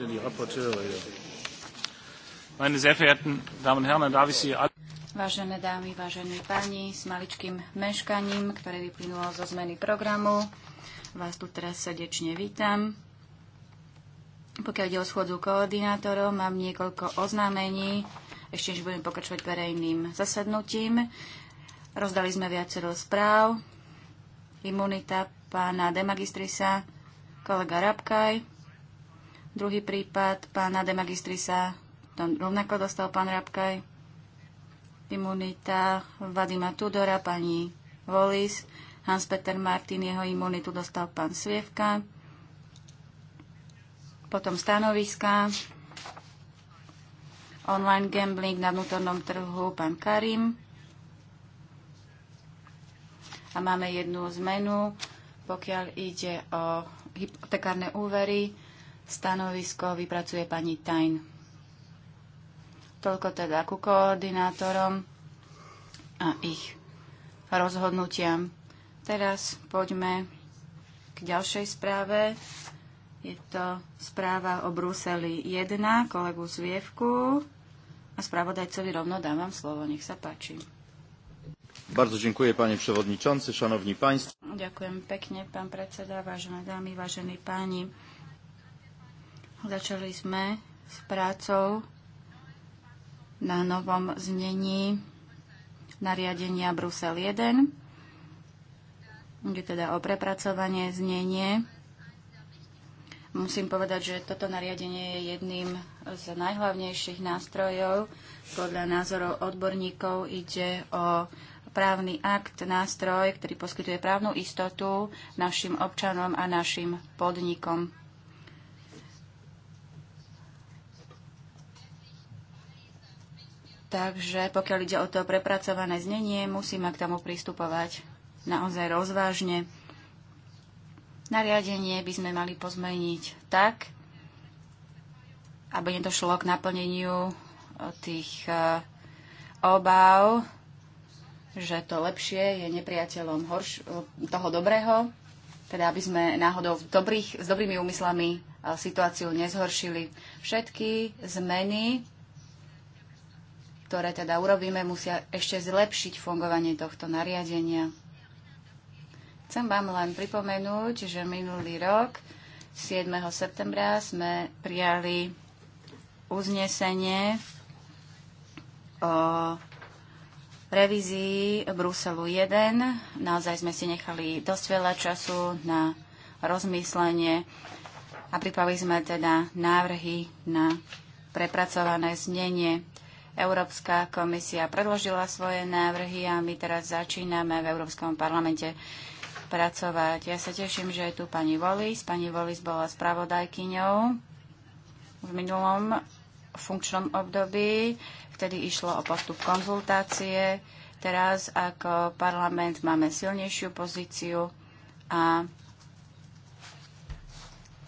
Vážené dámy, vážení páni, s maličkým meškaním, ktoré vyplynulo zo zmeny programu, vás tu teraz srdečne vítam. Pokiaľ ide o schôdzu koordinátorov, mám niekoľko oznámení, ešte než budem pokračovať verejným zasadnutím. Rozdali sme viacero správ. Imunita pána Demagistrisa, kolega Rabkaj, Druhý prípad pána magistrisa, tam rovnako dostal pán Rabkaj. Imunita Vadima Tudora, pani Volis. Hans-Peter Martin, jeho imunitu dostal pán Svievka. Potom stanoviska. Online gambling na vnútornom trhu pán Karim. A máme jednu zmenu, pokiaľ ide o hypotekárne úvery Stanovisko vypracuje pani Tajn. Toľko teda ku koordinátorom a ich rozhodnutiam. Teraz poďme k ďalšej správe. Je to správa o Bruseli 1, kolegu Zvievku. A spravodajcovi rovno dávam slovo, nech sa páči. Bardzo dziękuję panie przewodniczący, szanowni państwo. Ďakujem pekne, pán predseda, vážené dámy, vážení páni. Začali sme s prácou na novom znení nariadenia Brusel 1, kde teda o prepracovanie znenie. Musím povedať, že toto nariadenie je jedným z najhlavnejších nástrojov. Podľa názorov odborníkov ide o právny akt, nástroj, ktorý poskytuje právnu istotu našim občanom a našim podnikom. Takže pokiaľ ide o to prepracované znenie, musíme k tomu pristupovať naozaj rozvážne. Nariadenie by sme mali pozmeniť tak, aby nedošlo k naplneniu e, tých e, obav, že to lepšie je nepriateľom horš- e, toho dobrého, teda aby sme náhodou v dobrých, s dobrými úmyslami situáciu nezhoršili. Všetky zmeny ktoré teda urobíme, musia ešte zlepšiť fungovanie tohto nariadenia. Chcem vám len pripomenúť, že minulý rok 7. septembra sme prijali uznesenie o revízii Bruselu 1. Naozaj sme si nechali dosť veľa času na rozmyslenie a pripravili sme teda návrhy na prepracované znenie Európska komisia predložila svoje návrhy a my teraz začíname v Európskom parlamente pracovať. Ja sa teším, že je tu pani Volis. Pani Volis bola spravodajkyňou v minulom funkčnom období. Vtedy išlo o postup konzultácie. Teraz ako parlament máme silnejšiu pozíciu a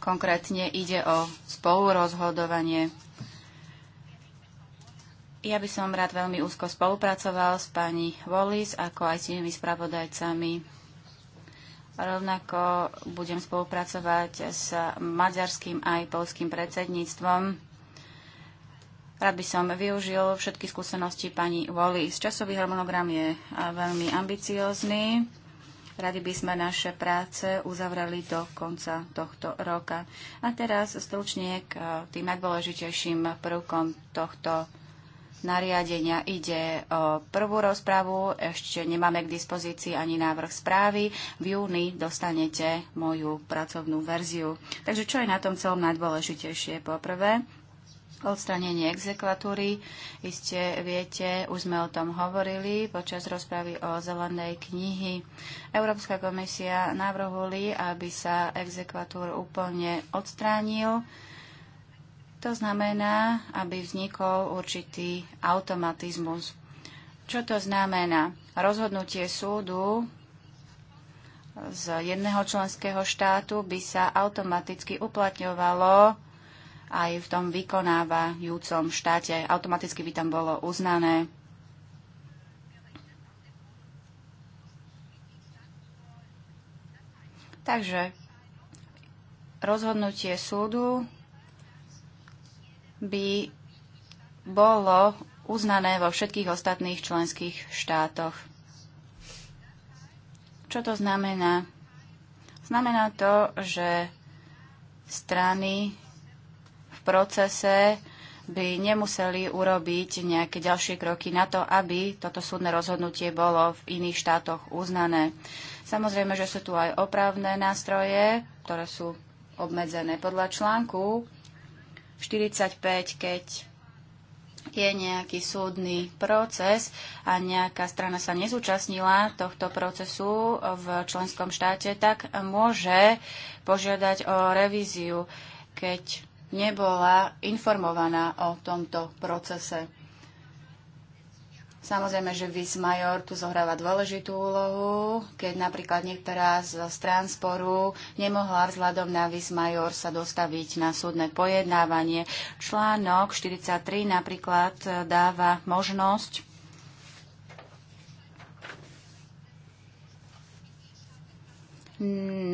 konkrétne ide o spolurozhodovanie. Ja by som rád veľmi úzko spolupracoval s pani Wallis, ako aj s inými spravodajcami. Rovnako budem spolupracovať s maďarským aj polským predsedníctvom. Rád by som využil všetky skúsenosti pani Wallis. Časový harmonogram je veľmi ambiciózny. Radi by sme naše práce uzavrali do konca tohto roka. A teraz stručne k tým najdôležitejším prvkom tohto nariadenia ide o prvú rozpravu. Ešte nemáme k dispozícii ani návrh správy. V júni dostanete moju pracovnú verziu. Takže čo je na tom celom najdôležitejšie? Poprvé, odstranenie exekvatúry. Iste viete, už sme o tom hovorili počas rozpravy o zelenej knihy. Európska komisia navrhuli, aby sa exekvatúr úplne odstránil to znamená, aby vznikol určitý automatizmus. Čo to znamená? Rozhodnutie súdu z jedného členského štátu by sa automaticky uplatňovalo aj v tom vykonávajúcom štáte. Automaticky by tam bolo uznané. Takže rozhodnutie súdu by bolo uznané vo všetkých ostatných členských štátoch. Čo to znamená? Znamená to, že strany v procese by nemuseli urobiť nejaké ďalšie kroky na to, aby toto súdne rozhodnutie bolo v iných štátoch uznané. Samozrejme, že sú tu aj opravné nástroje, ktoré sú obmedzené podľa článku 45, keď je nejaký súdny proces a nejaká strana sa nezúčastnila tohto procesu v členskom štáte, tak môže požiadať o revíziu, keď nebola informovaná o tomto procese. Samozrejme, že vice Major tu zohráva dôležitú úlohu, keď napríklad niektorá z strán sporu nemohla vzhľadom na vice Major sa dostaviť na súdne pojednávanie. Článok 43 napríklad e, dáva možnosť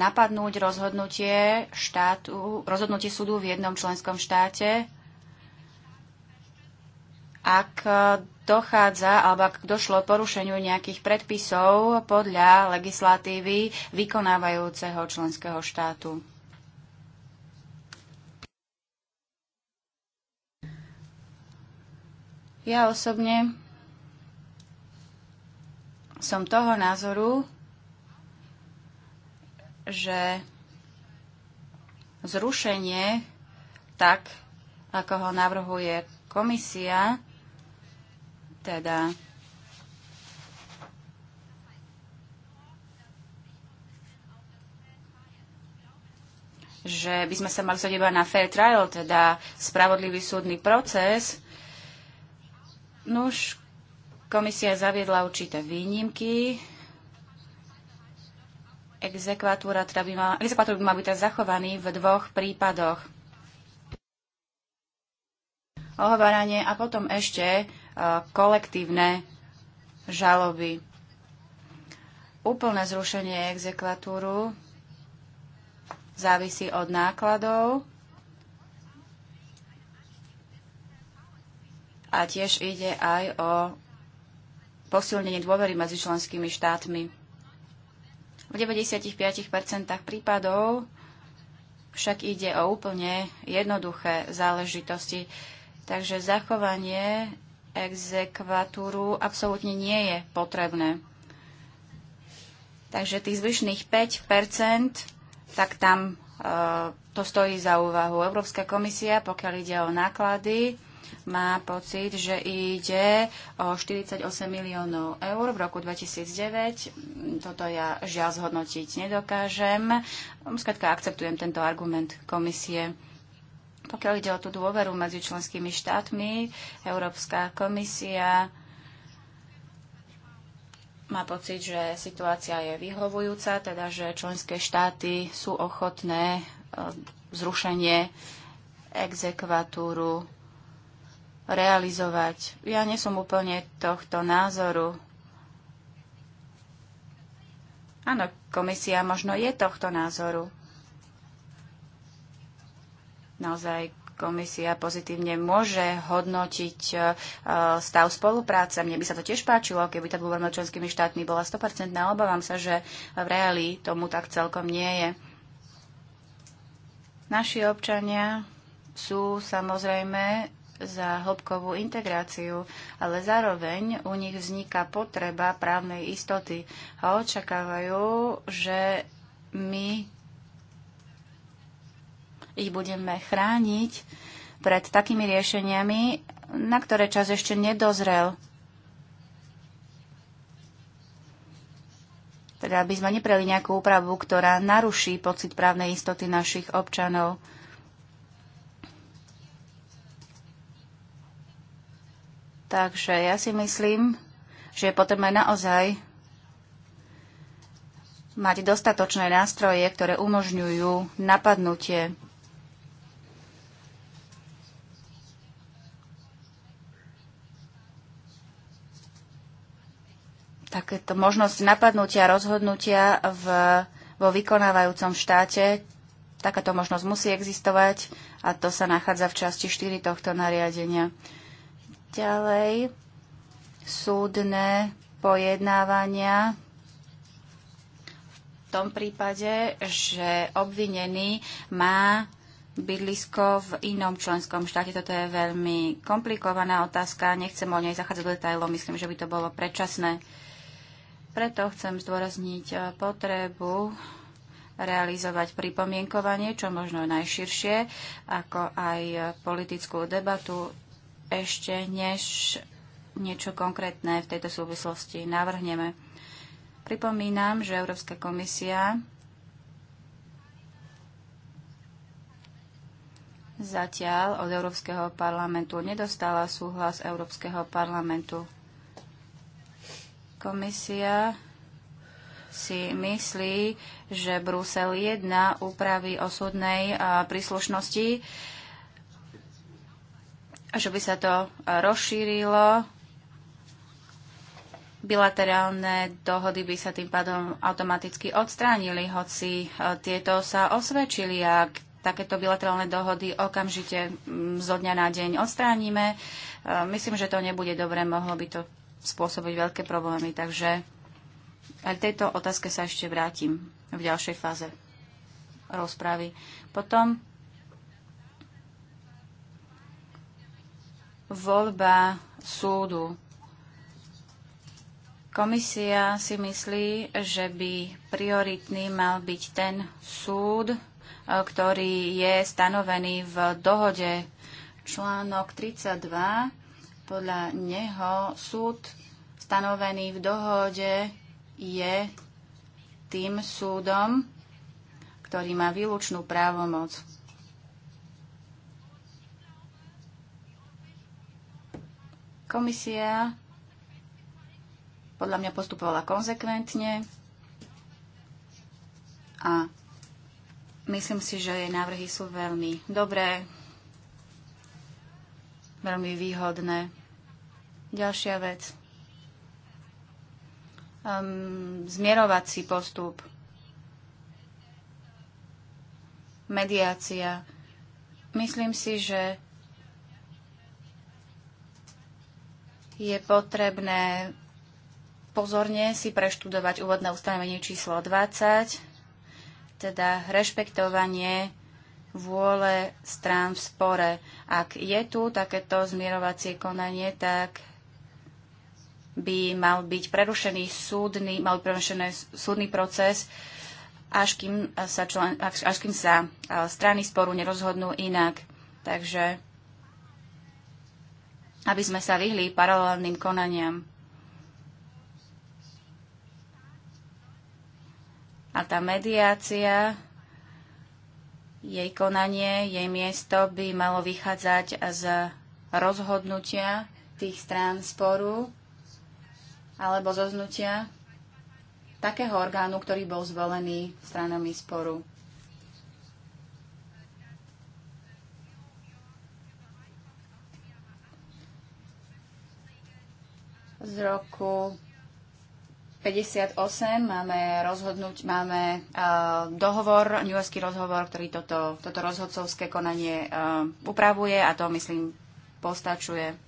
napadnúť rozhodnutie, štátu, rozhodnutie súdu v jednom členskom štáte, ak e, dochádza alebo ak došlo porušeniu nejakých predpisov podľa legislatívy vykonávajúceho členského štátu. Ja osobne som toho názoru, že zrušenie tak, ako ho navrhuje komisia, teda že by sme sa mali zadebať na fair trial, teda spravodlivý súdny proces. No už komisia zaviedla určité výnimky. Exekvatúra, teda by mal, by byť teda zachovaný v dvoch prípadoch. Ohováranie a potom ešte kolektívne žaloby. Úplné zrušenie exekvatúru závisí od nákladov a tiež ide aj o posilnenie dôvery medzi členskými štátmi. V 95% prípadov však ide o úplne jednoduché záležitosti. Takže zachovanie exekvatúru absolútne nie je potrebné. Takže tých zvyšných 5 tak tam e, to stojí za úvahu. Európska komisia, pokiaľ ide o náklady, má pocit, že ide o 48 miliónov eur v roku 2009. Toto ja žiaľ zhodnotiť nedokážem. Skratka, akceptujem tento argument komisie. Pokiaľ ide o tú dôveru medzi členskými štátmi, Európska komisia má pocit, že situácia je vyhovujúca, teda že členské štáty sú ochotné e, zrušenie exekvatúru realizovať. Ja nie som úplne tohto názoru. Áno, komisia možno je tohto názoru naozaj komisia pozitívne môže hodnotiť e, stav spolupráce. Mne by sa to tiež páčilo, keby tá dôvernosť členskými štátmi bola 100%. Obávam sa, že v reáli tomu tak celkom nie je. Naši občania sú samozrejme za hĺbkovú integráciu, ale zároveň u nich vzniká potreba právnej istoty a očakávajú, že my ich budeme chrániť pred takými riešeniami, na ktoré čas ešte nedozrel. Teda aby sme nepreli nejakú úpravu, ktorá naruší pocit právnej istoty našich občanov. Takže ja si myslím, že je potrebné naozaj mať dostatočné nástroje, ktoré umožňujú napadnutie takéto možnosť napadnutia rozhodnutia v, vo vykonávajúcom štáte. Takáto možnosť musí existovať a to sa nachádza v časti 4 tohto nariadenia. Ďalej súdne pojednávania v tom prípade, že obvinený má bydlisko v inom členskom štáte. Toto je veľmi komplikovaná otázka, nechcem o nej zachádzať do detajlov, myslím, že by to bolo predčasné preto chcem zdôrazniť eh, potrebu realizovať pripomienkovanie, čo možno najširšie, ako aj eh, politickú debatu ešte než niečo konkrétne v tejto súvislosti navrhneme. Pripomínam, že Európska komisia zatiaľ od Európskeho parlamentu nedostala súhlas Európskeho parlamentu Komisia si myslí, že Brusel 1 úpravy o súdnej príslušnosti, že by sa to rozšírilo bilaterálne dohody by sa tým pádom automaticky odstránili, hoci e, tieto sa osvedčili a takéto bilaterálne dohody okamžite zo dňa na deň odstránime. E, myslím, že to nebude dobre, mohlo by to spôsobiť veľké problémy. Takže aj tejto otázke sa ešte vrátim v ďalšej fáze rozpravy. Potom voľba súdu. Komisia si myslí, že by prioritný mal byť ten súd, ktorý je stanovený v dohode článok 32 podľa neho súd stanovený v dohode je tým súdom, ktorý má výlučnú právomoc. Komisia podľa mňa postupovala konzekventne a myslím si, že jej návrhy sú veľmi dobré, veľmi výhodné. Ďalšia vec. Um, zmierovací postup. Mediácia. Myslím si, že je potrebné pozorne si preštudovať úvodné ustanovenie číslo 20, teda rešpektovanie vôle strán v spore. Ak je tu takéto zmierovacie konanie, tak by mal byť prerušený súdny, mal prerušený súdny proces, až kým sa, člen, až, až kým sa strany sporu nerozhodnú inak. Takže aby sme sa vyhli paralelným konaniam. A tá mediácia, jej konanie, jej miesto by malo vychádzať z rozhodnutia tých strán sporu alebo zoznutia takého orgánu, ktorý bol zvolený stranami sporu. Z roku 58 máme, rozhodnúť, máme uh, dohovor, New Yorkský rozhovor, ktorý toto, toto rozhodcovské konanie uh, upravuje a to, myslím, postačuje.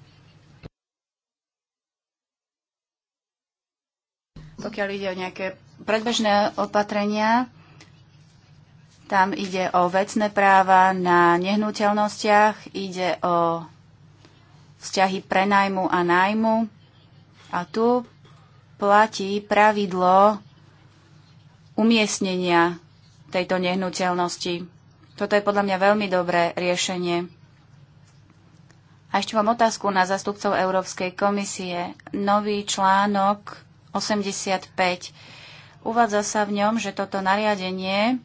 Pokiaľ ide o nejaké predbežné opatrenia, tam ide o vecné práva na nehnuteľnostiach, ide o vzťahy prenajmu a nájmu. A tu platí pravidlo umiestnenia tejto nehnuteľnosti. Toto je podľa mňa veľmi dobré riešenie. A ešte mám otázku na zastupcov Európskej komisie. Nový článok 85. Uvádza sa v ňom, že toto nariadenie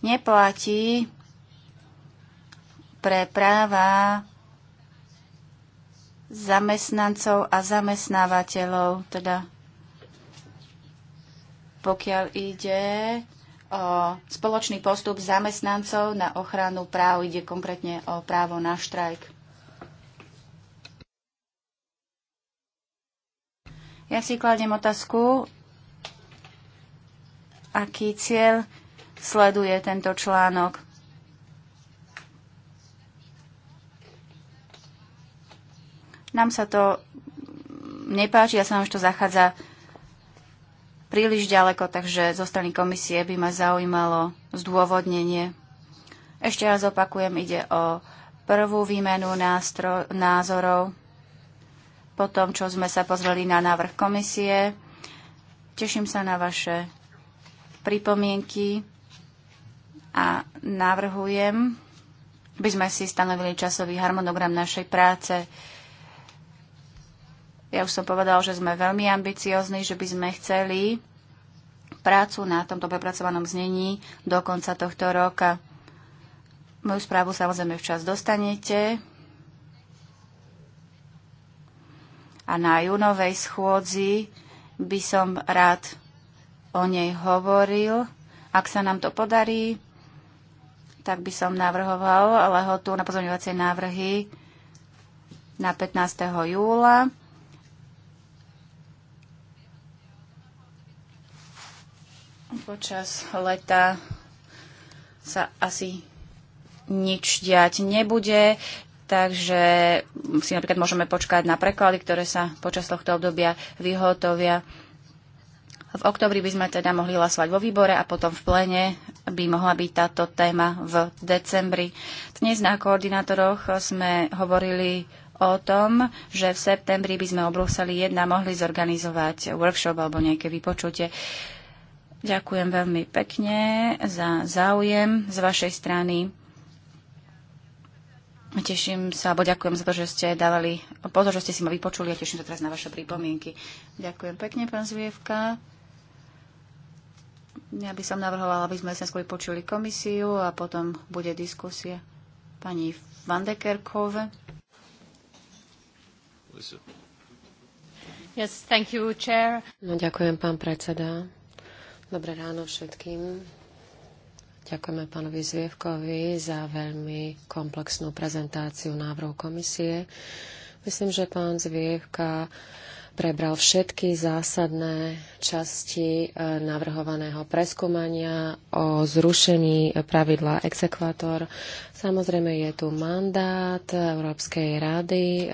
neplatí pre práva zamestnancov a zamestnávateľov, teda pokiaľ ide o spoločný postup zamestnancov na ochranu práv, ide konkrétne o právo na štrajk. Ja si kladiem otázku, aký cieľ sleduje tento článok. Nám sa to nepáči a ja sa nám už to zachádza príliš ďaleko, takže zo strany komisie by ma zaujímalo zdôvodnenie. Ešte raz opakujem, ide o prvú výmenu názorov po tom, čo sme sa pozreli na návrh komisie. Teším sa na vaše pripomienky a navrhujem, by sme si stanovili časový harmonogram našej práce. Ja už som povedal, že sme veľmi ambiciozni, že by sme chceli prácu na tomto prepracovanom znení do konca tohto roka. Moju správu samozrejme včas dostanete. a na junovej schôdzi by som rád o nej hovoril. Ak sa nám to podarí, tak by som navrhoval lehotu na pozorňovacie návrhy na 15. júla. Počas leta sa asi nič diať nebude takže si napríklad môžeme počkať na preklady, ktoré sa počas tohto obdobia vyhotovia. V oktobri by sme teda mohli hlasovať vo výbore a potom v plene by mohla byť táto téma v decembri. Dnes na koordinátoroch sme hovorili o tom, že v septembri by sme obrúsali jedna mohli zorganizovať workshop alebo nejaké vypočutie. Ďakujem veľmi pekne za záujem z vašej strany. Teším sa, alebo ďakujem za to, že ste dávali pozor, že ste si ma vypočuli a teším sa teraz na vaše pripomienky. Ďakujem pekne, pán Zvievka. Ja by som navrhovala, aby sme sa skôr počuli komisiu a potom bude diskusia. Pani Van Yes, thank you, chair. No, ďakujem, pán predseda. Dobré ráno všetkým. Ďakujeme pánovi Zvievkovi za veľmi komplexnú prezentáciu návrhu komisie. Myslím, že pán Zvievka prebral všetky zásadné časti e, navrhovaného preskúmania o zrušení pravidla exekvátor. Samozrejme je tu mandát Európskej rady e,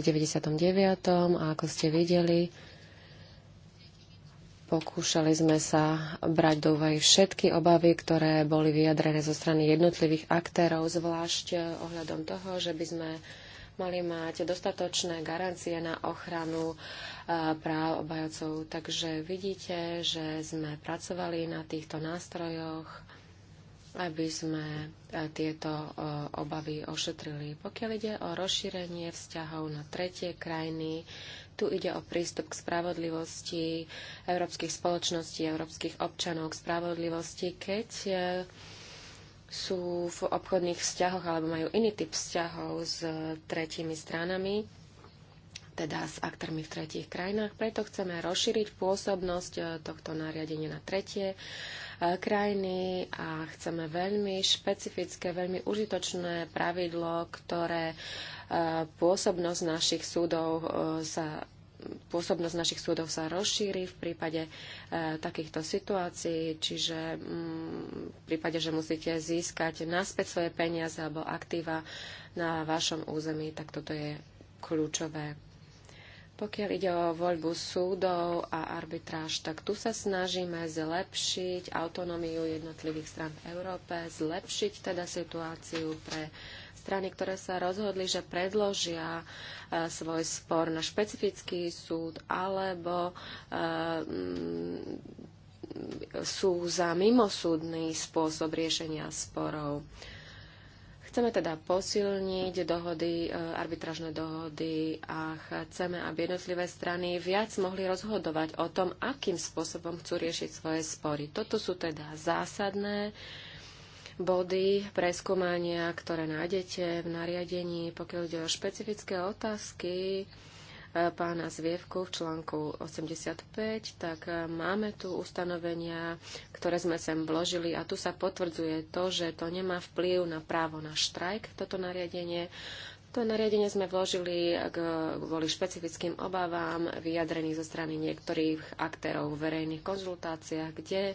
v 99. a ako ste videli, Pokúšali sme sa brať do úvahy všetky obavy, ktoré boli vyjadrené zo strany jednotlivých aktérov, zvlášť ohľadom toho, že by sme mali mať dostatočné garancie na ochranu e, práv obajacov. Takže vidíte, že sme pracovali na týchto nástrojoch, aby sme e, tieto e, obavy ošetrili. Pokiaľ ide o rozšírenie vzťahov na tretie krajiny, tu ide o prístup k spravodlivosti európskych spoločností, európskych občanov k spravodlivosti, keď eh, sú v obchodných vzťahoch alebo majú iný typ vzťahov s tretími stranami teda s aktormi v tretich krajinách. Preto chceme rozšíriť pôsobnosť e, tohto nariadenia na tretie e, krajiny a chceme veľmi špecifické, veľmi užitočné pravidlo, ktoré e, pôsobnosť našich súdov sa pôsobnosť našich súdov sa rozšíri v prípade e, takýchto situácií, čiže m, mm, v prípade, že musíte získať naspäť svoje peniaze alebo aktíva na vašom území, tak toto je kľúčové. Pokiaľ ide o voľbu súdov a arbitráž, tak tu sa snažíme zlepšiť autonómiu jednotlivých strán v Európe, zlepšiť teda situáciu pre strany, ktoré sa rozhodli, že predložia e, svoj spor na špecifický súd alebo e, sú za mimosúdny spôsob riešenia sporov. Chceme teda posilniť dohody, e, arbitražné dohody a chceme, aby jednotlivé strany viac mohli rozhodovať o tom, akým spôsobom chcú riešiť svoje spory. Toto sú teda zásadné body preskúmania, ktoré nájdete v nariadení, pokiaľ ide o špecifické otázky pána Zvievku v článku 85, tak e, máme tu ustanovenia, ktoré sme sem vložili a tu sa potvrdzuje to, že to nemá vplyv na právo na štrajk, toto nariadenie. To nariadenie sme vložili kvôli špecifickým obavám vyjadrených zo strany niektorých aktérov v verejných konzultáciách, kde e,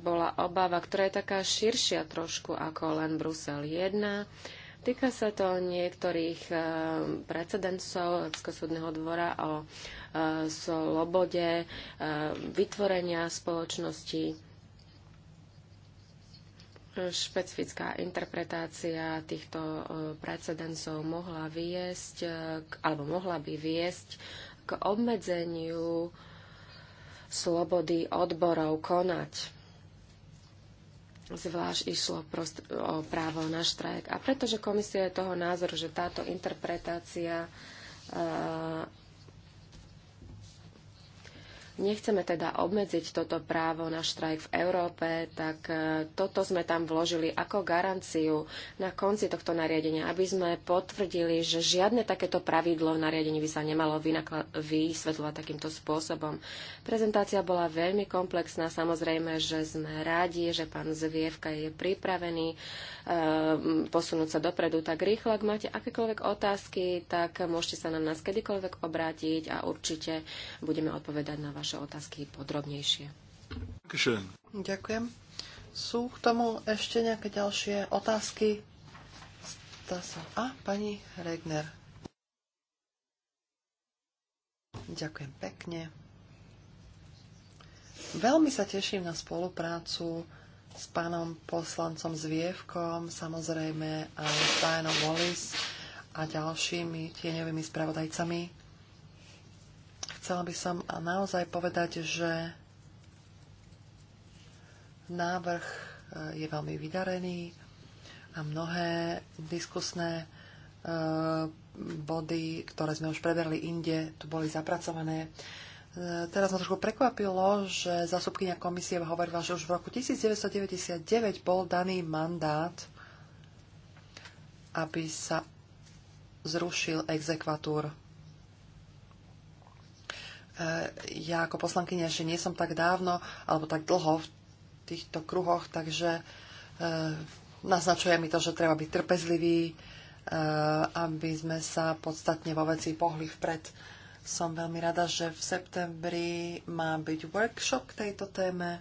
bola obava, ktorá je taká širšia trošku ako len Brusel 1 Týka sa to niektorých eh, precedencov súdneho dvora o eh, slobode eh, vytvorenia spoločnosti špecifická interpretácia týchto precedencov mohla viesť, alebo mohla by viesť k obmedzeniu slobody odborov konať. Zvlášť išlo o právo na štrajk. A pretože komisia je toho názoru, že táto interpretácia nechceme teda obmedziť toto právo na štrajk v Európe, tak e, toto sme tam vložili ako garanciu na konci tohto nariadenia, aby sme potvrdili, že žiadne takéto pravidlo v nariadení by sa nemalo vysvetľovať takýmto spôsobom. Prezentácia bola veľmi komplexná, samozrejme, že sme rádi, že pán Zvievka je pripravený e, posunúť sa dopredu tak rýchlo. Ak máte akékoľvek otázky, tak môžete sa na nás kedykoľvek obrátiť a určite budeme odpovedať na vaše vaše otázky podrobnejšie. Ďakujem. Sú k tomu ešte nejaké ďalšie otázky? Zdá sa. A, pani Regner. Ďakujem pekne. Veľmi sa teším na spoluprácu s pánom poslancom Zvievkom, samozrejme aj s pánom Wallis a ďalšími tieňovými spravodajcami chcela by som naozaj povedať, že návrh eh, je veľmi vydarený a mnohé diskusné eh, body, ktoré sme už preberli inde, tu boli zapracované. Eh, teraz ma trošku prekvapilo, že zásupkynia komisie hovorila, že už v roku 1999 bol daný mandát, aby sa zrušil exekvatúr. Eh, ja ako poslankyňa, že nie som tak dávno alebo tak dlho v týchto kruhoch, takže eh, naznačuje mi to, že treba byť trpezlivý, eh, aby sme sa podstatne vo veci pohli vpred. Som veľmi rada, že v septembri má byť workshop k tejto téme.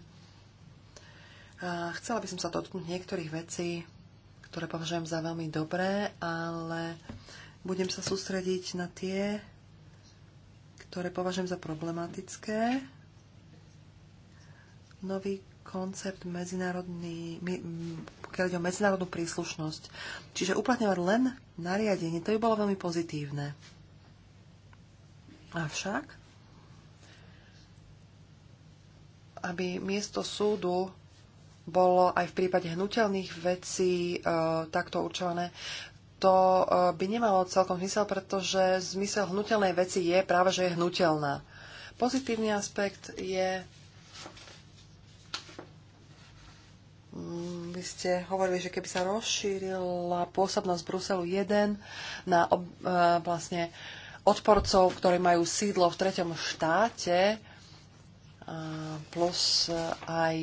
Chcela by som sa dotknúť niektorých vecí, ktoré považujem za veľmi dobré, ale budem sa sústrediť na tie, ktoré považujem za problematické. Nový koncept medzinárodný, pokiaľ ide o medzinárodnú príslušnosť. Čiže uplatňovať len nariadenie, to by bolo veľmi pozitívne. Avšak, aby miesto súdu bolo aj v prípade hnutelných vecí e, takto určované, to e, by nemalo celkom zmysel, pretože zmysel hnutelnej veci je práve, že je hnutelná. Pozitívny aspekt je... Mm, vy ste hovorili, že keby sa rozšírila pôsobnosť Bruselu 1 na ob, e, vlastne odporcov, ktorí majú sídlo v treťom štáte, plus aj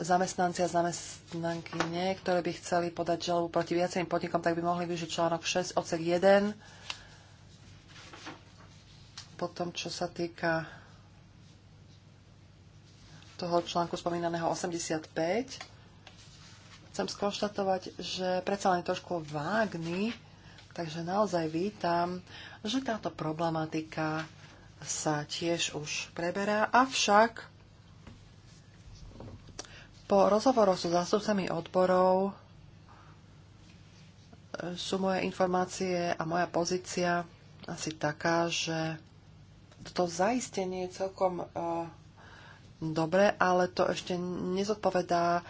zamestnanci a zamestnanky, nie, ktoré by chceli podať žalobu proti viacerým podnikom, tak by mohli využiť článok 6, odsek 1. Potom, čo sa týka toho článku spomínaného 85, chcem skonštatovať, že predsa len trošku vágny, takže naozaj vítam, že táto problematika sa tiež už preberá, avšak po rozhovoroch so zástupcami odborov sú moje informácie a moja pozícia asi taká, že toto zaistenie je celkom uh, dobre, ale to ešte nezodpovedá uh,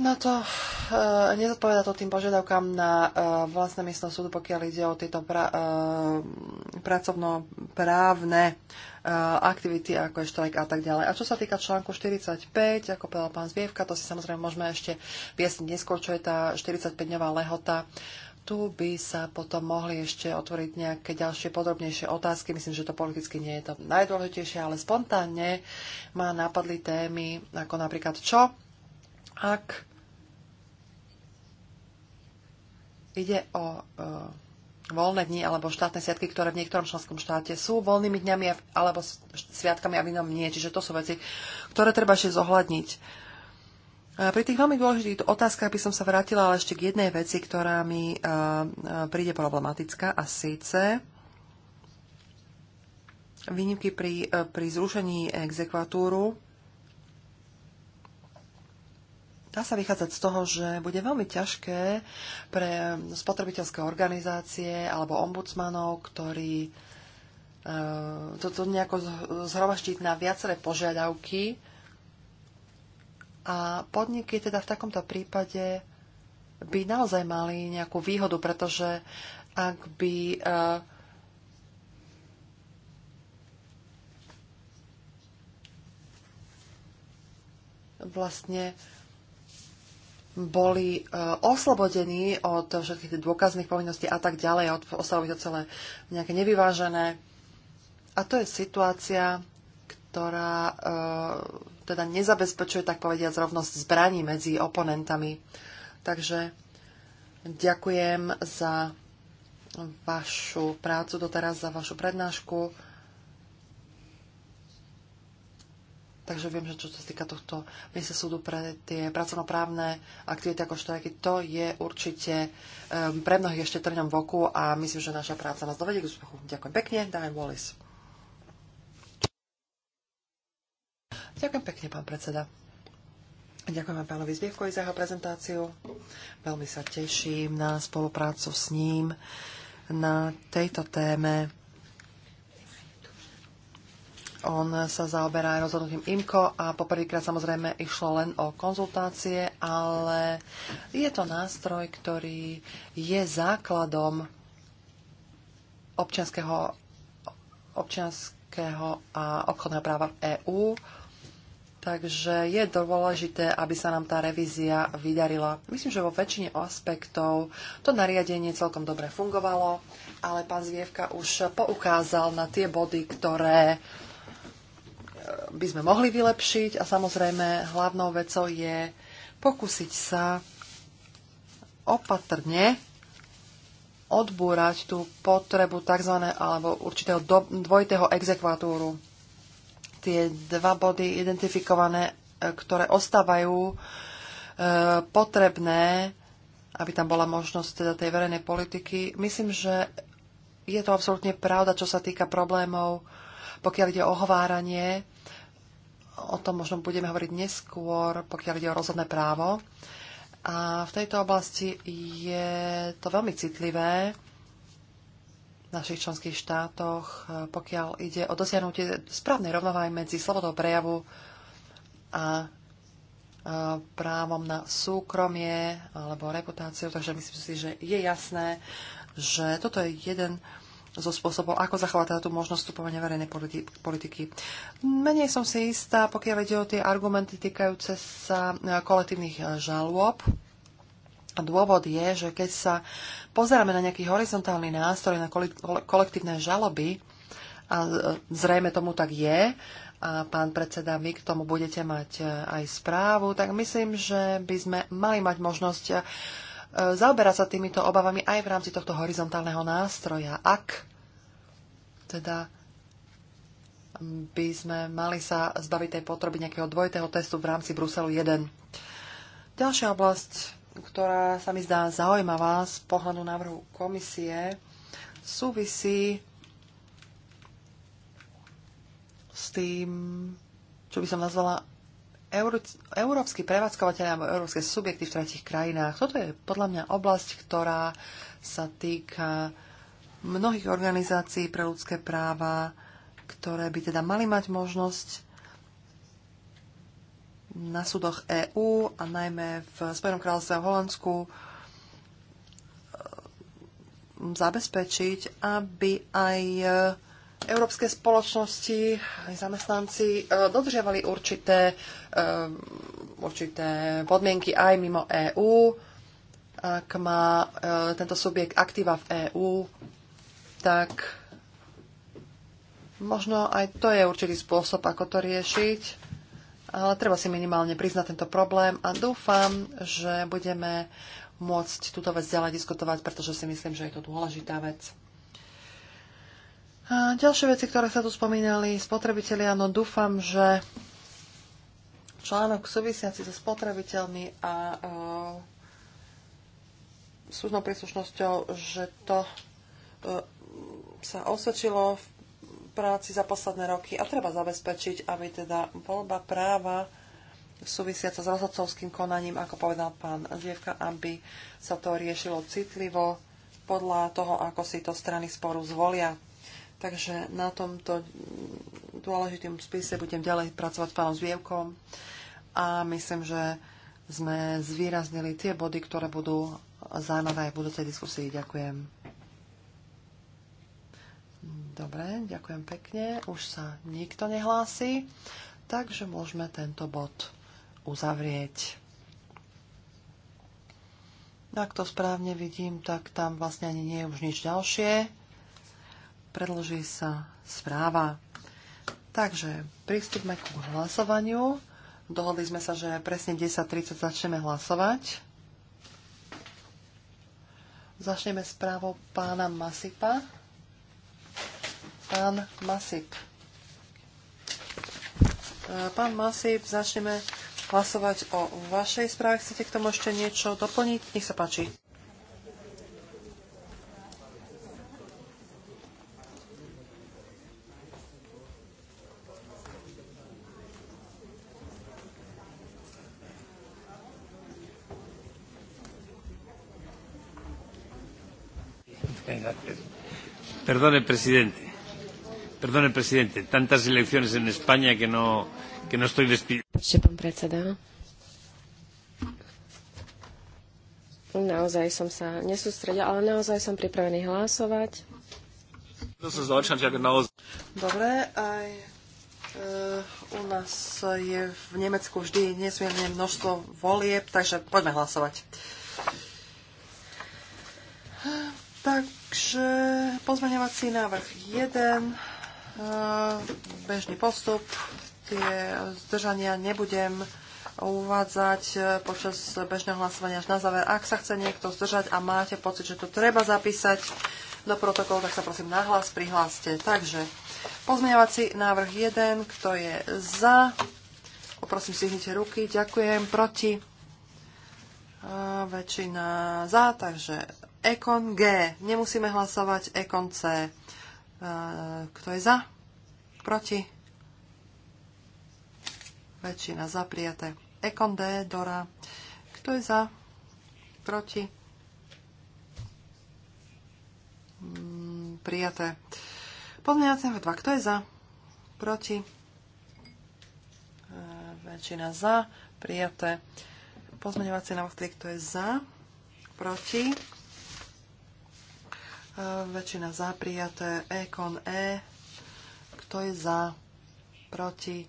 No to e, eh, nezodpoveda to tým požiadavkám na e, vlastné miesto súdu, pokiaľ ide o tieto pra, e, pracovnoprávne e, aktivity, ako je štrajk a tak ďalej. A čo sa týka článku 45, ako povedal pán Zvievka, to si samozrejme môžeme ešte viesť neskôr, čo je tá 45-dňová lehota. Tu by sa potom mohli ešte otvoriť nejaké ďalšie podrobnejšie otázky. Myslím, že to politicky nie je to najdôležitejšie, ale spontánne ma napadli témy, ako napríklad čo ak ide o voľné dni alebo štátne sviatky, ktoré v niektorom členskom štáte sú voľnými dňami alebo sviatkami a v inom nie. Čiže to sú veci, ktoré treba ešte zohľadniť. Pri tých veľmi dôležitých otázkach by som sa vrátila ale ešte k jednej veci, ktorá mi príde problematická a síce výnimky pri, pri zrušení exekvatúru dá sa vychádzať z toho, že bude veľmi ťažké pre spotrebiteľské organizácie alebo ombudsmanov, ktorí toto eh, nejako zhromaždiť na viaceré požiadavky a podniky teda v takomto prípade by naozaj mali nejakú výhodu, pretože ak by eh, vlastne boli e, oslobodení od všetkých tých dôkazných povinností a tak ďalej, od ostalo to celé nejaké nevyvážené. A to je situácia, ktorá e, teda nezabezpečuje, tak povediať, rovnosť zbraní medzi oponentami. Takže ďakujem za vašu prácu doteraz, za vašu prednášku. Takže viem, že čo sa týka tohto miesta súdu pre tie pracovnoprávne aktivity ako štrajky, to je určite um, pre mnohých ešte trňom v oku a myslím, že naša práca nás dovedie k úspechu. Ďakujem pekne, Diane Wallis. Ďakujem pekne, pán predseda. Ďakujem pánovi Zbievkovi za jeho prezentáciu. Veľmi sa teším na spoluprácu s ním na tejto téme on sa zaoberá aj rozhodnutím IMCO a poprvýkrát samozrejme išlo len o konzultácie, ale je to nástroj, ktorý je základom občianského, občianského a obchodného práva v EÚ. Takže je dôležité, aby sa nám tá revízia vydarila. Myslím, že vo väčšine aspektov to nariadenie celkom dobre fungovalo, ale pán Zvievka už poukázal na tie body, ktoré by sme mohli vylepšiť a samozrejme hlavnou vecou je pokúsiť sa opatrne odbúrať tú potrebu tzv. alebo určitého do, dvojitého exekvatúru. Tie dva body identifikované, e, ktoré ostávajú e, potrebné, aby tam bola možnosť teda tej verejnej politiky. Myslím, že je to absolútne pravda, čo sa týka problémov, pokiaľ ide o hováranie o tom možno budeme hovoriť neskôr, pokiaľ ide o rozhodné právo. A v tejto oblasti je to veľmi citlivé v našich členských štátoch, pokiaľ ide o dosiahnutie správnej rovnováhy medzi slobodou prejavu a právom na súkromie alebo reputáciu, takže myslím si, že je jasné, že toto je jeden zo spôsobom, ako zachovať teda tú možnosť vstupovania verejnej politiky. Menej som si istá, pokiaľ ide o tie argumenty týkajúce sa e, kolektívnych e, žalôb. A dôvod je, že keď sa pozeráme na nejaký horizontálny nástroj na kolektívne žaloby, a e, zrejme tomu tak je, a pán predseda, vy k tomu budete mať aj správu, tak myslím, že by sme mali mať možnosť E, zaoberať sa týmito obavami aj v rámci tohto horizontálneho nástroja. Ak teda by sme mali sa zbaviť tej potreby nejakého dvojitého testu v rámci Bruselu 1. Ďalšia oblasť, ktorá sa mi zdá zaujímavá z pohľadu návrhu komisie, súvisí s tým, čo by som nazvala európsky prevádzkovateľ alebo európske subjekty v tretich krajinách. Toto je podľa mňa oblasť, ktorá sa týka mnohých organizácií pre ľudské práva, ktoré by teda mali mať možnosť na súdoch EÚ a najmä v Spojenom kráľovstve a Holandsku e, zabezpečiť, aby aj e, európske spoločnosti, aj zamestnanci e, dodržiavali určité, e, určité podmienky aj mimo EÚ. Ak má e, tento subjekt aktíva v EÚ, tak možno aj to je určitý spôsob, ako to riešiť. Ale treba si minimálne priznať tento problém a dúfam, že budeme môcť túto vec ďalej diskutovať, pretože si myslím, že je to dôležitá vec. A ďalšie veci, ktoré sa tu spomínali, spotrebitelia, no dúfam, že článok súvisiaci so spotrebiteľmi a e, súdnou príslušnosťou, že to e, sa osvedčilo v práci za posledné roky a treba zabezpečiť, aby teda voľba práva súvisiaca s rozhodcovským konaním, ako povedal pán Dievka, aby sa to riešilo citlivo podľa toho, ako si to strany sporu zvolia. Takže na tomto dôležitým spise budem ďalej pracovať s pánom Zvievkom a myslím, že sme zvýraznili tie body, ktoré budú zaujímavé aj v budúcej diskusii. Ďakujem. Dobre, ďakujem pekne. Už sa nikto nehlási, takže môžeme tento bod uzavrieť. Ak to správne vidím, tak tam vlastne ani nie je už nič ďalšie predloží sa správa. Takže pristúpme k hlasovaniu. Dohodli sme sa, že presne 10.30 začneme hlasovať. Začneme správo pána Masipa. Pán Masip. E, pán Masip, začneme hlasovať o vašej správe. Chcete k tomu ešte niečo doplniť? Nech sa páči. Perdone, presidente. Tantas elecciones en España que no, que no estoy despidiendo. pán predseda. Naozaj som sa nesústredila, ale naozaj som pripravený hlasovať. Dobre, aj e, u nás je v Nemecku vždy nesmierne množstvo volieb, takže poďme hlasovať. Takže pozmeňovací návrh 1, e, bežný postup, tie zdržania nebudem uvádzať e, počas bežného hlasovania až na záver. Ak sa chce niekto zdržať a máte pocit, že to treba zapísať do protokolu, tak sa prosím nahlas prihláste. Takže pozmeňovací návrh 1, kto je za, poprosím hnite ruky, ďakujem, proti, e, väčšina za, takže Ekon G. Nemusíme hlasovať Ekon C. E, kto je za? Proti? Väčšina za prijaté. Ekon D. Dora. Kto je za? Proti? Mm, prijaté. Pozmeňovací návrh 2. Kto je za? Proti? E, väčšina za. Prijaté. Pozmeňovací návrh 3. Kto je za? Proti? väčšina za prijaté, ekon E, kto je za, proti,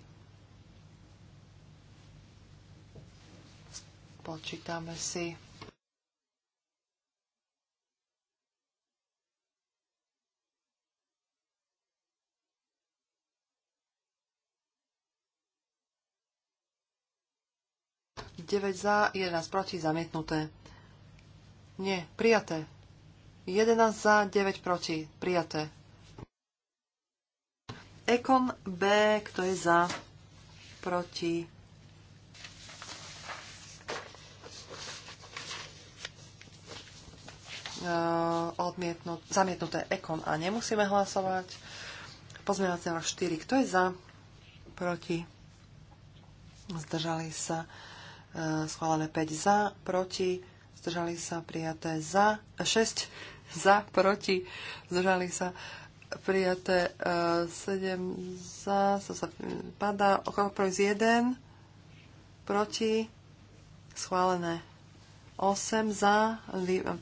počítame si. Deväť za, 11 proti, zamietnuté. Nie, prijaté. 11 za, 9 proti. Prijaté. Ekon B, kto je za, proti. E, odmietnut, zamietnuté ekon a nemusíme hlasovať. Pozmeňovací návrh 4. Kto je za? Proti? Zdržali sa. E, schválené 5 za, proti. Zdržali sa prijaté za. 6 za, proti, zdržali sa prijaté 7 e, za, sa, sa padá, kompromis 1, proti, schválené 8 za,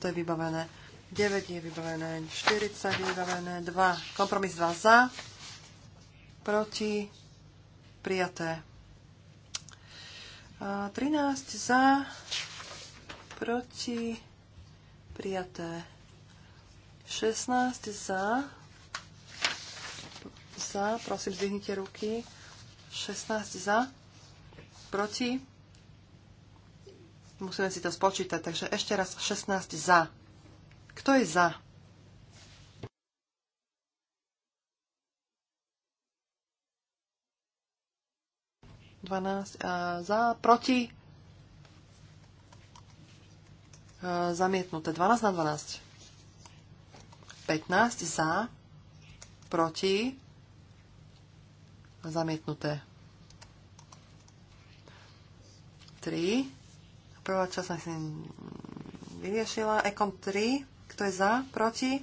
to je vybavené 9 je vybavené, 40 je vybavené, 2, kompromis 2 za, proti, prijaté 13 e, za, proti, prijaté 16 za. Za. Prosím, zdvihnite ruky. 16 za. Proti. Musíme si to spočítať. Takže ešte raz 16 za. Kto je za? za, proti, e, zamietnuté. 12 na 12. 15 za, proti, zamietnuté. 3. Prvá časť som si vyriešila. Ekom 3. Kto je za? Proti? E,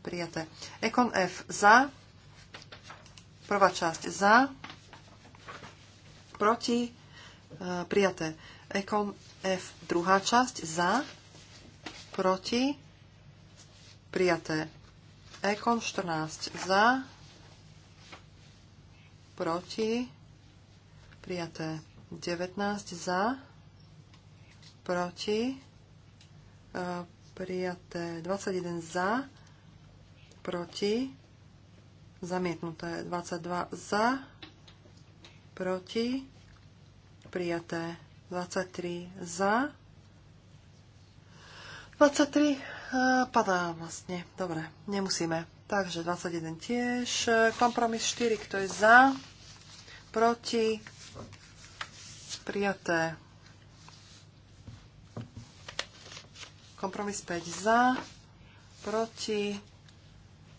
prijaté. Ekon F za. Prvá časť za. Proti? E, prijaté. Ekon F druhá časť za. Proti? Prijaté. Ekon 14 za. Proti. Prijaté. 19 e, za. Proti. Prijaté. 21 za. Proti. Zamietnuté. 22 za. Proti. Prijaté. 23 za. 23 Eh, padá vlastne. Dobre, nemusíme. Takže 21 tiež. Kompromis 4, kto je za? Proti? Prijaté. Kompromis 5 za, proti,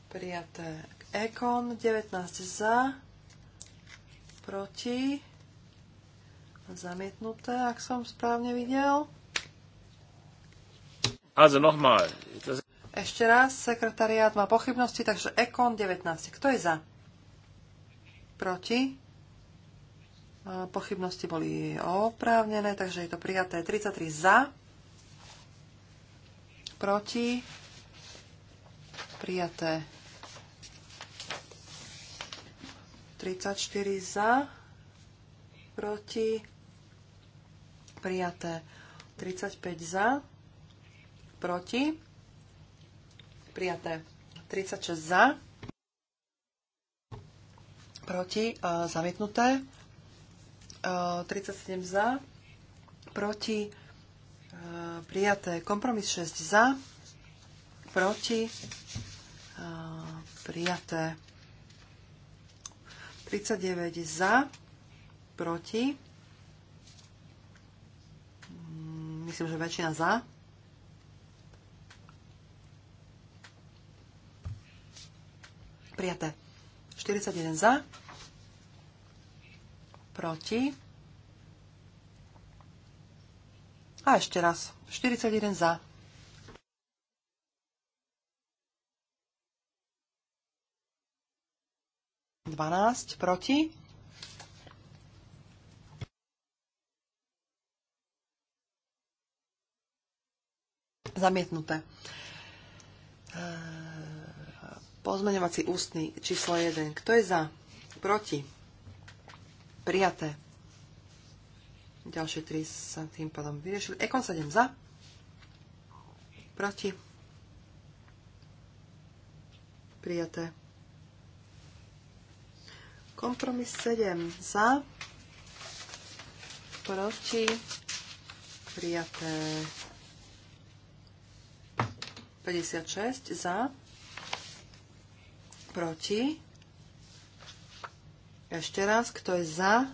prijaté. Ekon 19 za, proti, zamietnuté, ak som správne videl. Also nochmal. Ešte raz, sekretariát má pochybnosti, takže Ekon 19. Kto je za? Proti? Pochybnosti boli oprávnené, takže je to prijaté 33 za, proti, prijaté 34 za, proti, prijaté 35 za, proti, prijaté 36 za, proti, e, zamietnuté, 37 e, za, proti, e, prijaté kompromis 6 za, proti, prijaté 39 za, proti, mm, myslím, že väčšina za, prijaté. 41 za, proti. A ešte raz. 41 za. Dvanásť proti. Zamietnuté. Pozmeňovací ústny číslo 1. Kto je za? Proti? Prijaté. Ďalšie 3 sa tým pádom vyriešili. Ekon 7 za? Proti? Prijaté. Kompromis 7 za? Proti? Prijaté. 56 za? proti. Ešte raz, kto je za,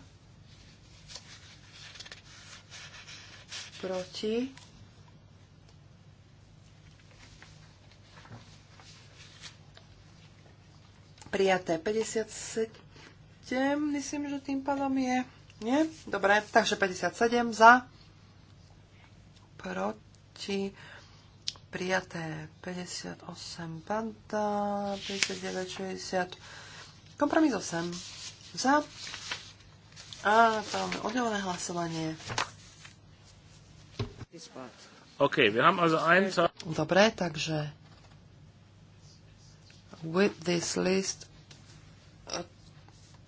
proti. Prijaté 57, myslím, že tým pádom je. Nie? Dobre, takže 57 za, proti prijaté 58 panta, 59, 60, kompromis 8 za. A to máme oddelené hlasovanie. OK, wir haben also ein... Dobre, takže with this list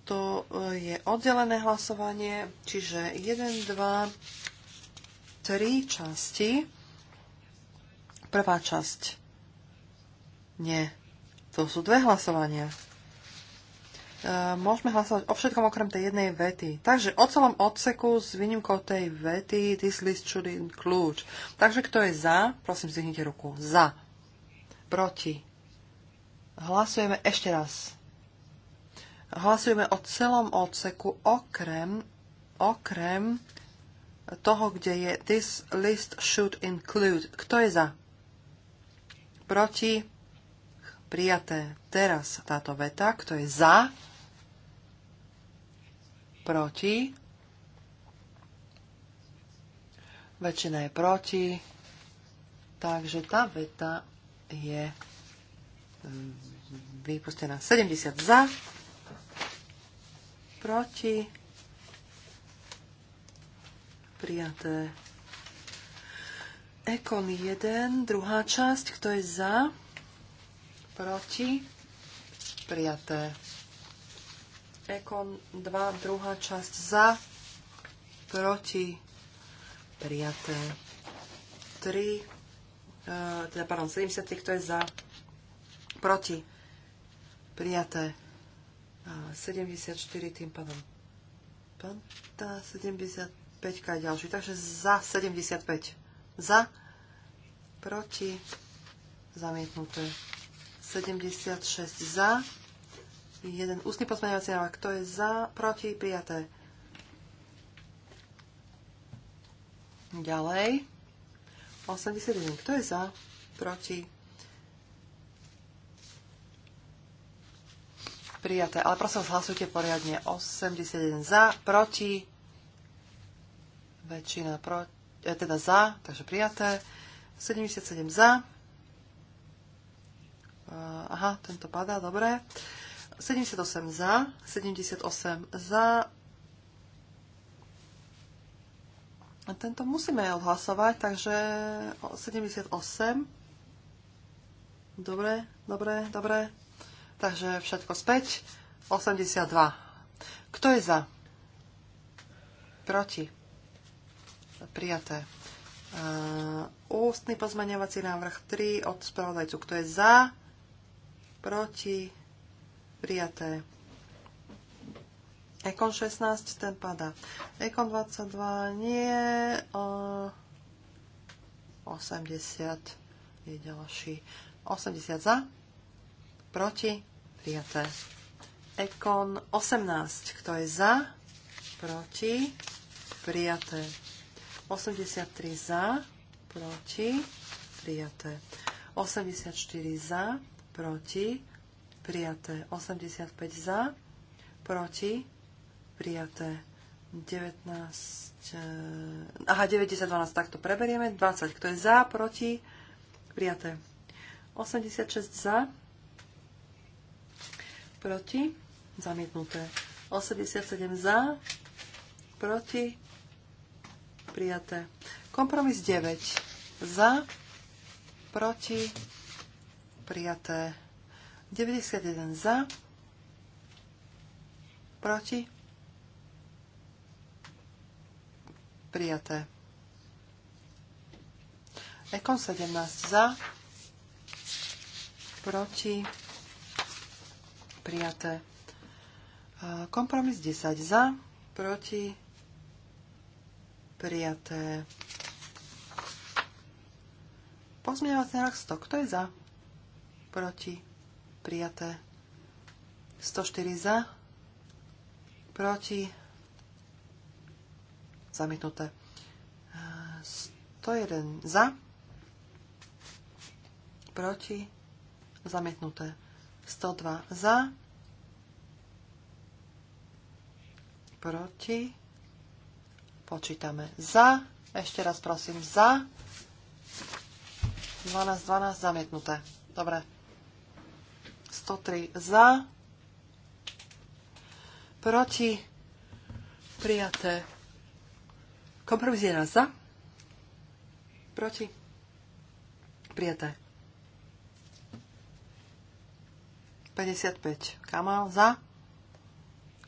to je oddelené hlasovanie, čiže 1, 2, 3 časti. Prvá časť. Nie. To sú dve hlasovania. E, môžeme hlasovať o všetkom okrem tej jednej vety. Takže o celom odseku s výnimkou tej vety this list should include. Takže kto je za, prosím, zvihnite ruku. Za. Proti. Hlasujeme ešte raz. Hlasujeme o celom odseku okrem, okrem toho, kde je this list should include. Kto je za? proti, prijaté. Teraz táto veta, kto je za, proti, väčšina je proti, takže tá veta je mm, vypustená 70 za, proti, prijaté Ekon 1, druhá časť, kto je za, proti, prijaté. Ekon 2, druhá časť, za, proti, prijaté. 3, e, teda pardon, 73, kto je za, proti, prijaté. 74 e, tým pádom. tá 75 je ďalší. Takže za 75. Za proti, zamietnuté. 76 za, jeden ústny pozmeňovací návrh, kto je za, proti, prijaté. Ďalej. 81. Kto je za? Proti? Prijaté. Ale prosím, hlasujte poriadne. 81 za, proti. Väčšina proti, e, teda za, takže prijaté. 77 za. Aha, tento padá, dobre. 78 za, 78 za. A tento musíme aj odhlasovať, takže 78. Dobre, dobre, dobre. Takže všetko späť. 82. Kto je za? Proti. Prijaté. Ústny pozmaňovací návrh 3 od spravodajcu. Kto je za? Proti? Prijaté. Ekon 16, ten padá. Ekon 22, nie. 80 je ďalší. 80 za. Proti? Prijaté. Ekon 18, kto je za? Proti? Prijaté. 83 za proti, prijaté. 84 za, proti, prijaté. 85 za, proti, prijaté. 19, e, aha, 90, 12, takto preberieme. 20, kto je za, proti, prijaté. 86 za, proti, zamietnuté. 87 za, proti, prijaté. Kompromis 9. Za, proti, prijaté. 91 za, proti, prijaté. Ekon 17 za, proti, prijaté. Kompromis 10 za, proti, prijaté. Pozmievací návrh 100. Kto je za? Proti. Prijaté. 104 za. Proti. Zamietnuté. 101 za. Proti. Zamietnuté. 102 za. Proti. Počítame za. Ešte raz prosím za. 12, 12 zamietnuté. Dobre. 103 za. Proti. Prijaté. Kompromis 11 za. Proti. Prijaté. 55. Kamal za.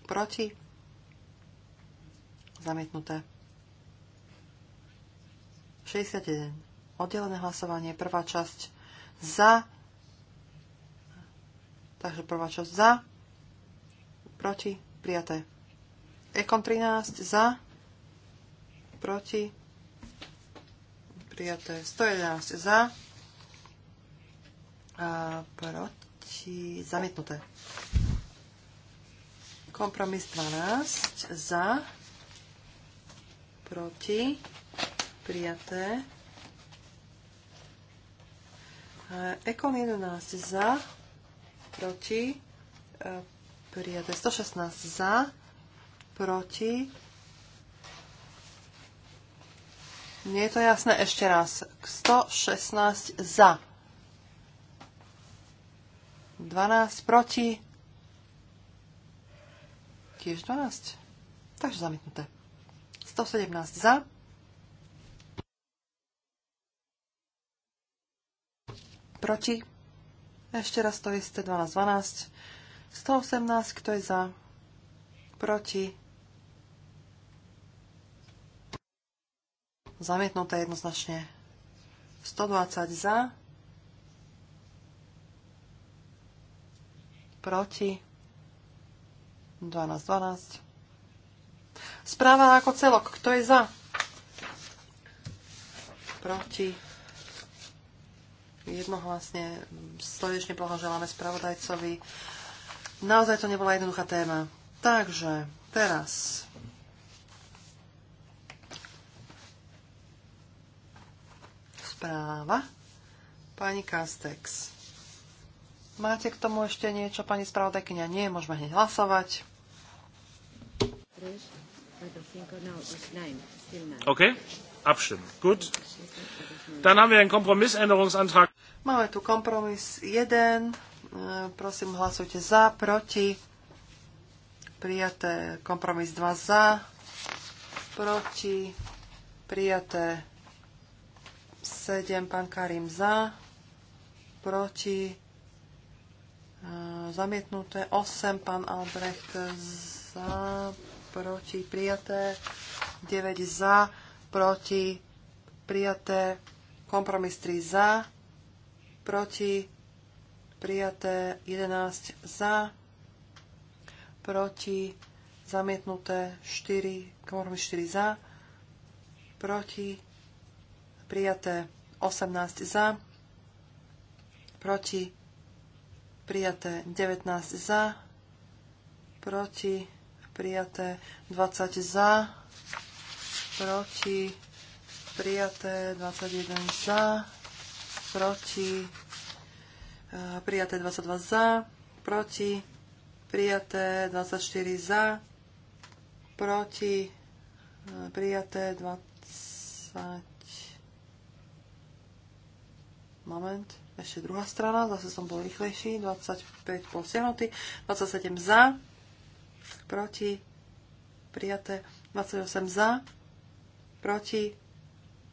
Proti. Zamietnuté. 61 Oddelené hlasovanie, prvá časť za. Takže prvá časť za. Proti. Prijaté. Ekon 13 za. Proti. Prijaté. 111 za. A proti. Zamietnuté. Kompromis 12 za. Proti. Prijaté. Ekon 11 za, proti, e, prijaté 116 za, proti. Nie je to jasné ešte raz. 116 za. 12 proti. Tiež 12. Takže zamietnuté. 117 za. proti. Ešte raz to isté, 12, 12. 118, kto je za, proti. Zamietnuté jednoznačne. 120 za, proti. 12, 12. Správa ako celok, kto je za? Proti jednohlasne srdečne blahoželáme spravodajcovi. Naozaj to nebola jednoduchá téma. Takže teraz správa pani Kastex. Máte k tomu ešte niečo, pani spravodajkynia? Nie, môžeme hneď hlasovať. Okay, abstimmen. Gut. Dann haben wir einen Kompromissänderungsantrag. Máme tu kompromis 1. Prosím, hlasujte za, proti. Prijaté kompromis 2 za, proti. Prijaté 7, pán Karim za, proti. Eh, zamietnuté 8, pán Albrecht za, proti. Prijaté 9 za, proti. Prijaté kompromis 3 za, proti, prijaté 11 za, proti, zamietnuté 4, kompromis 4 za, proti, prijaté 18 za, proti, prijaté 19 za, proti, prijaté 20 za, proti, prijaté 21 za, proti, e, prijaté 22 za, proti, prijaté 24 za, proti, e, prijaté 20... Moment, ešte druhá strana, zase som bol rýchlejší, 25 bol stiahnutý, 27 za, proti, prijaté 28 za, proti,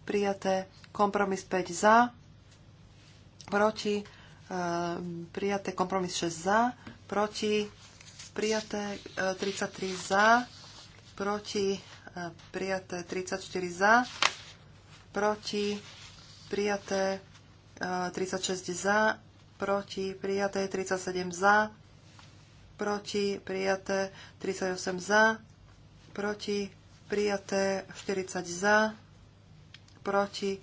prijaté kompromis 5 za, proti, e, prijaté kompromis 6 za, proti, prijaté 33 e, e, za, proti, prijaté 34 za, proti, prijaté 36 za, proti, prijaté 37 za, proti, prijaté 38 za, proti, prijaté 40 za, proti,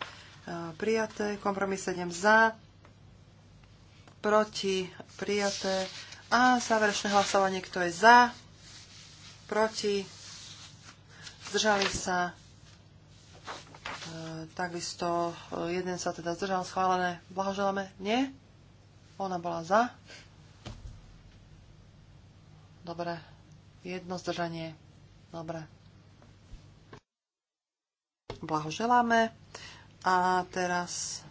prijaté kompromis 7 za, proti, prijaté. A záverečné hlasovanie, kto je za, proti, zdržali sa, e, takisto e, jeden sa teda zdržal schválené, blahoželáme, nie? Ona bola za. Dobre, jedno zdržanie, dobre. Blahoželáme. A teraz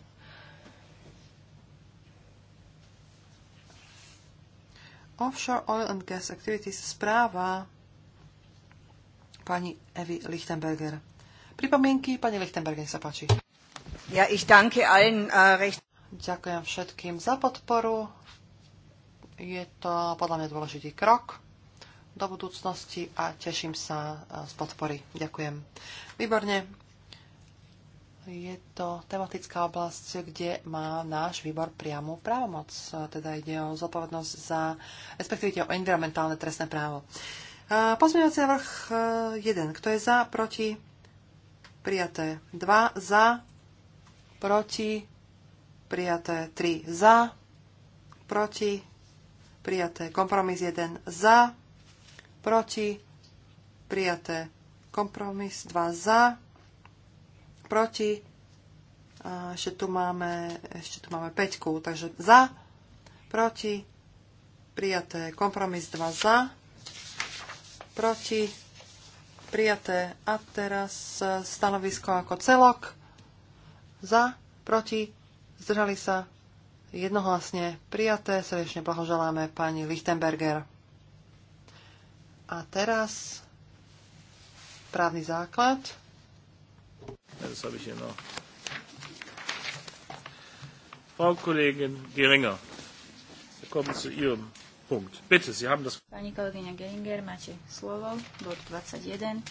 Offshore Oil and Gas Activities správa pani Evi Lichtenberger. Pripomienky, pani Lichtenberger, nech sa páči. Ja ich danke allen uh, recht... Ďakujem všetkým za podporu. Je to podľa mňa dôležitý krok do budúcnosti a teším sa äh, z podpory. Ďakujem. Výborne. Je to tematická oblasť, kde má náš výbor priamu právomoc. Teda ide o zodpovednosť za, respektíve o environmentálne trestné právo. Pozmeňovací návrh 1. E, Kto je za, proti? Prijaté 2. Za, proti? Prijaté 3. Za, proti? Prijaté kompromis 1. Za, proti? Prijaté kompromis 2. Za, proti, ešte tu máme, ešte tu máme 5, takže za, proti, prijaté kompromis 2 za, proti, prijaté a teraz e, stanovisko ako celok, za, proti, zdržali sa, jednohlasne prijaté, srdečne blahoželáme pani Lichtenberger. A teraz právny základ. Das habe ich hier noch. Frau Kollegin Geringer, wir kommen zu Ihrem Punkt. Bitte, Sie haben das. Pani kolegyňa Geringer, máte slovo, bod 21.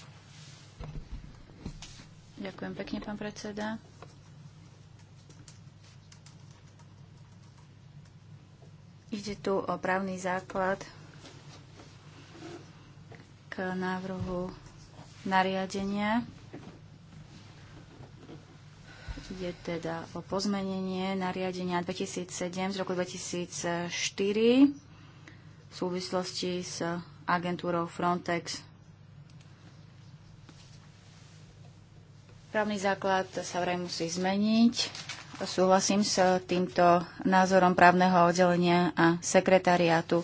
Ďakujem pekne, pán predseda. Ide tu o právny základ k návrhu nariadenia Ide teda o pozmenenie nariadenia 2007 z roku 2004 v súvislosti s agentúrou Frontex. Právny základ sa vraj musí zmeniť. Súhlasím s týmto názorom právneho oddelenia a sekretariátu.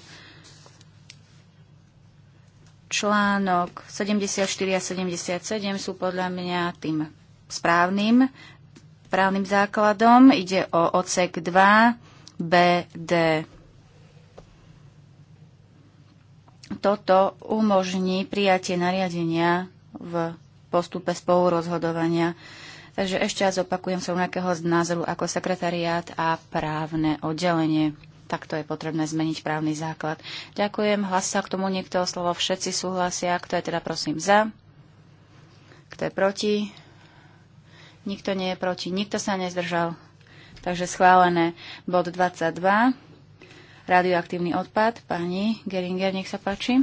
Článok 74 a 77 sú podľa mňa tým správnym právnym základom. Ide o odsek 2 BD. Toto umožní prijatie nariadenia v postupe spolurozhodovania. Takže ešte raz opakujem sa rovnakého názoru ako sekretariát a právne oddelenie. Takto je potrebné zmeniť právny základ. Ďakujem. Hlasa k tomu niekto slovo. Všetci súhlasia. Kto je teda prosím za? Kto je proti? Nikto nie je proti, nikto sa nezdržal. Takže schválené bod 22. Radioaktívny odpad. Pani Geringer, nech sa páči.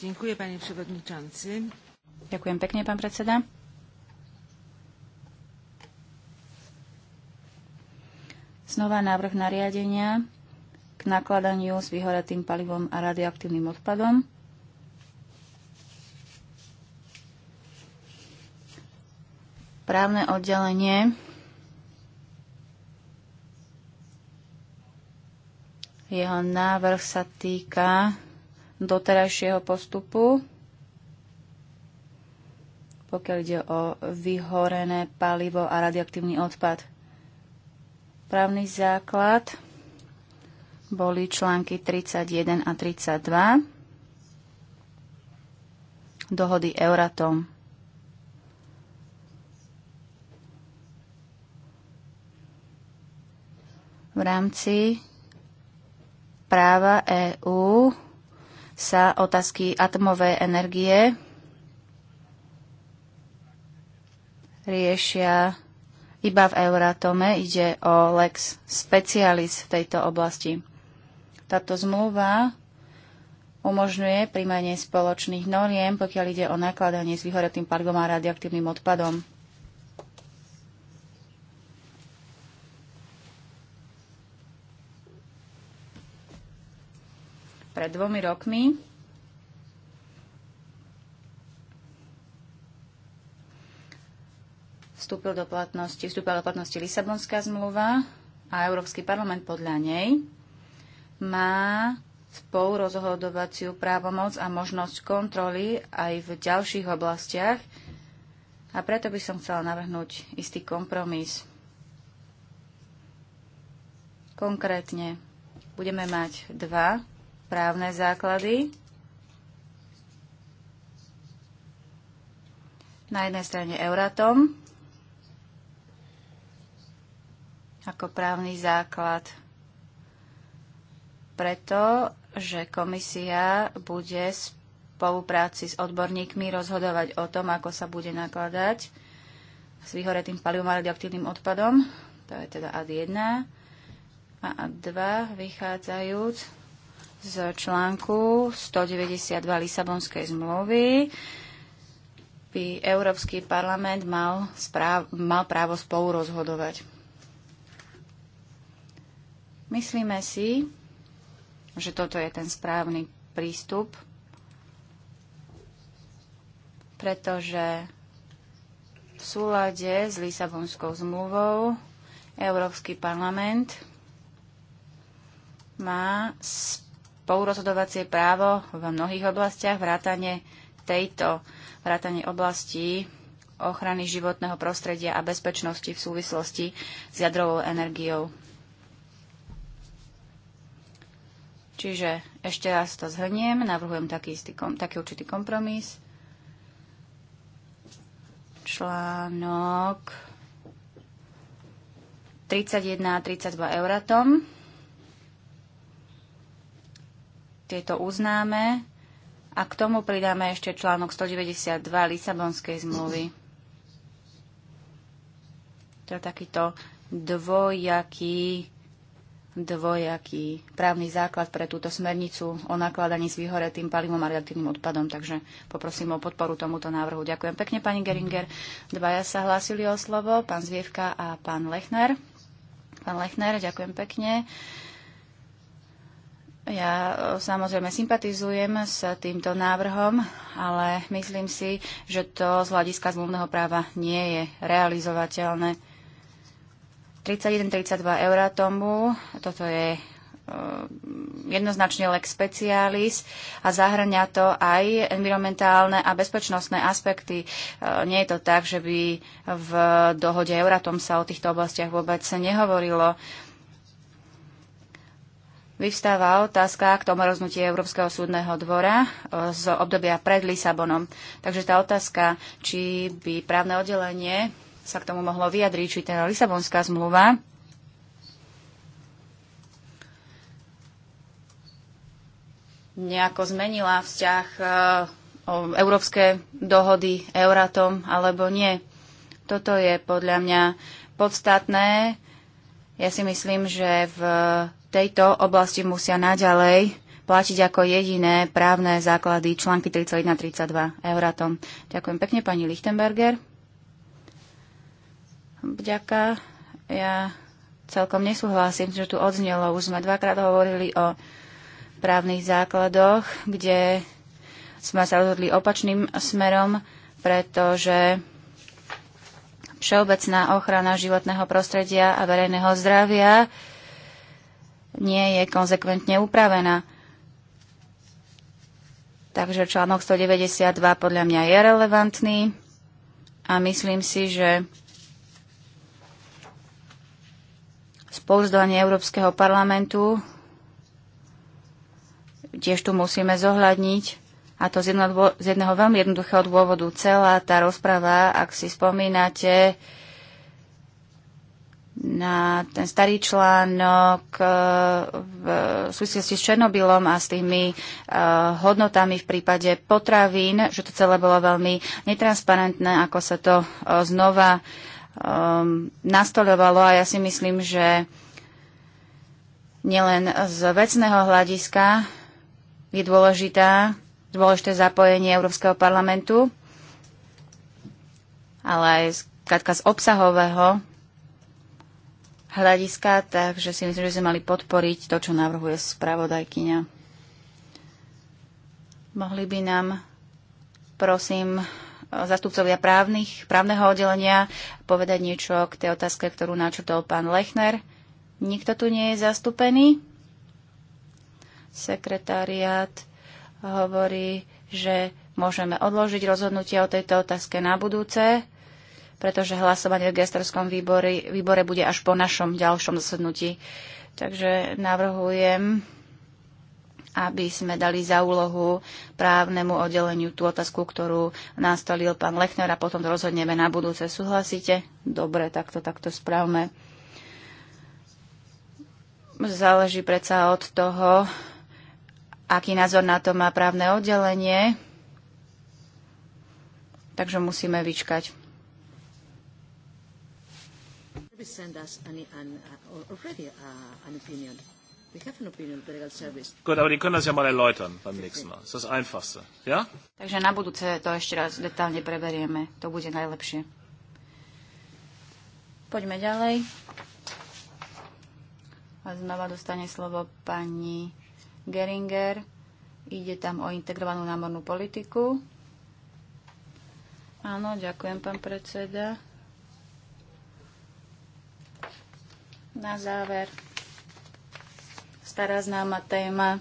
Ďakujem, pani przewodniczący. Ďakujem pekne, pán predseda. Znova návrh nariadenia k nakladaniu s vyhoratým palivom a radioaktívnym odpadom. právne oddelenie Jeho návrh sa týka doterajšieho postupu, pokiaľ ide o vyhorené palivo a radioaktívny odpad. Právny základ boli články 31 a 32 dohody Euratom. v rámci práva EÚ sa otázky atomovej energie riešia iba v Euratome. Ide o lex specialis v tejto oblasti. Táto zmluva umožňuje príjmanie spoločných noriem, pokiaľ ide o nakladanie s vyhoretým pargom a radioaktívnym odpadom. pred dvomi rokmi vstúpil do platnosti, vstúpila do platnosti Lisabonská zmluva a Európsky parlament podľa nej má rozhodovaciu právomoc a možnosť kontroly aj v ďalších oblastiach a preto by som chcela navrhnúť istý kompromis. Konkrétne budeme mať dva právne základy. Na jednej strane Euratom ako právny základ preto, že komisia bude v spolupráci s odborníkmi rozhodovať o tom, ako sa bude nakladať s vyhoretým palivom a radioaktívnym odpadom. To je teda ad 1. A ad 2 vychádzajúc z článku 192 Lisabonskej zmluvy by Európsky parlament mal, správ, mal právo spolu rozhodovať. Myslíme si, že toto je ten správny prístup, pretože v súlade s Lisabonskou zmluvou Európsky parlament má sp- spolurozhodovacie právo v mnohých oblastiach, vrátane tejto, vrátane oblasti ochrany životného prostredia a bezpečnosti v súvislosti s jadrovou energiou. Čiže ešte raz to zhrniem, navrhujem taký, istý, taký určitý kompromis. Článok 31 a 32 Euratom. tieto uznáme a k tomu pridáme ešte článok 192 Lisabonskej zmluvy. To je takýto dvojaký, dvojaký právny základ pre túto smernicu o nakladaní s vyhoretým palivom a radioaktívnym odpadom. Takže poprosím o podporu tomuto návrhu. Ďakujem pekne, pani Geringer. Dvaja sa hlásili o slovo, pán Zvievka a pán Lechner. Pán Lechner, ďakujem pekne. Uh, ja e, samozrejme sympatizujem s týmto návrhom, ale myslím si, že to z hľadiska zmluvného práva nie je realizovateľné. 31-32 Euratomu, toto je e, jednoznačne lex specialis a zahrania to aj environmentálne a bezpečnostné aspekty. E, nie je to tak, že by v dohode Euratom sa o týchto oblastiach vôbec nehovorilo vyvstáva otázka k tomu roznutie Európskeho súdneho dvora e, z obdobia pred Lisabonom. Takže tá otázka, či by právne oddelenie sa k tomu mohlo vyjadriť, či teda Lisabonská zmluva nejako zmenila vzťah e, o európske dohody Euratom alebo nie. Toto je podľa mňa podstatné. Ja si myslím, že v tejto oblasti musia naďalej platiť ako jediné právne základy články 31 32 Euratom. Ďakujem pekne, pani Lichtenberger. Vďaka. Ja celkom nesúhlasím, že tu odznelo. Už sme dvakrát hovorili o právnych základoch, kde sme sa rozhodli opačným smerom, pretože všeobecná ochrana životného prostredia a verejného zdravia nie je konzekventne upravená. Takže článok 192 podľa mňa je relevantný a myslím si, že spolzdanie Európskeho parlamentu tiež tu musíme zohľadniť a to z, jedno, z jedného veľmi jednoduchého dôvodu. Celá tá rozprava, ak si spomínate, na ten starý článok e, v súvislosti s Černobylom a s tými e, hodnotami v prípade potravín, že to celé bolo veľmi netransparentné, ako sa to e, znova nastolovalo a ja si myslím, že nielen z vecného hľadiska je dôležitá, dôležité zapojenie Európskeho parlamentu, ale aj z obsahového hľadiska, takže si myslím, že sme mali podporiť to, čo navrhuje spravodajkyňa. Mohli by nám, prosím, zastupcovia právnych, právneho oddelenia povedať niečo k tej otázke, ktorú načrtol pán Lechner. Nikto tu nie je zastúpený? Sekretariát hovorí, že môžeme odložiť rozhodnutie o tejto otázke na budúce pretože hlasovanie v gestorskom výbore, výbore bude až po našom ďalšom zasadnutí. Takže navrhujem, aby sme dali za úlohu právnemu oddeleniu tú otázku, ktorú nastolil pán Lechner a potom to rozhodneme na budúce. Súhlasíte? Dobre, takto, takto správme. Záleží predsa od toho, aký názor na to má právne oddelenie, takže musíme vyčkať please send us an, an, uh, already uh, an opinion. We have an opinion of the legal service. Gut, aber die können das ja mal erläutern beim nächsten Mal. Das ist das Einfachste. Ja? Takže na budúce to ešte raz detálne preberieme. To bude najlepšie. Poďme ďalej. A znova dostane slovo pani Geringer. Ide tam o integrovanú námornú politiku. Áno, ďakujem, pán predseda. na záver. Stará známa téma.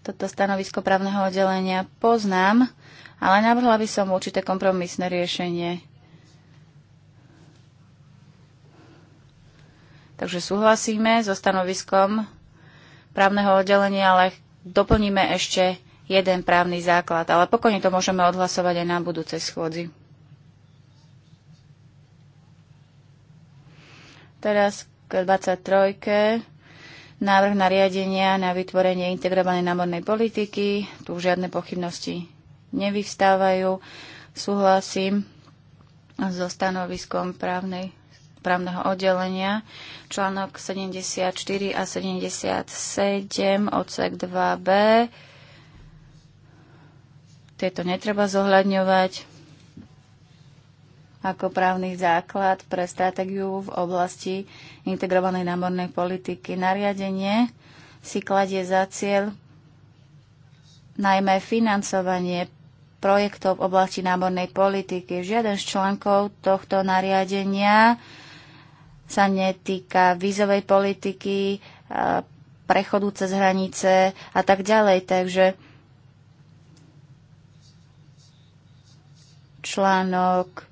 Toto stanovisko právneho oddelenia poznám, ale navrhla by som určité kompromisné riešenie. Takže súhlasíme so stanoviskom právneho oddelenia, ale doplníme ešte jeden právny základ, ale pokojne to môžeme odhlasovať aj na budúcej schôdzi. Teraz k 23. Návrh na riadenia na vytvorenie integrovanej námornej politiky. Tu žiadne pochybnosti nevyvstávajú. Súhlasím so stanoviskom právnej právneho oddelenia, článok 74 a 77, odsek 2b, tieto netreba zohľadňovať ako právny základ pre stratégiu v oblasti integrovanej námornej politiky. Nariadenie si kladie za cieľ najmä financovanie projektov v oblasti námornej politiky. Žiaden z článkov tohto nariadenia sa netýka vízovej politiky, prechodu cez hranice a tak ďalej. Takže článok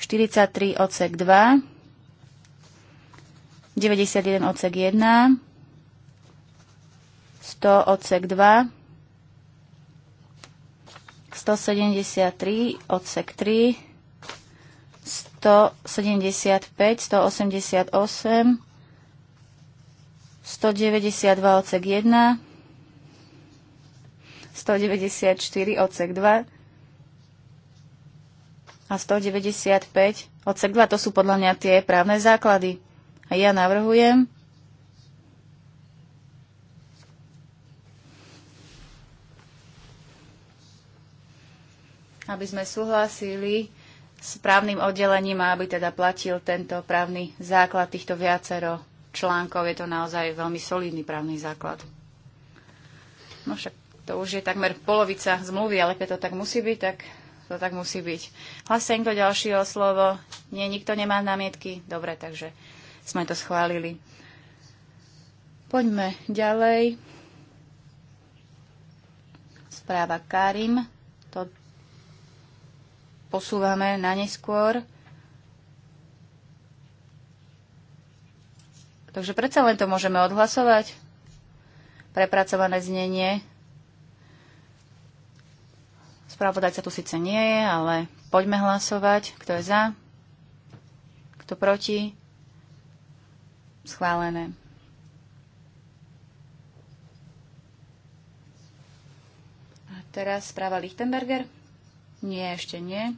43 odsek 2, 91 odsek 1, 100 odsek 2, 173 odsek 3, 175, 188, 192 odsek 1, 194 odsek 2, a 195 odsek 2. To sú podľa mňa tie právne základy. A ja navrhujem, aby sme súhlasili s právnym oddelením a aby teda platil tento právny základ týchto viacero článkov. Je to naozaj veľmi solidný právny základ. No však to už je takmer polovica zmluvy, ale keď to tak musí byť, tak to tak musí byť. Hlasí niekto slovo? Nie, nikto nemá námietky? Dobre, takže sme to schválili. Poďme ďalej. Správa Karim. To posúvame na neskôr. Takže predsa len to môžeme odhlasovať. Prepracované znenie Spravodajca tu síce nie je, ale poďme hlasovať. Kto je za? Kto proti? Schválené. A teraz správa Lichtenberger? Nie, ešte nie.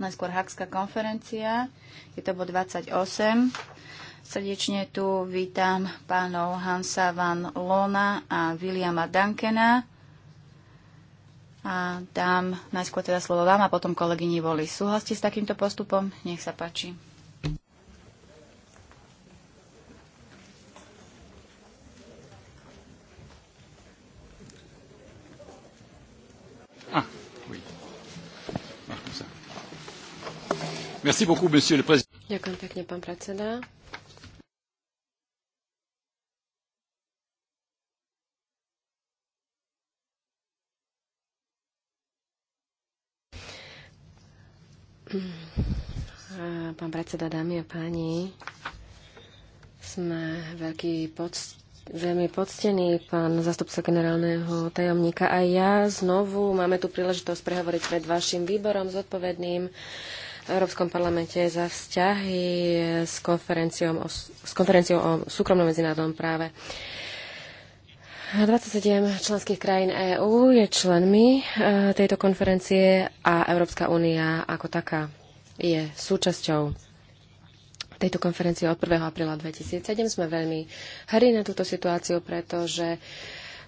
Najskôr Hakská konferencia. Je to bod 28. Srdečne tu vítam pánov Hansa van Lona a Williama Duncana. A dám najskôr teda slovo vám a potom kolegyni Voli. Súhlasíte s takýmto postupom? Nech sa páči. Ah, ah, Ďakujem pekne, pán predseda. Pán predseda, dámy a páni, sme veľký podst- veľmi poctení, pán zastupca generálneho tajomníka a ja znovu máme tu príležitosť prehovoriť pred vašim výborom zodpovedným v Európskom parlamente za vzťahy s konferenciou o, s konferenciou o súkromnom medzinárodnom práve. Uh, 27 členských krajín EÚ je členmi e, tejto konferencie a Európska únia ako taká je súčasťou tejto konferencie od 1. apríla 2007. Sme veľmi hrdí na túto situáciu, pretože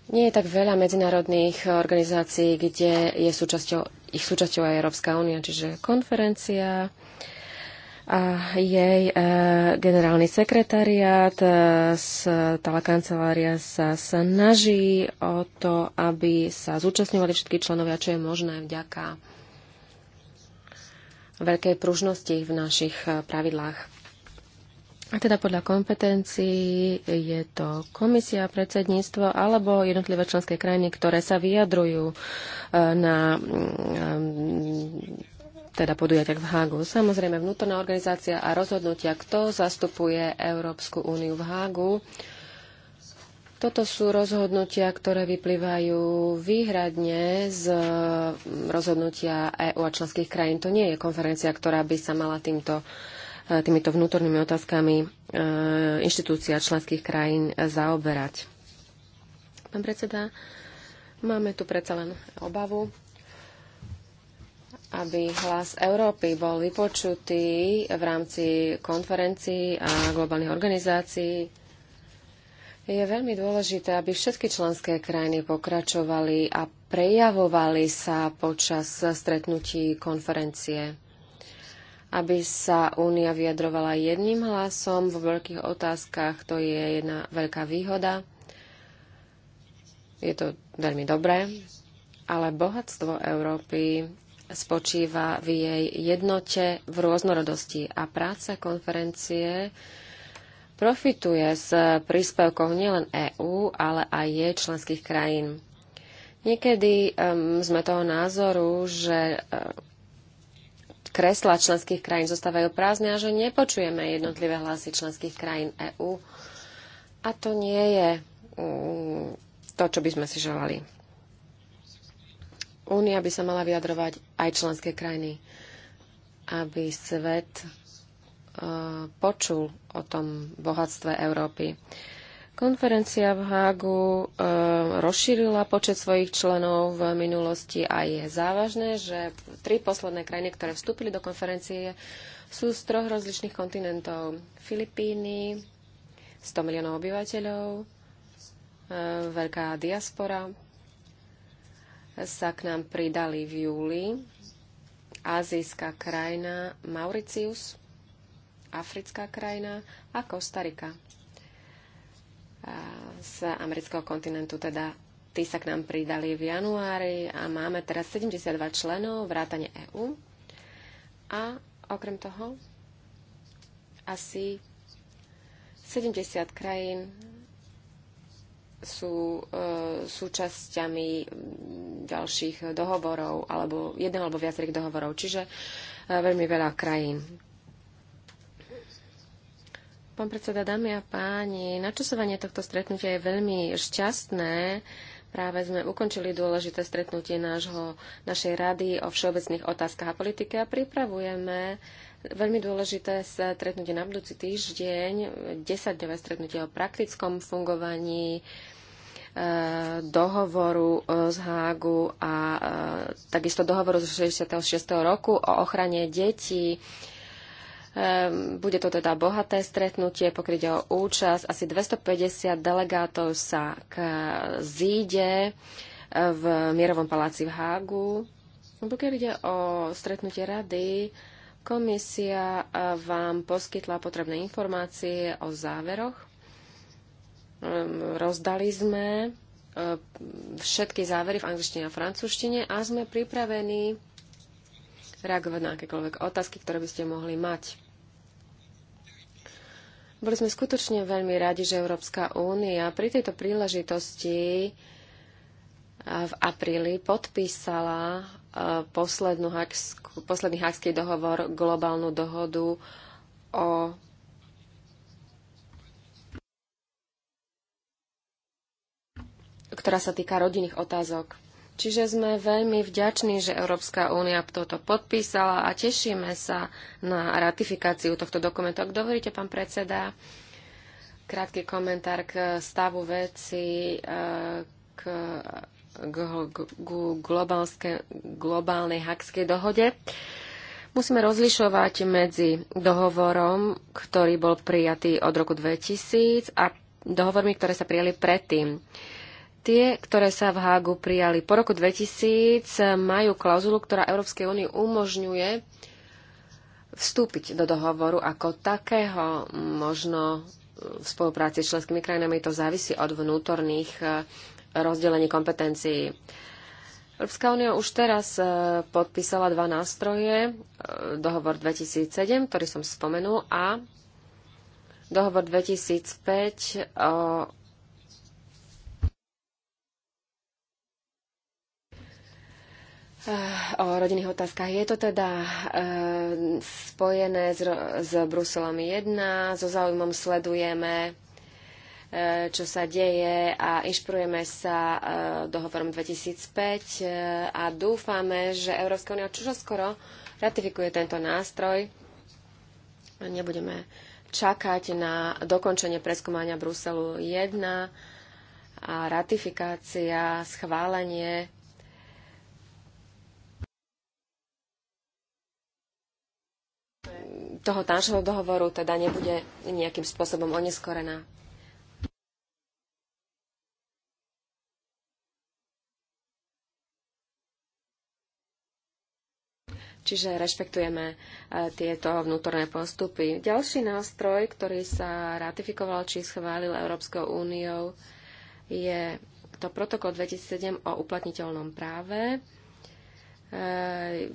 nie je tak veľa medzinárodných organizácií, kde je súčasťou, ich súčasťou aj Európska únia, čiže konferencia a jej e, generálny sekretariát, e, Tala kancelária sa snaží o to, aby sa zúčastňovali všetky členovia, čo je možné vďaka veľkej pružnosti v našich e, pravidlách. A teda podľa kompetencií je to komisia, predsedníctvo alebo jednotlivé členské krajiny, ktoré sa vyjadrujú e, na teda podujatiach v Hágu. Samozrejme, vnútorná organizácia a rozhodnutia, kto zastupuje Európsku úniu v Hágu. Toto sú rozhodnutia, ktoré vyplývajú výhradne z mm, rozhodnutia EÚ a členských krajín. To nie je konferencia, ktorá by sa mala týmto e, týmito vnútornými otázkami e, inštitúcia členských krajín zaoberať. Pán predseda, máme tu predsa len obavu, aby hlas Európy bol vypočutý v rámci konferencií a globálnych organizácií. Je veľmi dôležité, aby všetky členské krajiny pokračovali a prejavovali sa počas stretnutí konferencie. Aby sa Únia vyjadrovala jedným hlasom vo veľkých otázkach, to je jedna veľká výhoda. Je to veľmi dobré, ale bohatstvo Európy spočíva v jej jednote, v rôznorodosti a práca konferencie profituje z príspevkov nielen EÚ, ale aj jej členských krajín. Niekedy um, sme toho názoru, že uh, kresla členských krajín zostávajú prázdne a že nepočujeme jednotlivé hlasy členských krajín EÚ. A to nie je um, to, čo by sme si želali. Únia by sa mala vyjadrovať aj členské krajiny, aby svet e, počul o tom bohatstve Európy. Konferencia v Hágu e, rozšírila počet svojich členov v minulosti a je závažné, že tri posledné krajiny, ktoré vstúpili do konferencie, sú z troch rozličných kontinentov. Filipíny, 100 miliónov obyvateľov, e, veľká diaspora, sa k nám pridali v júli. Azijská krajina Mauricius, africká krajina a Kostarika z amerického kontinentu, teda tí sa k nám pridali v januári a máme teraz 72 členov vrátane EÚ a okrem toho asi 70 krajín sú e, súčasťami mm, ďalších dohovorov alebo jeden alebo viacerých dohovorov, čiže e, veľmi veľa krajín. Pán predseda, dámy a páni, načasovanie tohto stretnutia je veľmi šťastné. Práve sme ukončili dôležité stretnutie nášho, našej rady o všeobecných otázkach a politike a pripravujeme veľmi dôležité stretnutie na budúci týždeň, 10 stretnutie o praktickom fungovaní Eh, dohovoru eh, z Hágu a eh, takisto dohovoru z 66. roku o ochrane detí. Bude to teda bohaté stretnutie, pokryť o účasť. Asi 250 delegátov sa k zíde v Mierovom paláci v Hágu. No, pokiaľ ide o stretnutie rady, komisia vám poskytla potrebné informácie o záveroch Rozdali sme všetky závery v angličtine a francúzštine a sme pripravení reagovať na akékoľvek otázky, ktoré by ste mohli mať. Boli sme skutočne veľmi radi, že Európska únia pri tejto príležitosti v apríli podpísala e, poslednú posledný hákský dohovor, globálnu dohodu o ktorá sa týka rodinných otázok. Čiže sme veľmi vďační, že Európska únia toto podpísala a tešíme sa na ratifikáciu tohto dokumentu. Ak dovolíte, pán predseda, krátky komentár k stavu veci, e, k, k, k, k globálnej hackskej dohode. Musíme rozlišovať medzi dohovorom, ktorý bol prijatý od roku 2000 a dohovormi, ktoré sa prijali predtým. Uh, Tie, ktoré sa v Hágu prijali po roku 2000, majú klauzulu, ktorá Európskej únii umožňuje vstúpiť do dohovoru ako takého. Možno v spolupráci s členskými krajinami to závisí od vnútorných eh, rozdelení kompetencií. Európska únia už teraz eh, podpísala dva nástroje, eh, dohovor 2007, ktorý som spomenul, a dohovor 2005 o Eh, o rodinných otázkach. Je to teda eh, spojené s, s Bruselom 1, so záujmom sledujeme eh, čo sa deje a inšpirujeme sa dohovorom 2005 a dúfame, že Európska únia čo skoro ratifikuje tento nástroj. Nebudeme čakať na dokončenie preskúmania Bruselu 1 a ratifikácia, schválenie toho tančného dohovoru teda nebude nejakým spôsobom oneskorená. Čiže rešpektujeme e, tieto vnútorné postupy. Ďalší nástroj, ktorý sa ratifikoval či schválil Európskou úniou, je to protokol 2007 o uplatniteľnom práve. Eh,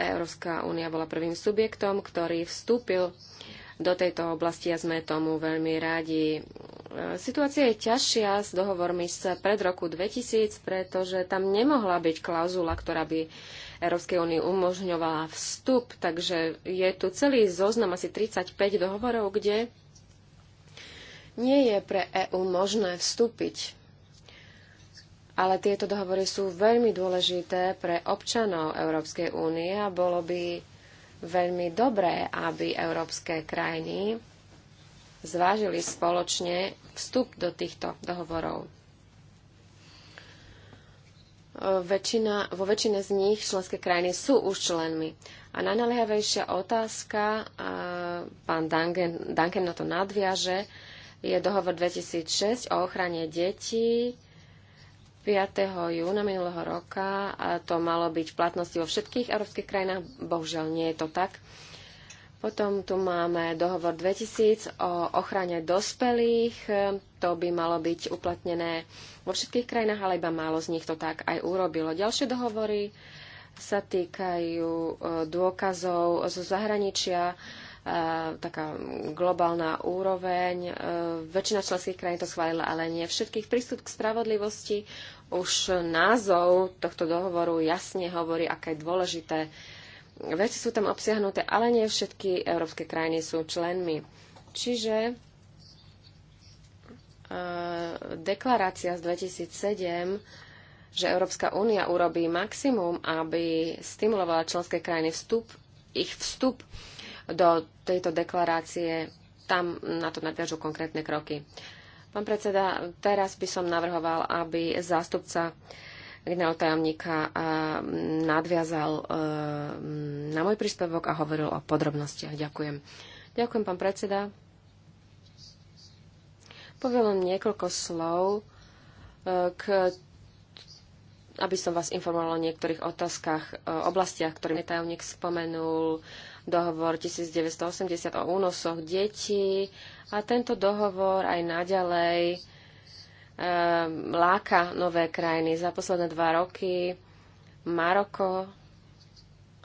Európska únia bola prvým subjektom, ktorý vstúpil do tejto oblasti a sme tomu veľmi rádi. Eh, situácia je ťažšia s dohovormi z pred roku 2000, pretože tam nemohla byť klauzula, ktorá by Európskej únii umožňovala vstup, takže je tu celý zoznam asi 35 dohovorov, kde nie je pre EÚ možné vstúpiť ale tieto dohovory sú veľmi dôležité pre občanov Európskej únie a bolo by veľmi dobré, aby európske krajiny zvážili spoločne vstup do týchto dohovorov. Väčšina, vo väčšine z nich členské krajiny sú už členmi. A najnaliehavejšia otázka, a pán Duncan, Duncan na to nadviaže, je dohovor 2006 o ochrane detí, 5. júna minulého roka a to malo byť v platnosti vo všetkých európskych krajinách. Bohužiaľ, nie je to tak. Potom tu máme dohovor 2000 o ochrane dospelých. To by malo byť uplatnené vo všetkých krajinách, ale iba málo z nich to tak aj urobilo. Ďalšie dohovory sa týkajú e, dôkazov zo zahraničia, Eh, taká globálna úroveň. Eh, väčšina členských krajín to schválila, ale nie všetkých. Prístup k spravodlivosti už názov tohto dohovoru jasne hovorí, aké je dôležité. Veci sú tam obsiahnuté, ale nie všetky európske krajiny sú členmi. Čiže eh, deklarácia z 2007, že Európska únia urobí maximum, aby stimulovala členské krajiny vstup, ich vstup do tejto deklarácie. Tam na to nadviažú konkrétne kroky. Pán predseda, teraz by som navrhoval, aby zástupca generálneho tajomníka eh, nadviazal eh, na môj príspevok a hovoril o podrobnostiach. Ďakujem. Ďakujem, pán predseda. Poviem len niekoľko slov, eh, k, aby som vás informovala o niektorých otázkach, oblastiach, ktoré tajomník spomenul, dohovor 1980 o únosoch detí a tento dohovor aj naďalej e, láka nové krajiny. Za posledné dva roky Maroko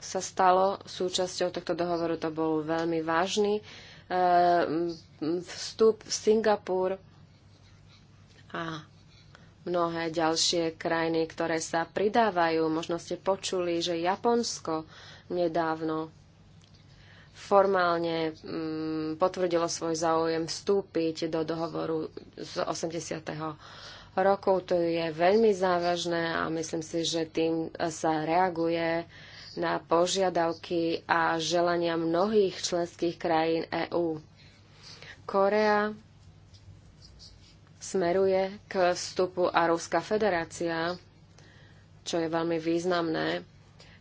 sa stalo súčasťou tohto dohovoru. To bol veľmi vážny e, vstup v Singapur a mnohé ďalšie krajiny, ktoré sa pridávajú. Možno ste počuli, že Japonsko nedávno formálne mm, potvrdilo svoj záujem vstúpiť do dohovoru z 80 rokov. To je veľmi závažné a myslím si, že tým sa reaguje na požiadavky a želania mnohých členských krajín EÚ. Korea smeruje k vstupu a Ruská federácia, čo je veľmi významné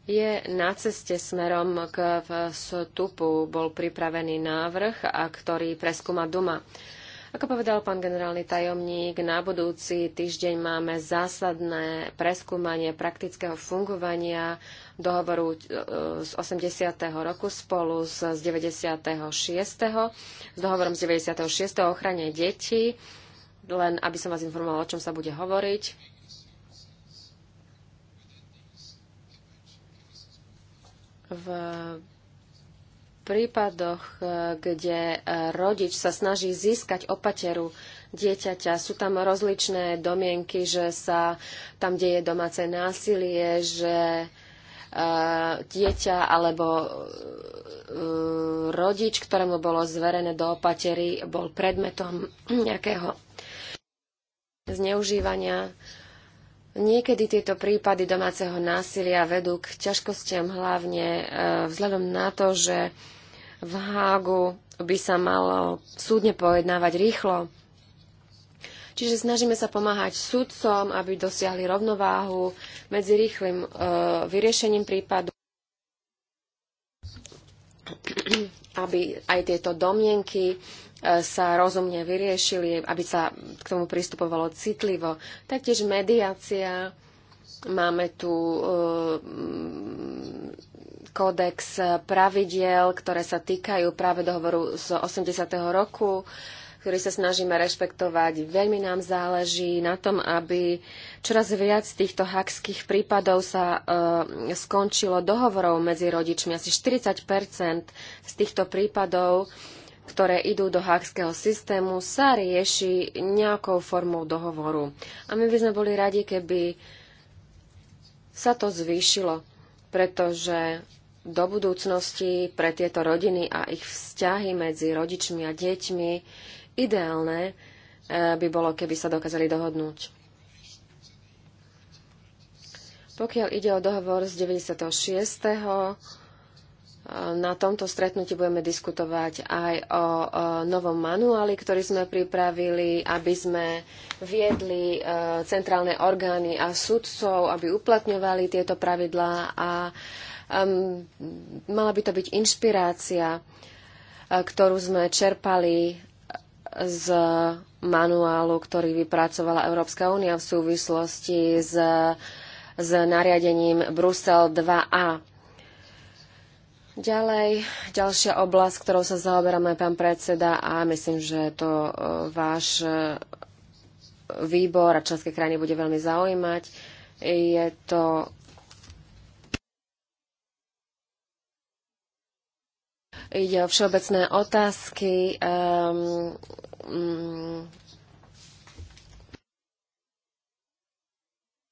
je na ceste smerom k vstupu. Bol pripravený návrh, a ktorý preskúma Duma. Ako povedal pán generálny tajomník, na budúci týždeň máme zásadné preskúmanie praktického fungovania dohovoru e, z 80. roku spolu s 96. s dohovorom z 96. o ochrane detí. Len aby som vás informoval, o čom sa bude hovoriť. v prípadoch, kde e, rodič sa snaží získať opateru dieťaťa, sú tam rozličné domienky, že sa tam deje domáce násilie, že e, dieťa alebo e, rodič, ktorému bolo zverené do opatery, bol predmetom nejakého zneužívania Niekedy tieto prípady domáceho násilia vedú k ťažkostiam hlavne e, vzhľadom na to, že v Hágu by sa malo súdne pojednávať rýchlo. Čiže snažíme sa pomáhať súdcom, aby dosiahli rovnováhu medzi rýchlym e, vyriešením prípadu, aby aj tieto domienky sa rozumne vyriešili, aby sa k tomu pristupovalo citlivo. Taktiež mediácia, máme tu e, kódex pravidiel, ktoré sa týkajú práve dohovoru z 80. roku, ktorý sa snažíme rešpektovať. Veľmi nám záleží na tom, aby čoraz viac týchto hakských prípadov sa e, skončilo dohovorov medzi rodičmi. Asi 40 z týchto prípadov ktoré idú do hákského systému, sa rieši nejakou formou dohovoru. A my by sme boli radi, keby sa to zvýšilo, pretože do budúcnosti pre tieto rodiny a ich vzťahy medzi rodičmi a deťmi ideálne eh, by bolo, keby sa dokázali dohodnúť. Pokiaľ ide o dohovor z 96 na tomto stretnutí budeme diskutovať aj o, o novom manuáli, ktorý sme pripravili, aby sme viedli e, centrálne orgány a sudcov, aby uplatňovali tieto pravidlá a um, mala by to byť inšpirácia, e, ktorú sme čerpali z manuálu, ktorý vypracovala Európska únia v súvislosti s, s nariadením Brusel 2a Ďalej, ďalšia oblasť, ktorou sa zaoberáme, pán predseda, a myslím, že to e, váš e, výbor a členské krajiny bude veľmi zaujímať, je to Ide o všeobecné otázky. Um, um,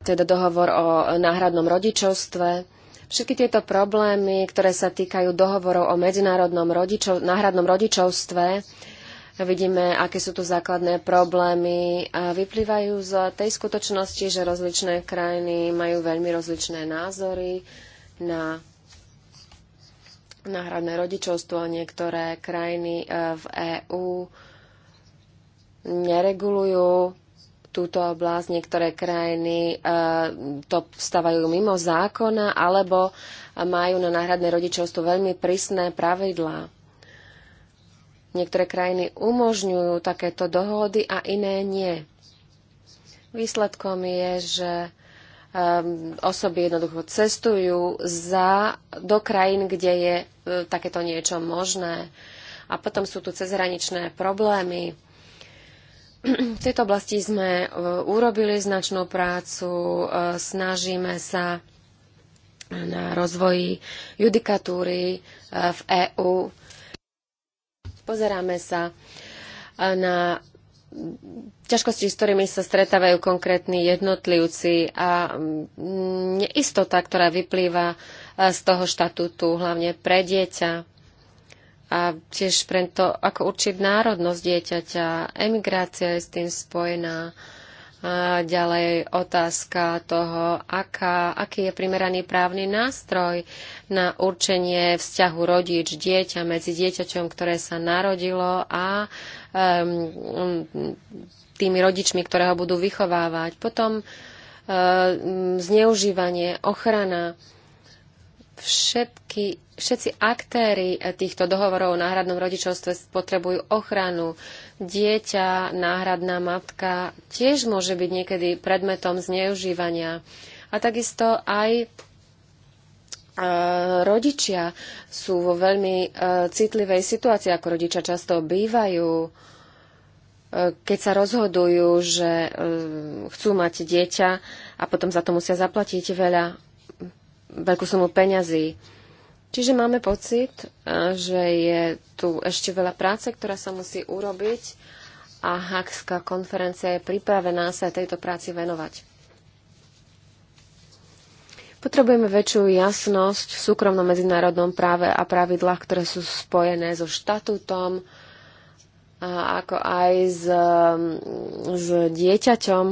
teda dohovor o náhradnom rodičovstve. Všetky tieto problémy, ktoré sa týkajú dohovorov o medzinárodnom rodičov, náhradnom rodičovstve, vidíme, aké sú tu základné problémy a vyplývajú z tej skutočnosti, že rozličné krajiny majú veľmi rozličné názory na náhradné rodičovstvo. Niektoré krajiny eh, v EÚ neregulujú túto oblasť. Niektoré krajiny e, to stavajú mimo zákona alebo majú na náhradné rodičovstvo veľmi prísne pravidlá. Niektoré krajiny umožňujú takéto dohody a iné nie. Výsledkom je, že ehm, osoby jednoducho cestujú za, do krajín, kde je e, takéto niečo možné. A potom sú tu cezhraničné problémy v tejto oblasti sme e, urobili značnú prácu, e, snažíme sa na rozvoji judikatúry e, v EÚ. Pozeráme sa na ťažkosti, s ktorými sa stretávajú konkrétni jednotlivci a neistota, ktorá vyplýva z toho štatútu, hlavne pre dieťa a tiež preto, ako určiť národnosť dieťaťa, emigrácia je s tým spojená. A ďalej otázka toho, aká, aký je primeraný právny nástroj na určenie vzťahu rodič dieťa medzi dieťaťom, ktoré sa narodilo a um, tými rodičmi, ktoré ho budú vychovávať. Potom um, zneužívanie, ochrana, všetky všetci aktéry e, týchto dohovorov o náhradnom rodičovstve potrebujú ochranu. Dieťa, náhradná matka tiež môže byť niekedy predmetom zneužívania. A takisto aj e, rodičia sú vo veľmi e, citlivej situácii, ako rodičia často bývajú, keď sa rozhodujú, že chcú mať dieťa a potom za to musia zaplatiť veľa, veľkú sumu peňazí Čiže máme pocit, e, že je tu ešte veľa práce, ktorá sa musí urobiť a Hakská konferencia je pripravená sa tejto práci venovať. Potrebujeme väčšiu jasnosť v súkromnom medzinárodnom práve a pravidlách, ktoré sú spojené so štatútom, a ako aj s, s dieťaťom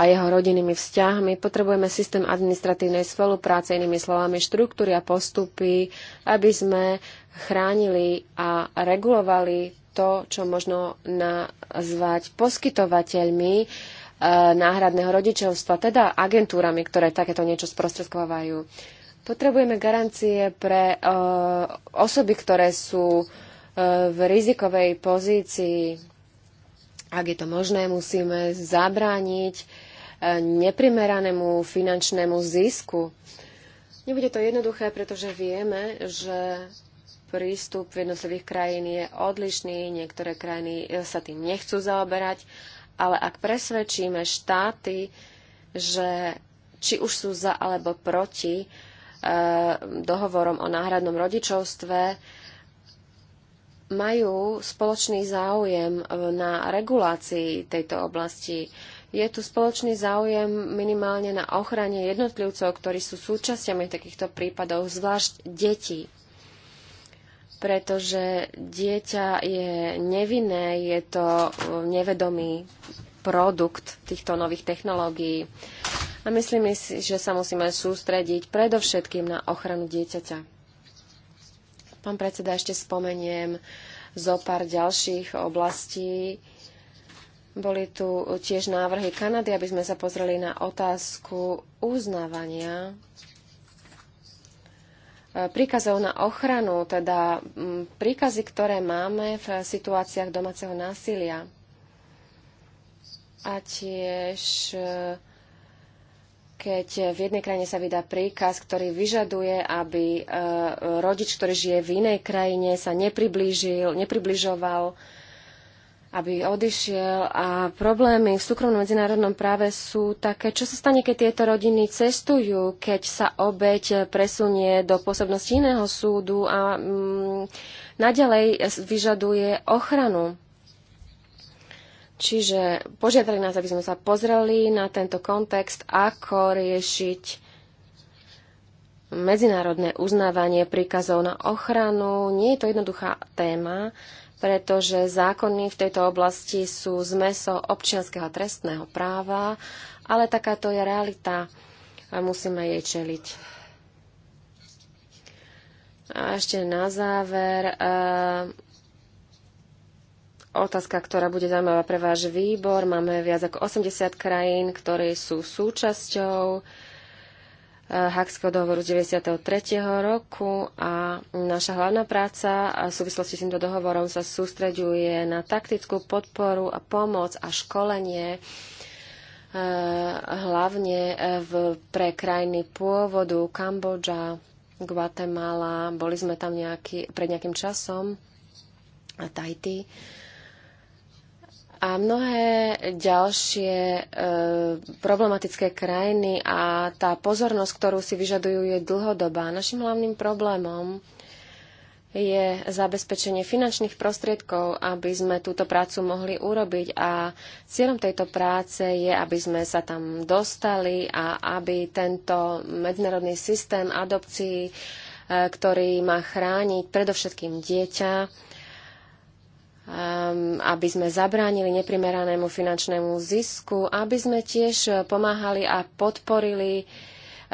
a jeho rodinnými vzťahmi. Potrebujeme systém administratívnej spolupráce, inými slovami štruktúry a postupy, aby sme chránili a regulovali to, čo možno nazvať poskytovateľmi e, náhradného rodičovstva, teda agentúrami, ktoré takéto niečo sprostredkovajú. Potrebujeme garancie pre e, osoby, ktoré sú e, v rizikovej pozícii. Ak je to možné, musíme zabrániť neprimeranému finančnému zisku. Nebude to jednoduché, pretože vieme, že prístup v jednotlivých krajín je odlišný, niektoré krajiny e, sa tým nechcú zaoberať, ale ak presvedčíme štáty, že či už sú za alebo proti e, dohovorom o náhradnom rodičovstve, majú spoločný záujem e, na regulácii tejto oblasti. Je tu spoločný záujem minimálne na ochrane jednotlivcov, ktorí sú súčasťami takýchto prípadov, zvlášť detí pretože dieťa je nevinné, je to eh, nevedomý produkt týchto nových technológií. A myslím si, že sa musíme sústrediť predovšetkým na ochranu dieťaťa. Pán predseda, ešte spomeniem zo pár ďalších oblastí, boli tu tiež návrhy Kanady, aby sme sa pozreli na otázku uznávania e, príkazov na ochranu, teda príkazy, ktoré máme v situáciách domáceho násilia. A tiež e, keď v jednej krajine sa vydá príkaz, ktorý vyžaduje, aby e, rodič, ktorý žije v inej krajine, sa nepriblížil, nepribližoval aby odišiel. A problémy v súkromnom medzinárodnom práve sú také, čo sa stane, keď tieto rodiny cestujú, keď sa obeď presunie do pôsobnosti iného súdu a mm, naďalej vyžaduje ochranu. Čiže požiadali nás, aby sme sa pozreli na tento kontext, ako riešiť medzinárodné uznávanie príkazov na ochranu. Nie je to jednoduchá téma, pretože zákony v tejto oblasti sú zmeso občianského trestného práva, ale takáto je realita a musíme jej čeliť. A ešte na záver e, otázka, ktorá bude zaujímavá pre váš výbor. Máme viac ako 80 krajín, ktoré sú súčasťou e, Hakského dohovoru z 93. roku a naša hlavná práca v súvislosti s týmto dohovorom sa sústreďuje na taktickú podporu a pomoc a školenie e, hlavne e, v, pre krajiny pôvodu Kambodža, Guatemala, boli sme tam nejaký, pred nejakým časom a Tahiti. Uh, a mnohé ďalšie e, problematické krajiny a tá pozornosť, ktorú si vyžadujú, je dlhodobá. Našim hlavným problémom je zabezpečenie finančných prostriedkov, aby sme túto prácu mohli urobiť a cieľom tejto práce je, aby sme sa tam dostali a aby tento medzinárodný systém adopcií, e, ktorý má chrániť predovšetkým dieťa, Ehm, aby sme zabránili neprimeranému finančnému zisku, aby sme tiež pomáhali a podporili eh,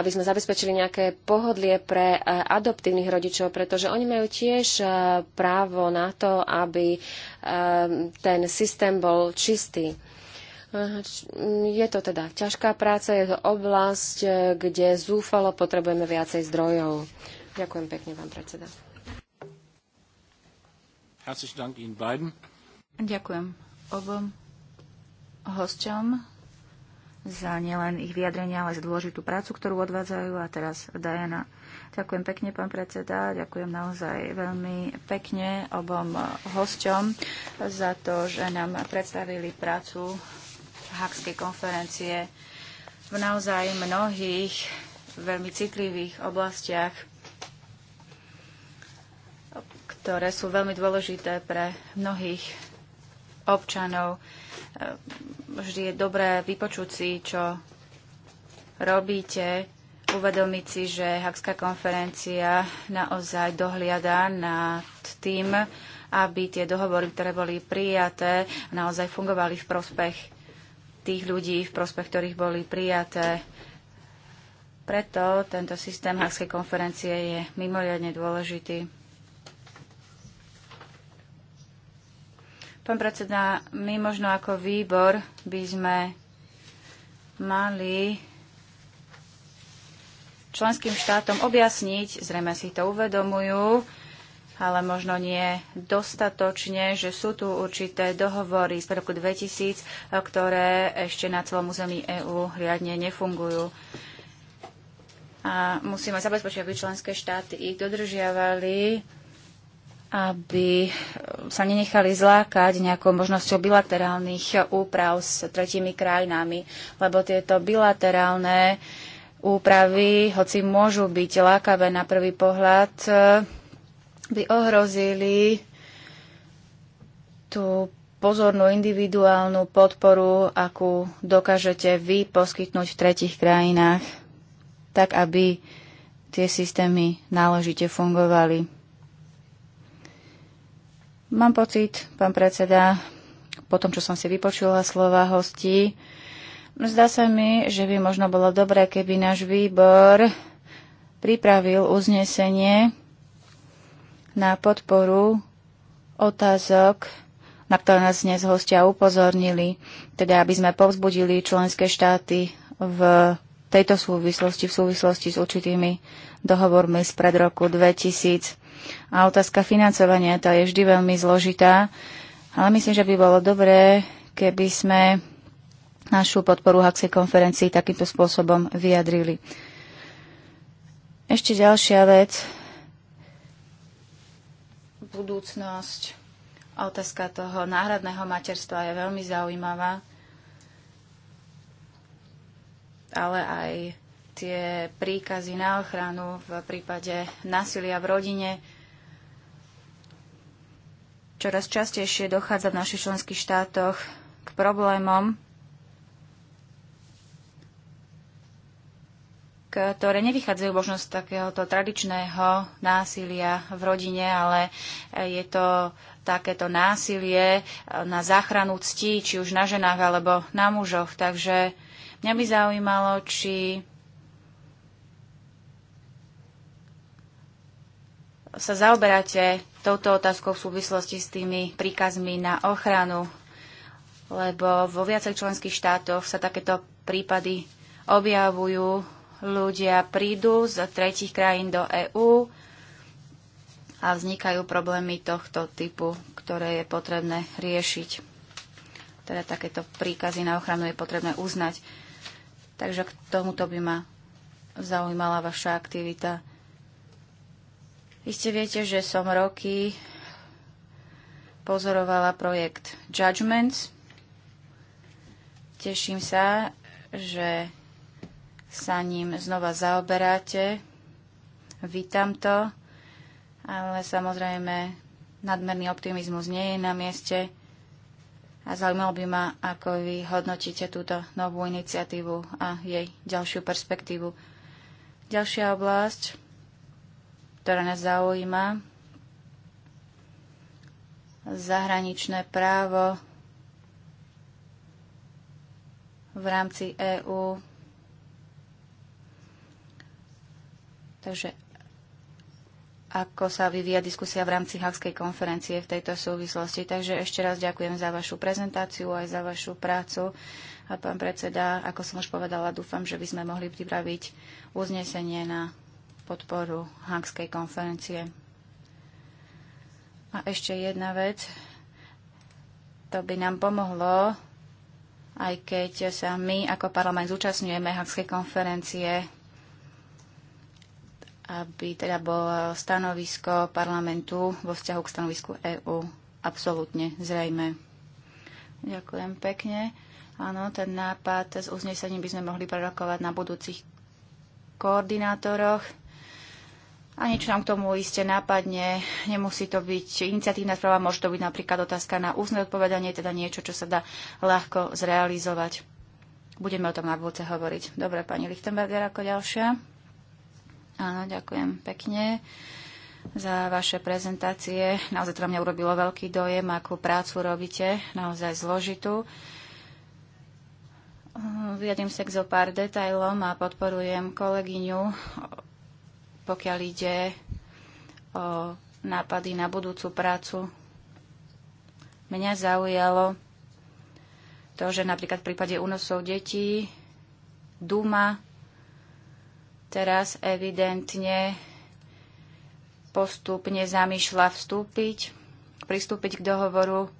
aby sme zabezpečili nejaké pohodlie pre eh, adoptívnych rodičov, pretože oni majú tiež eh, právo na to, aby ehm, ten systém bol čistý. Je to teda ťažká práca, je to oblasť, kde zúfalo potrebujeme viacej zdrojov. Ďakujem pekne, pán predseda. Herzlichen Dank Ihnen beiden. Ďakujem obom hosťom za nielen ich vyjadrenia, ale za dôležitú prácu, ktorú odvádzajú. A teraz Diana. Ďakujem pekne, pán predseda. Ďakujem naozaj veľmi pekne obom hosťom za to, že nám predstavili prácu Hakskej konferencie v naozaj mnohých veľmi citlivých oblastiach ktoré sú veľmi dôležité pre mnohých občanov. E, vždy je dobré vypočuť si, čo robíte, uvedomiť si, že Hakská konferencia naozaj dohliada nad tým, aby tie dohovory, ktoré boli prijaté, naozaj fungovali v prospech tých ľudí, v prospech ktorých boli prijaté. Preto tento systém Hakskej konferencie je mimoriadne dôležitý. Pán predseda, my možno ako výbor by sme mali členským štátom objasniť, zrejme si to uvedomujú, ale možno nie dostatočne, že sú tu určité dohovory z roku 2000, ktoré ešte na celom území EÚ riadne nefungujú. A musíme zabezpečiť, aby členské štáty ich dodržiavali aby eh, sa nenechali zlákať nejakou možnosťou bilaterálnych eh, úprav s tretími krajinami, lebo tieto bilaterálne eh, úpravy, hoci môžu byť lákavé na prvý pohľad, by ohrozili tú pozornú individuálnu podporu, akú dokážete vy poskytnúť v tretich krajinách, tak aby tie systémy náležite fungovali. Mám pocit, pán predseda, po tom, čo som si vypočula slova hostí, zdá sa mi, že by možno bolo dobré, keby náš výbor pripravil uznesenie na podporu otázok, na ktoré nás dnes hostia upozornili, teda aby sme povzbudili členské štáty v tejto súvislosti, v súvislosti s určitými dohovormi z pred roku 2000 a otázka financovania, tá je vždy veľmi zložitá, ale myslím, že by bolo dobré, keby sme našu podporu Haxej konferencii takýmto spôsobom vyjadrili. Ešte ďalšia vec, budúcnosť, otázka toho náhradného materstva je veľmi zaujímavá, ale aj tie príkazy na ochranu v prípade násilia v rodine. Čoraz častejšie dochádza v našich členských štátoch k problémom, ktoré nevychádzajú možnosť takéhoto tradičného násilia v rodine, ale je to takéto násilie na záchranu ctí, či už na ženách alebo na mužoch. Takže mňa by zaujímalo, či sa zaoberáte touto otázkou v súvislosti s tými príkazmi na ochranu, lebo vo viacerých členských štátoch sa takéto prípady objavujú. Ľudia prídu z tretich krajín do EÚ a vznikajú problémy tohto typu, ktoré je potrebné riešiť. Teda takéto príkazy na ochranu je potrebné uznať. Takže k tomuto by ma zaujímala vaša aktivita Iste viete, že som roky pozorovala projekt Judgments. Teším sa, že sa ním znova zaoberáte. Vítam to, ale samozrejme nadmerný optimizmus nie je na mieste a zaujímalo by ma, ako vy hodnotíte túto novú iniciatívu a jej ďalšiu perspektívu. Ďalšia oblasť ktorá nás zaujíma. Zahraničné právo v rámci EÚ. Takže ako sa vyvíja diskusia v rámci Hakskej konferencie v tejto súvislosti. Takže ešte raz ďakujem za vašu prezentáciu aj za vašu prácu. A pán predseda, ako som už povedala, dúfam, že by sme mohli pripraviť uznesenie na podporu Hankskej konferencie. A ešte jedna vec. To by nám pomohlo, aj keď sa my ako parlament zúčastňujeme Hankskej konferencie, aby teda bolo stanovisko parlamentu vo vzťahu k stanovisku EÚ absolútne zrejme. Ďakujem pekne. Áno, ten nápad s uznesením by sme mohli prerokovať na budúcich koordinátoroch a niečo nám k tomu iste nápadne. Nemusí to byť iniciatívna správa, môže to byť napríklad otázka na ústne odpovedanie, teda niečo, čo sa dá ľahko zrealizovať. Budeme o tom na budúce hovoriť. Dobre, pani Lichtenberger ako ďalšia. Áno, ďakujem pekne za vaše prezentácie. Naozaj to na mňa urobilo veľký dojem, akú prácu robíte, naozaj zložitú. Vyjadím sa k zo pár detailom a podporujem kolegyňu pokiaľ ide o nápady na budúcu prácu. Mňa zaujalo to, že napríklad v prípade únosov detí Duma teraz evidentne postupne zamýšľa vstúpiť, pristúpiť k dohovoru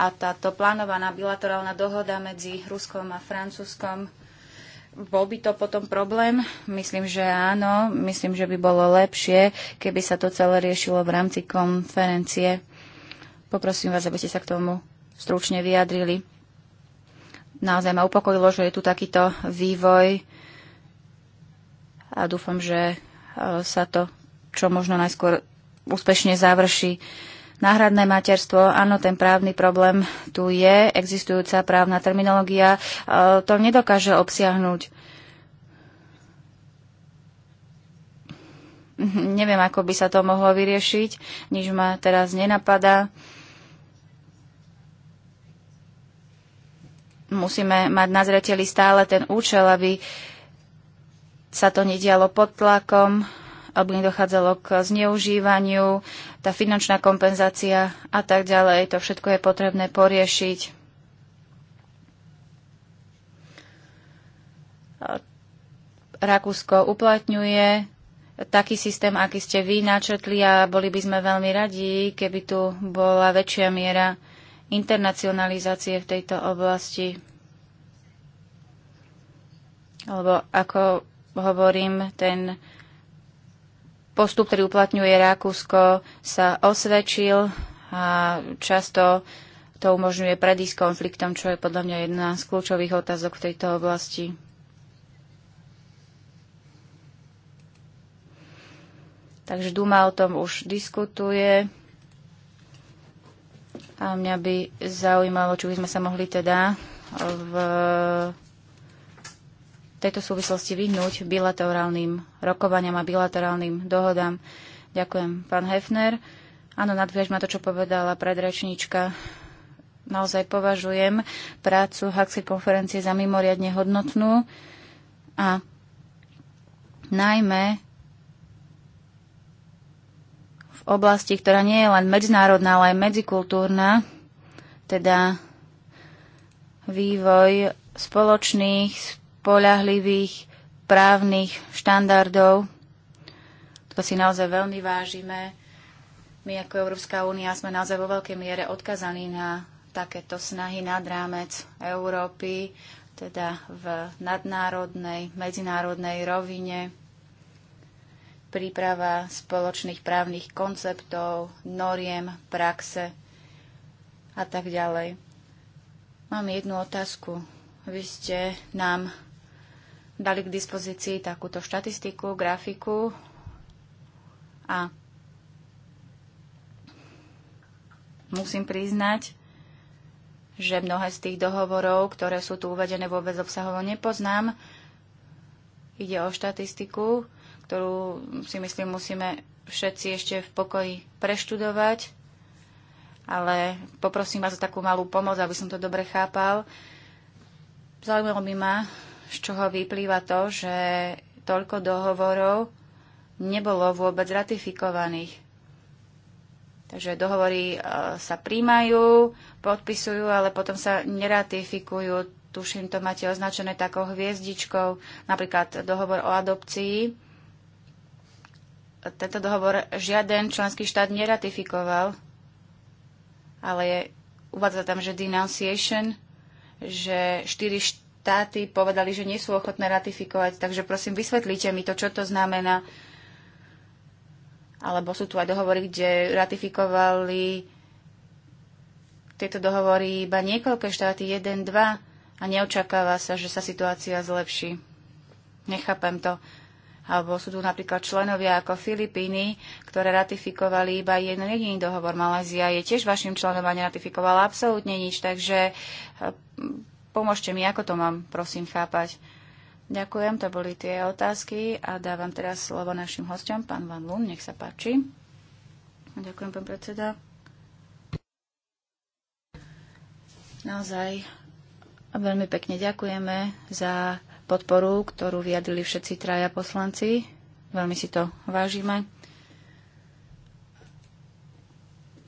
a táto plánovaná bilaterálna dohoda medzi Ruskom a Francúzskom bol by to potom problém? Myslím, že áno. Myslím, že by bolo lepšie, keby sa to celé riešilo v rámci konferencie. Poprosím vás, aby ste sa k tomu stručne vyjadrili. Naozaj ma upokojilo, že je tu takýto vývoj a dúfam, že e, sa to čo možno najskôr úspešne završí. Náhradné materstvo, áno, ten právny problém tu je, existujúca právna terminológia e, to nedokáže obsiahnuť. Mhm, neviem, ako by sa to mohlo vyriešiť, nič ma teraz nenapadá. Musíme mať na zreteli stále ten účel, aby sa to nedialo pod tlakom, aby nedochádzalo k zneužívaniu, tá finančná kompenzácia a tak ďalej. To všetko je potrebné poriešiť. Rakúsko uplatňuje taký systém, aký ste vy načrtli a boli by sme veľmi radi, keby tu bola väčšia miera internacionalizácie v tejto oblasti. Alebo ako hovorím, ten Postup, ktorý uplatňuje Rakúsko, sa osvedčil a často to umožňuje predísť konfliktom, čo je podľa mňa jedna z kľúčových otázok v tejto oblasti. Takže Duma o tom už diskutuje. A mňa by zaujímalo, či by sme sa mohli teda v tejto súvislosti vyhnúť bilaterálnym rokovaniam a bilaterálnym dohodám. Ďakujem, pán Hefner. Áno, nadviažme to, čo povedala predrečníčka. Naozaj považujem prácu haxej konferencie za mimoriadne hodnotnú a najmä v oblasti, ktorá nie je len medzinárodná, ale aj medzikultúrna, teda vývoj spoločných spolahlivých právnych štandardov. To si naozaj veľmi vážime. My ako Európska únia sme naozaj vo veľkej miere odkazaní na takéto snahy nad rámec Európy, teda v nadnárodnej, medzinárodnej rovine príprava spoločných právnych konceptov, noriem, praxe a tak ďalej. Mám jednu otázku. Vy ste nám dali k dispozícii takúto štatistiku, grafiku a musím priznať, že mnohé z tých dohovorov, ktoré sú tu uvedené, vôbec obsahovo nepoznám. Ide o štatistiku, ktorú si myslím musíme všetci ešte v pokoji preštudovať, ale poprosím vás o takú malú pomoc, aby som to dobre chápal. Zaujímalo by ma, z čoho vyplýva to, že toľko dohovorov nebolo vôbec ratifikovaných. Takže dohovory e, sa príjmajú, podpisujú, ale potom sa neratifikujú. Tuším, to máte označené takou hviezdičkou, napríklad dohovor o adopcii. Tento dohovor žiaden členský štát neratifikoval, ale je, uvádza tam, že denunciation, že štyri št- štáty povedali, že nie sú ochotné ratifikovať. Takže prosím, vysvetlíte mi to, čo to znamená. Alebo sú tu aj dohovory, kde ratifikovali tieto dohovory iba niekoľké štáty, jeden, dva, a neočakáva sa, že sa situácia zlepší. Nechápem to. Alebo sú tu napríklad členovia ako Filipíny, ktoré ratifikovali iba jeden jediný dohovor. Malézia je tiež vašim členom a neratifikovala absolútne nič, takže eh, Pomôžte mi, ako to mám, prosím, chápať. Ďakujem, to boli tie otázky a dávam teraz slovo našim hostom, pán Van Lun, nech sa páči. Ďakujem, pán predseda. Naozaj veľmi pekne ďakujeme za podporu, ktorú vyjadrili všetci traja poslanci. Veľmi si to vážime.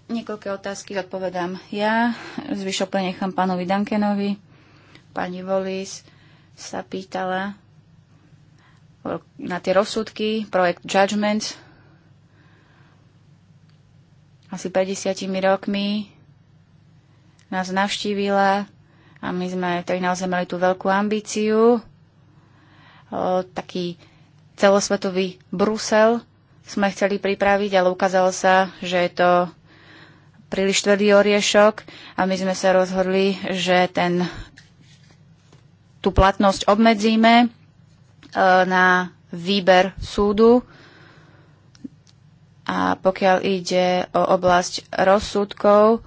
Niekoľké otázky odpovedám ja, zvyšok prenechám pánovi Dankenovi. Pani Volis sa pýtala na tie rozsudky, projekt Judgment. Asi 50 rokmi nás navštívila a my sme tedy naozaj mali tú veľkú ambíciu. O, taký celosvetový Brusel sme chceli pripraviť, ale ukázalo sa, že je to príliš tvrdý oriešok a my sme sa rozhodli, že ten tú platnosť obmedzíme e, na výber súdu. A pokiaľ ide o oblasť rozsudkov,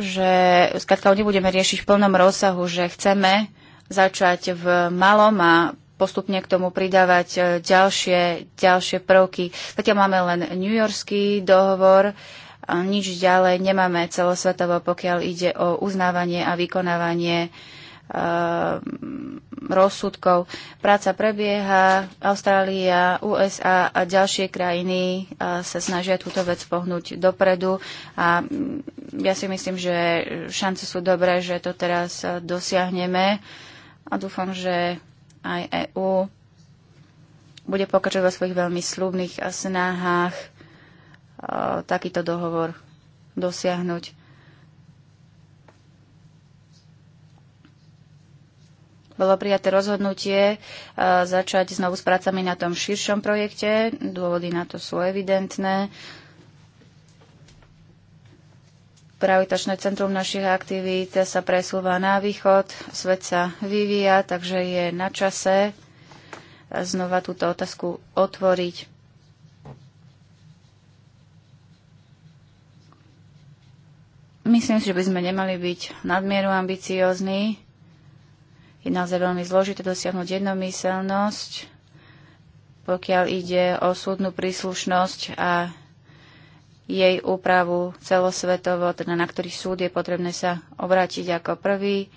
že skladka nebudeme riešiť v plnom rozsahu, že chceme začať v malom a postupne k tomu pridávať e, ďalšie, ďalšie prvky. Zatiaľ máme len New Yorkský dohovor, nič ďalej nemáme celosvetovo, pokiaľ ide o uznávanie a vykonávanie uh, Eh, rozsudkov. Práca prebieha, Austrália, USA a ďalšie krajiny eh, sa snažia túto vec pohnúť dopredu a mm, ja si myslím, že šance sú dobré, že to teraz eh, dosiahneme a dúfam, že aj EÚ bude pokračovať vo svojich veľmi slúbnych snahách takýto dohovor dosiahnuť. bolo prijaté rozhodnutie e, začať znovu s prácami na tom širšom projekte. Dôvody na to sú evidentné. Gravitačné centrum našich aktivít sa presúva na východ, svet sa vyvíja, takže je na čase znova túto otázku otvoriť. Myslím si, že by sme nemali byť nadmieru ambiciózni je naozaj veľmi zložité dosiahnuť jednomyselnosť, pokiaľ ide o súdnu príslušnosť a jej úpravu celosvetovo, teda na ktorý súd je potrebné sa obrátiť ako prvý.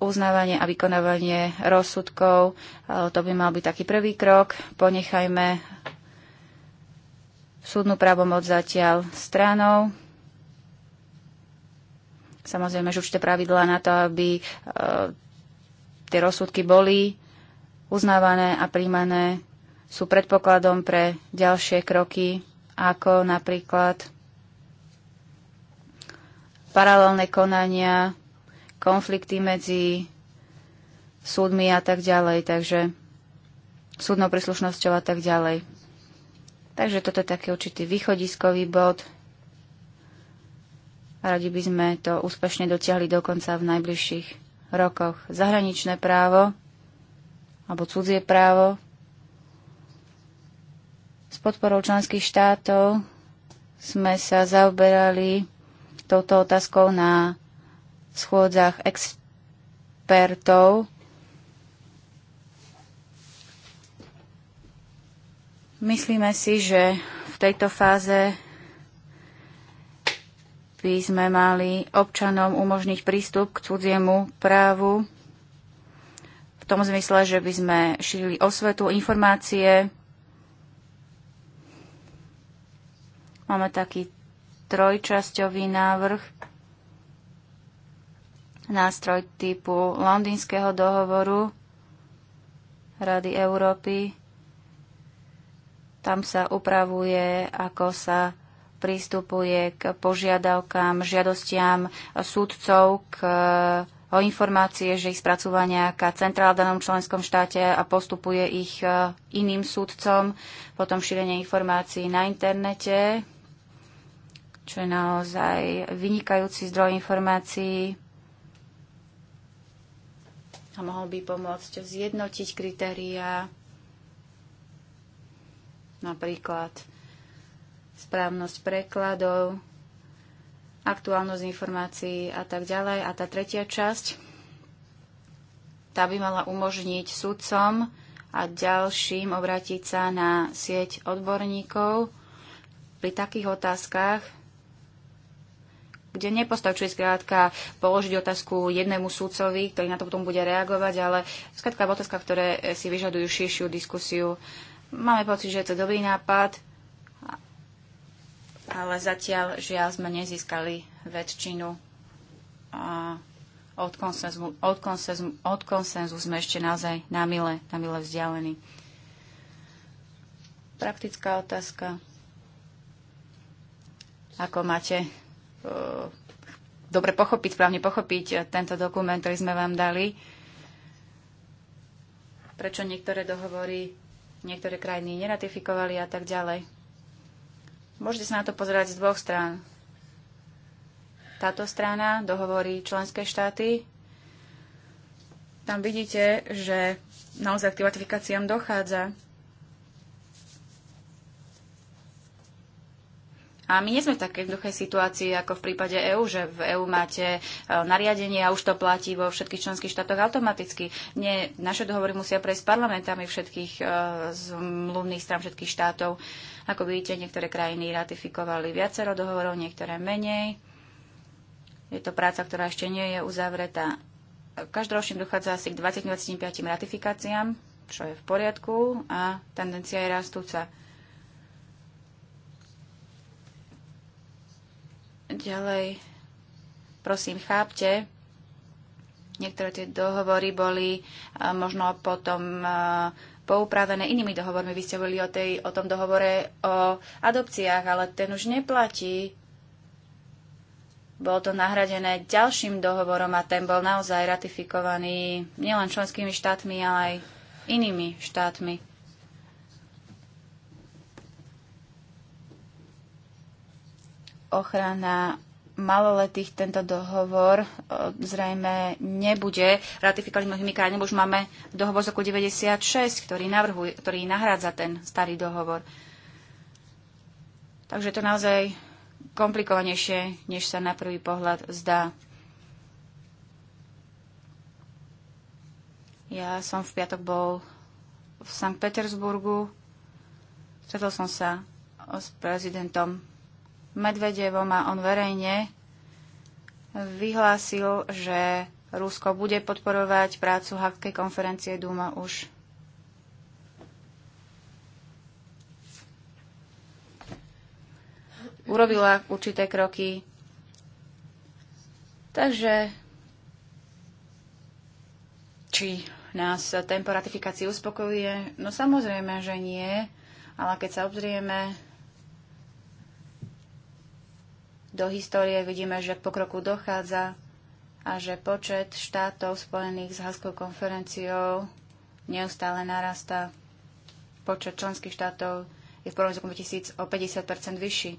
Uznávanie a vykonávanie rozsudkov, to by mal byť taký prvý krok. Ponechajme súdnu právomoc zatiaľ stranou Samozrejme, že určité pravidlá na to, aby e, tie rozsudky boli uznávané a príjmané, sú predpokladom pre ďalšie kroky, ako napríklad paralelné konania, konflikty medzi súdmi a tak ďalej, takže súdnou príslušnosťou a tak ďalej. Takže toto je taký určitý východiskový bod, Radi by sme to úspešne dotiahli dokonca v najbližších rokoch. Zahraničné právo alebo cudzie právo s podporou členských štátov sme sa zaoberali touto otázkou na schôdzach expertov. Myslíme si, že v tejto fáze by sme mali občanom umožniť prístup k cudziemu právu v tom zmysle, že by sme šírili osvetu, informácie. Máme taký trojčasťový návrh, nástroj typu londýnskeho dohovoru Rady Európy. Tam sa upravuje, ako sa prístupuje k požiadavkám, žiadostiam súdcov k o informácie, že ich spracúva nejaká centrál v danom členskom štáte a postupuje ich e, iným súdcom, potom šírenie informácií na internete, čo je naozaj vynikajúci zdroj informácií a mohol by pomôcť zjednotiť kritériá, napríklad správnosť prekladov, aktuálnosť informácií a tak ďalej. A tá tretia časť, tá by mala umožniť sudcom a ďalším obrátiť sa na sieť odborníkov pri takých otázkach, kde nepostačuje skrátka položiť otázku jednému súdcovi, ktorý na to potom bude reagovať, ale skrátka v otázkach, ktoré si vyžadujú širšiu diskusiu. Máme pocit, že je to dobrý nápad, ale zatiaľ žiaľ sme nezískali väčšinu a od konsenzu, od, konsenzu, od konsenzu sme ešte naozaj na mile, na mile vzdialení. Praktická otázka. Ako máte uh, dobre pochopiť, správne pochopiť e, tento dokument, ktorý sme vám dali? Prečo niektoré dohovory niektoré krajiny neratifikovali a tak ďalej? Môžete sa na to pozerať z dvoch strán. Táto strana dohovorí členské štáty. Tam vidíte, že naozaj k tým ratifikáciám dochádza. A my nie sme v takej jednoduchej situácii ako v prípade EÚ, že v EÚ máte e, nariadenie a už to platí vo všetkých členských štátoch automaticky. Nie, naše dohovory musia prejsť parlamentami všetkých e, zmluvných strán všetkých štátov. Ako vidíte, niektoré krajiny ratifikovali viacero dohovorov, niektoré menej. Je to práca, ktorá ešte nie je uzavretá. Každoročne dochádza asi k 20-25 ratifikáciám, čo je v poriadku a tendencia je rastúca. Ďalej, prosím, chápte, niektoré tie dohovory boli e, možno potom e, poupravené inými dohovormi. Vy ste hovorili o, tej, o tom dohovore o adopciách, ale ten už neplatí. Bolo to nahradené ďalším dohovorom a ten bol naozaj ratifikovaný nielen členskými štátmi, ale aj inými štátmi. ochrana maloletých tento dohovor e, zrejme nebude ratifikovaný mnohými krajinami, už máme dohovor z roku 96, ktorý, navrhuj, ktorý nahrádza ten starý dohovor. Takže to naozaj komplikovanejšie, než sa na prvý pohľad zdá. Ja som v piatok bol v Sankt Petersburgu. Stretol som sa s prezidentom Medvedevom a on verejne vyhlásil, že Rusko bude podporovať prácu Hakkej konferencie Duma už. Urobila určité kroky. Takže či nás tempo ratifikácie uspokojuje? No samozrejme, že nie. Ale keď sa obzrieme do histórie, vidíme, že k pokroku dochádza a že počet štátov spojených s Haskou konferenciou neustále narastá. Počet členských štátov je v porovnaní s rokom 2000 o 50 vyšší.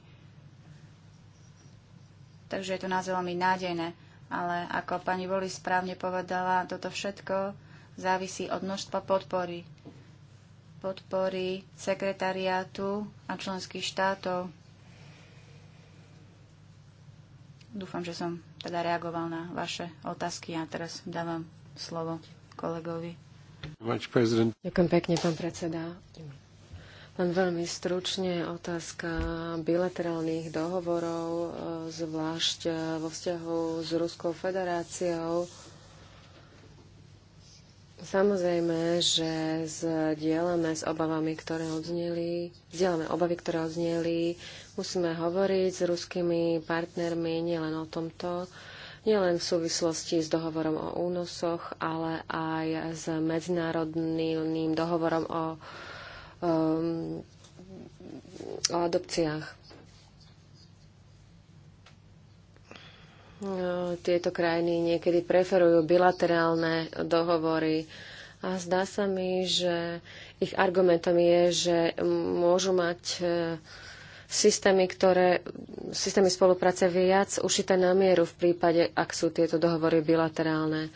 Takže je to naozaj veľmi nádejné. Ale ako pani Voli správne povedala, toto všetko závisí od množstva podpory. Podpory sekretariátu a členských štátov. Dúfam, že som teda reagoval na vaše otázky a teraz dávam slovo kolegovi. Ďakujem pekne, pán predseda. Len veľmi stručne otázka bilaterálnych dohovorov, e, zvlášť e, vo vzťahu s Ruskou federáciou. Samozrejme, že zdieľame s obavami, ktoré odzneli, zdieľame obavy, ktoré odzneli Musíme hovoriť s ruskými partnermi nielen o tomto, nielen v súvislosti s dohovorom o únosoch, ale aj s medzinárodným dohovorom o, um, o adopciách. No, tieto krajiny niekedy preferujú bilaterálne dohovory a zdá sa mi, že ich argumentom je, že môžu mať uh, systémy, ktoré, systémy spolupráce viac ušité na mieru v prípade, ak sú tieto dohovory bilaterálne. E,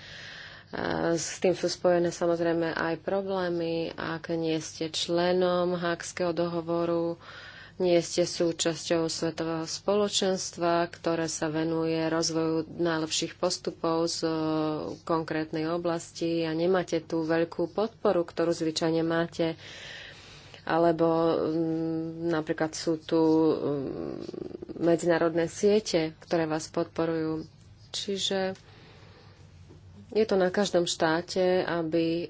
s tým sú spojené samozrejme aj problémy, ak nie ste členom Hákského dohovoru, nie ste súčasťou svetového spoločenstva, ktoré sa venuje rozvoju najlepších postupov z e, konkrétnej oblasti a nemáte tú veľkú podporu, ktorú zvyčajne máte alebo mm, napríklad sú tu mm, medzinárodné siete, ktoré vás podporujú. Čiže je to na každom štáte, aby um,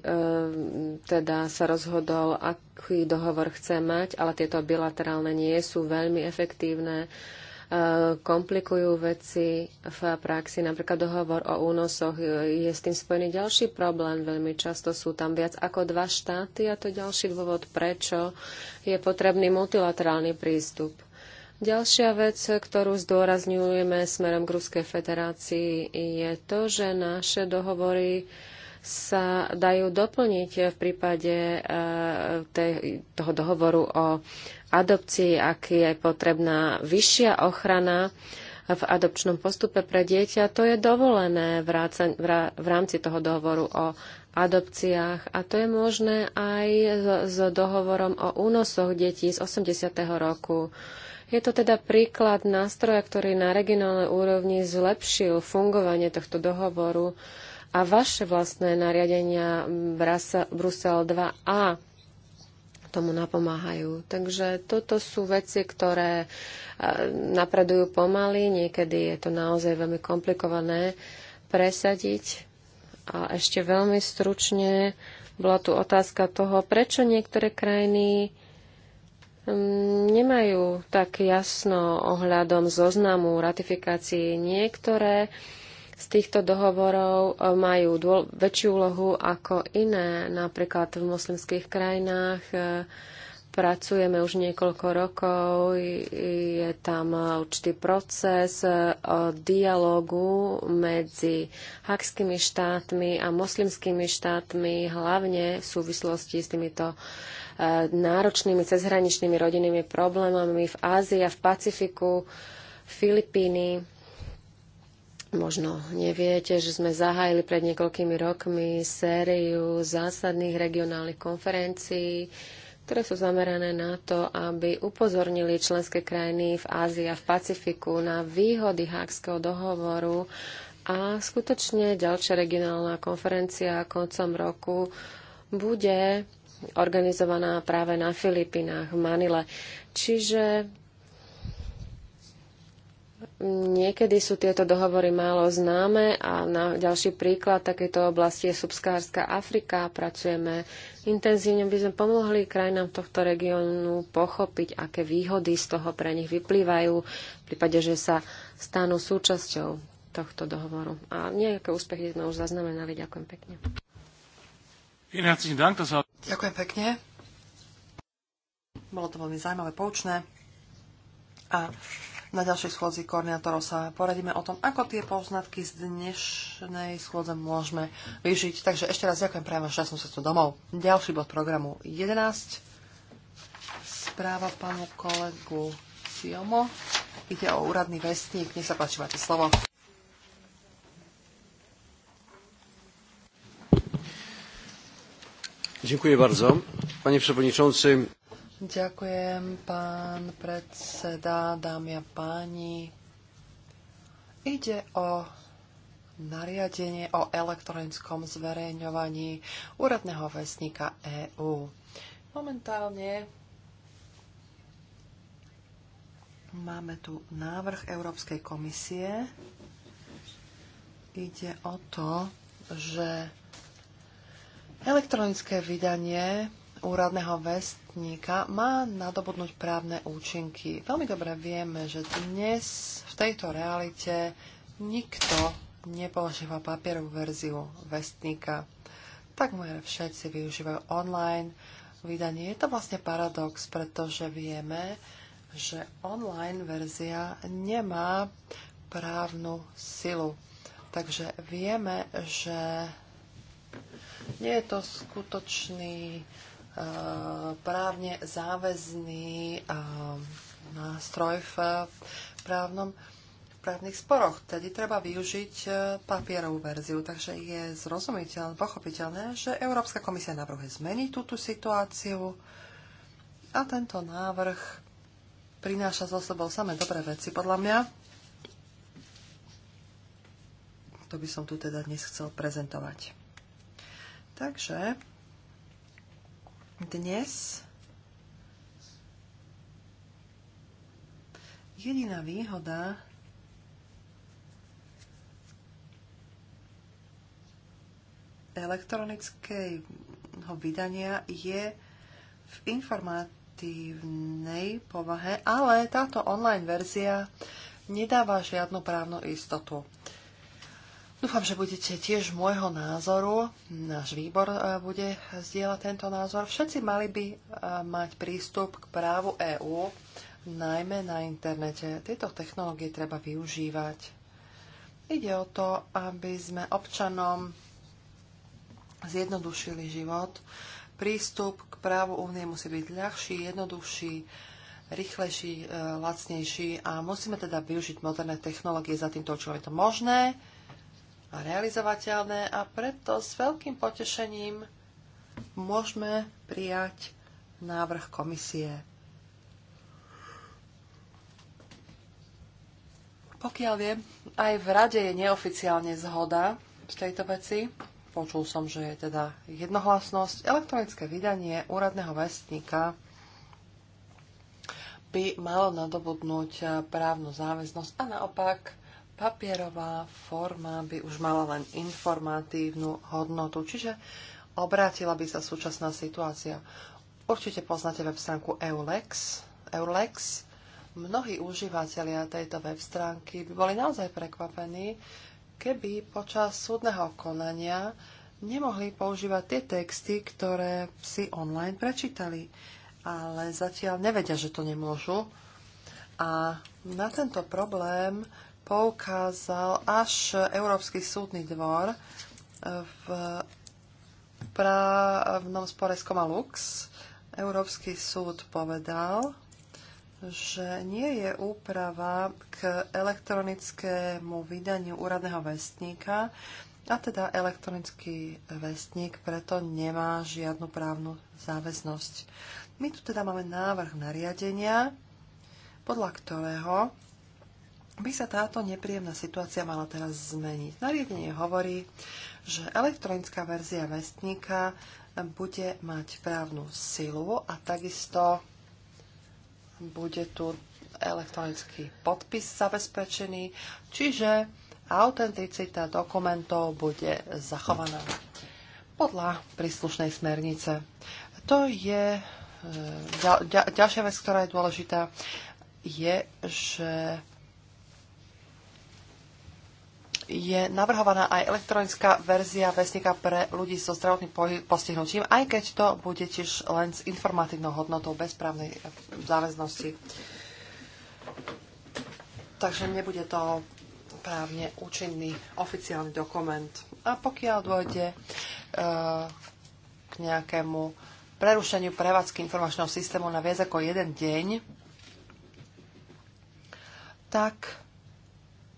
teda sa rozhodol, aký dohovor chce mať, ale tieto bilaterálne nie sú veľmi efektívne komplikujú veci v praxi. Napríklad dohovor o únosoch je s tým spojený ďalší problém. Veľmi často sú tam viac ako dva štáty a to je ďalší dôvod, prečo je potrebný multilaterálny prístup. Ďalšia vec, ktorú zdôrazňujeme smerom k Ruskej federácii, je to, že naše dohovory sa dajú doplniť v prípade eh, toho dohovoru o adopcii, aký je potrebná vyššia ochrana v adopčnom postupe pre dieťa, to je dovolené v rámci toho dohovoru o adopciách a to je možné aj s dohovorom o únosoch detí z 80. roku. Je to teda príklad nástroja, ktorý na regionálnej úrovni zlepšil fungovanie tohto dohovoru a vaše vlastné nariadenia Brusel 2a tomu napomáhajú. Takže toto sú veci, ktoré e, napredujú pomaly, niekedy je to naozaj veľmi komplikované presadiť. A ešte veľmi stručne bola tu otázka toho, prečo niektoré krajiny mm, nemajú tak jasno ohľadom zoznamu ratifikácií. Niektoré uh, z týchto dohovorov e, majú väčšiu úlohu ako iné. Napríklad v moslimských krajinách e, pracujeme už niekoľko rokov, je tam e, určitý proces dialogu medzi hakskými štátmi a moslimskými štátmi, hlavne v súvislosti s týmito náročnými cezhraničnými rodinnými problémami v Ázii a v Pacifiku, Filipíny Možno neviete, že sme zahájili pred niekoľkými rokmi sériu zásadných regionálnych konferencií, ktoré sú zamerané na to, aby upozornili členské krajiny v Ázii a v Pacifiku na výhody Hákského dohovoru a skutočne ďalšia regionálna konferencia koncom roku bude organizovaná práve na Filipinách v Manile. Čiže Niekedy sú tieto dohovory málo známe a na ďalší príklad takéto oblasti je Subskárska Afrika. Pracujeme intenzívne, by sme pomohli krajinám tohto regiónu pochopiť, aké výhody z toho pre nich vyplývajú v prípade, že sa stanú súčasťou tohto dohovoru. A nejaké úspechy sme už zaznamenali. Ďakujem pekne. Ďakujem pekne. Bolo to veľmi zaujímavé, poučné. A na ďalšej schôdzi koordinátorov sa poradíme o tom, ako tie poznatky z dnešnej schôdze môžeme vyžiť. Takže ešte raz ďakujem, prajem vám šťastnú cestu domov. Ďalší bod programu 11. Správa panu kolegu Siomo. Ide o úradný vestník. Nech sa páči, máte slovo. Dziękuję bardzo. Panie Przewodniczący, Ďakujem, pán predseda, dámy a páni. Ide o nariadenie o elektronickom zverejňovaní úradného vesníka EÚ. Momentálne máme tu návrh Európskej komisie. Ide o to, že elektronické vydanie úradného vestníka má nadobudnúť právne účinky. Veľmi dobre vieme, že dnes v tejto realite nikto nepoužíva papierovú verziu vestníka. Takmer všetci využívajú online vydanie. Je to vlastne paradox, pretože vieme, že online verzia nemá právnu silu. Takže vieme, že nie je to skutočný Eh, právne záväzný eh, nástroj v právnom v právnych sporoch. Tedy treba využiť eh, papierovú verziu, takže je zrozumiteľné, pochopiteľné, že Európska komisia navrhuje zmeniť túto situáciu a tento návrh prináša so sebou samé dobré veci, podľa mňa. To by som tu teda dnes chcel prezentovať. Takže dnes jediná výhoda elektronického vydania je v informatívnej povahe, ale táto online verzia nedáva žiadnu právnu istotu. Dúfam, že budete tiež môjho názoru, náš výbor e, bude zdieľať tento názor. Všetci mali by e, mať prístup k právu EÚ, najmä na internete. Tieto technológie treba využívať. Ide o to, aby sme občanom zjednodušili život. Prístup k právu únie musí byť ľahší, jednoduchší, rýchlejší, e, lacnejší a musíme teda využiť moderné technológie za týmto účelom. Je to možné, a realizovateľné a preto s veľkým potešením môžeme prijať návrh komisie. Pokiaľ viem, aj v rade je neoficiálne zhoda v tejto veci. Počul som, že je teda jednohlasnosť. Elektronické vydanie úradného vestníka by malo nadobudnúť právnu záväznosť a naopak papierová forma by už mala len informatívnu hodnotu, čiže obrátila by sa súčasná situácia. Určite poznáte web stránku Eulex. Eulex. Mnohí užívateľia tejto web stránky by boli naozaj prekvapení, keby počas súdneho konania nemohli používať tie texty, ktoré si online prečítali, ale zatiaľ nevedia, že to nemôžu. A na tento problém poukázal až Európsky súdny dvor e, v právnom spore s Komalux. Európsky súd povedal, že nie je úprava k elektronickému vydaniu úradného vestníka, a teda elektronický vestník preto nemá žiadnu právnu záväznosť. My tu teda máme návrh nariadenia, podľa ktorého by sa táto nepríjemná situácia mala teraz zmeniť. Nariadenie hovorí, že elektronická verzia vestníka bude mať právnu silu a takisto bude tu elektronický podpis zabezpečený, čiže autenticita dokumentov bude zachovaná podľa príslušnej smernice. To je e, ďalšia vec, ktorá je dôležitá, je, že je navrhovaná aj elektronická verzia vesnika pre ľudí so zdravotným postihnutím, aj keď to bude tiež len s informatívnou hodnotou bez právnej záväznosti. Takže nebude to právne účinný oficiálny dokument. A pokiaľ dôjde e, k nejakému prerušeniu prevádzky informačného systému na viac ako jeden deň, tak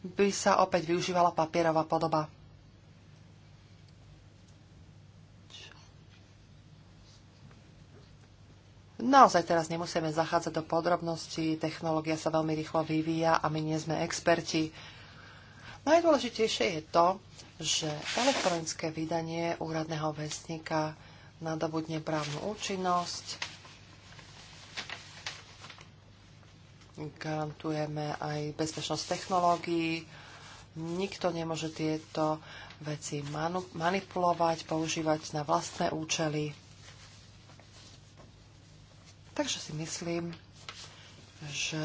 by sa opäť využívala papierová podoba. Naozaj teraz nemusíme zachádzať do podrobností, technológia sa veľmi rýchlo vyvíja a my nie sme experti. Najdôležitejšie je to, že elektronické vydanie úradného vestníka nadobudne právnu účinnosť garantujeme aj bezpečnosť technológií. Nikto nemôže tieto veci manipulovať, používať na vlastné účely. Takže si myslím, že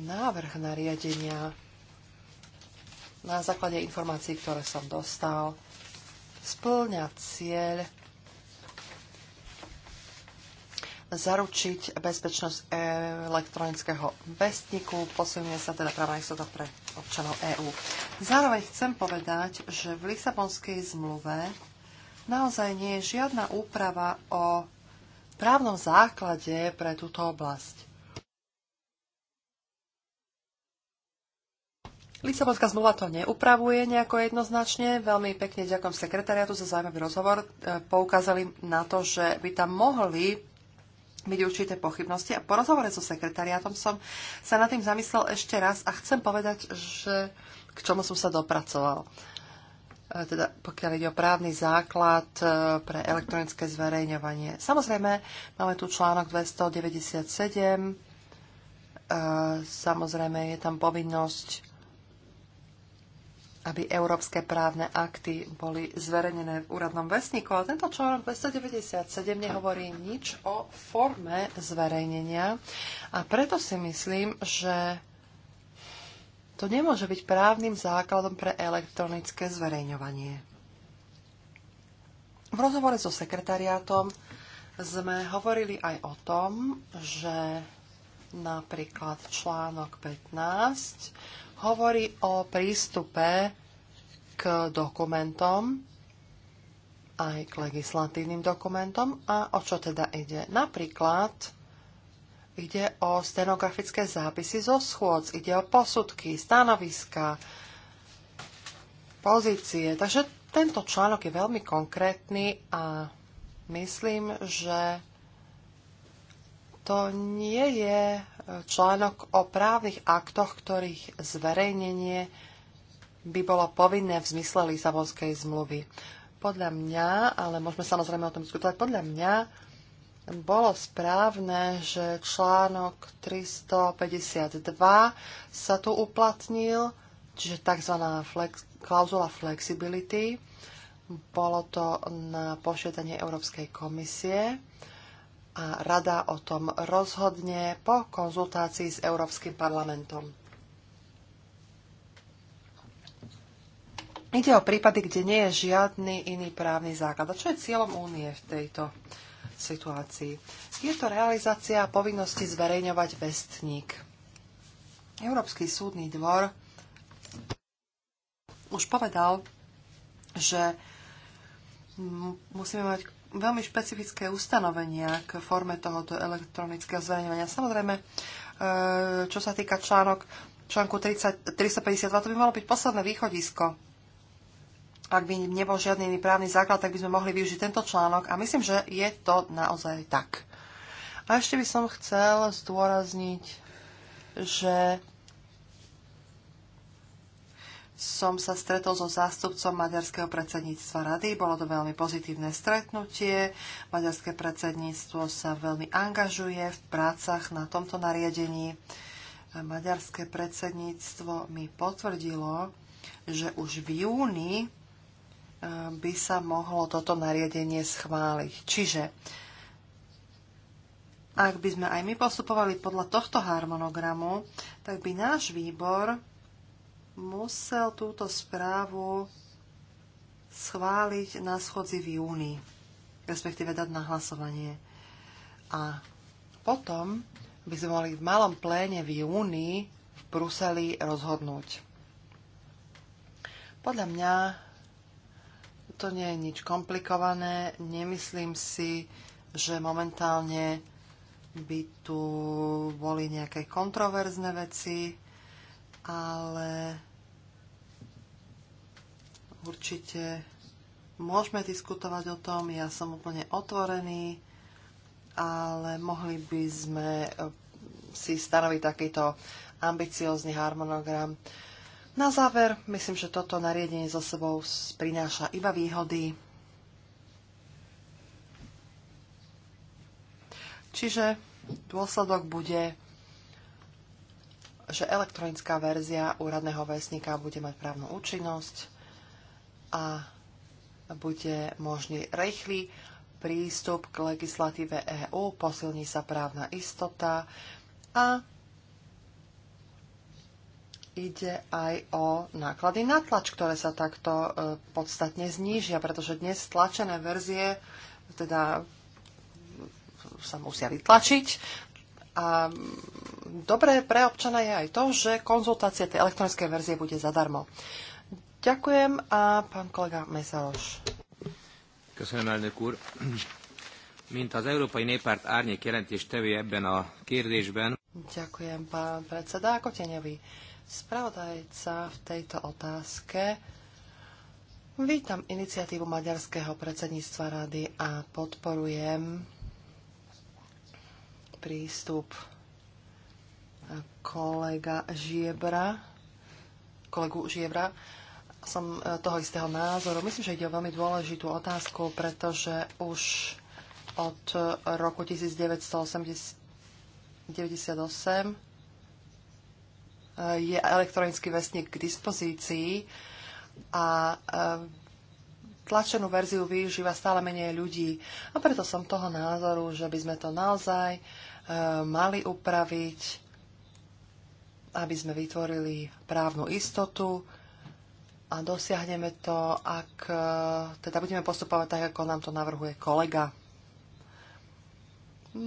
návrh nariadenia na základe informácií, ktoré som dostal, splňa cieľ zaručiť bezpečnosť elektronického vestníku. Posilňuje sa teda práva istota pre občanov EÚ. Zároveň chcem povedať, že v Lisabonskej zmluve naozaj nie je žiadna úprava o právnom základe pre túto oblasť. Lisabonská zmluva to neupravuje nejako jednoznačne. Veľmi pekne ďakujem sekretariatu za zaujímavý rozhovor. E, poukázali na to, že by tam mohli byť určité pochybnosti a po rozhovore so sekretariátom som sa nad tým zamyslel ešte raz a chcem povedať, že k čomu som sa dopracoval. E, teda pokiaľ ide o právny základ e, pre elektronické zverejňovanie. Samozrejme, máme tu článok 297. E, samozrejme, je tam povinnosť aby európske právne akty boli zverejnené v úradnom vesníku, ale tento článok 297 nehovorí nič o forme zverejnenia a preto si myslím, že to nemôže byť právnym základom pre elektronické zverejňovanie. V rozhovore so sekretariátom sme hovorili aj o tom, že napríklad článok 15 hovorí o prístupe k dokumentom, aj k legislatívnym dokumentom a o čo teda ide. Napríklad ide o stenografické zápisy zo schôdz, ide o posudky, stanoviska, pozície. Takže tento článok je veľmi konkrétny a myslím, že to nie je e, článok o právnych aktoch, ktorých zverejnenie by bolo povinné v zmysle Lisabonskej zmluvy. Podľa mňa, ale môžeme samozrejme o tom diskutovať, podľa mňa bolo správne, že článok 352 sa tu uplatnil, čiže tzv. Flex, klauzula flexibility. Bolo to na požiadanie Európskej komisie a rada o tom rozhodne po konzultácii s Európskym parlamentom. Ide o prípady, kde nie je žiadny iný právny základ. A čo je cieľom únie v tejto situácii? Je to realizácia povinnosti zverejňovať vestník. Európsky súdny dvor už povedal, že musíme mať veľmi špecifické ustanovenia k forme tohoto elektronického zverejňovania. Samozrejme, e, čo sa týka článok, článku 30, 352, to by malo byť posledné východisko. Ak by nebol žiadny iný právny základ, tak by sme mohli využiť tento článok a myslím, že je to naozaj tak. A ešte by som chcel zdôrazniť, že som sa stretol so zástupcom maďarského predsedníctva rady. Bolo to veľmi pozitívne stretnutie. Maďarské predsedníctvo sa veľmi angažuje v prácach na tomto nariadení. Maďarské predsedníctvo mi potvrdilo, že už v júni e, by sa mohlo toto nariadenie schváliť. Čiže ak by sme aj my postupovali podľa tohto harmonogramu, tak by náš výbor musel túto správu schváliť na schodzi v júni, respektíve dať na hlasovanie. A potom by sme mohli v malom pléne v júni v Bruseli rozhodnúť. Podľa mňa to nie je nič komplikované. Nemyslím si, že momentálne by tu boli nejaké kontroverzné veci ale určite môžeme diskutovať o tom, ja som úplne otvorený, ale mohli by sme eh, si stanoviť takýto ambiciózny harmonogram. Na záver, myslím, že toto nariadenie so sebou prináša iba výhody. Čiže dôsledok bude že elektronická verzia úradného vesníka bude mať právnu účinnosť a bude možný rýchly prístup k legislatíve EÚ, posilní sa právna istota a ide aj o náklady na tlač, ktoré sa takto e, podstatne znížia, pretože dnes tlačené verzie teda sa musia vytlačiť a dobré pre občana je aj to, že konzultácia tej elektronickej verzie bude zadarmo. Ďakujem a pán kolega Mesaloš. Köszönöm, elnök úr. Mint az Európai Néppárt árnyék tevé ebben a kérdésben. Ďakujem, pán predseda. Ako teňový spravodajca v tejto otázke, vítam iniciatívu maďarského predsedníctva rady a podporujem prístup kolega Žiebra, kolegu Žiebra. Som e, toho istého názoru. Myslím, že ide o veľmi dôležitú otázku, pretože už od roku 1998 e, je elektronický vestník k dispozícii a e, tlačenú verziu využíva stále menej ľudí. A preto som toho názoru, že by sme to naozaj uh, mali upraviť, aby sme vytvorili právnu istotu a dosiahneme to, ak e, teda budeme postupovať tak, ako nám to navrhuje kolega.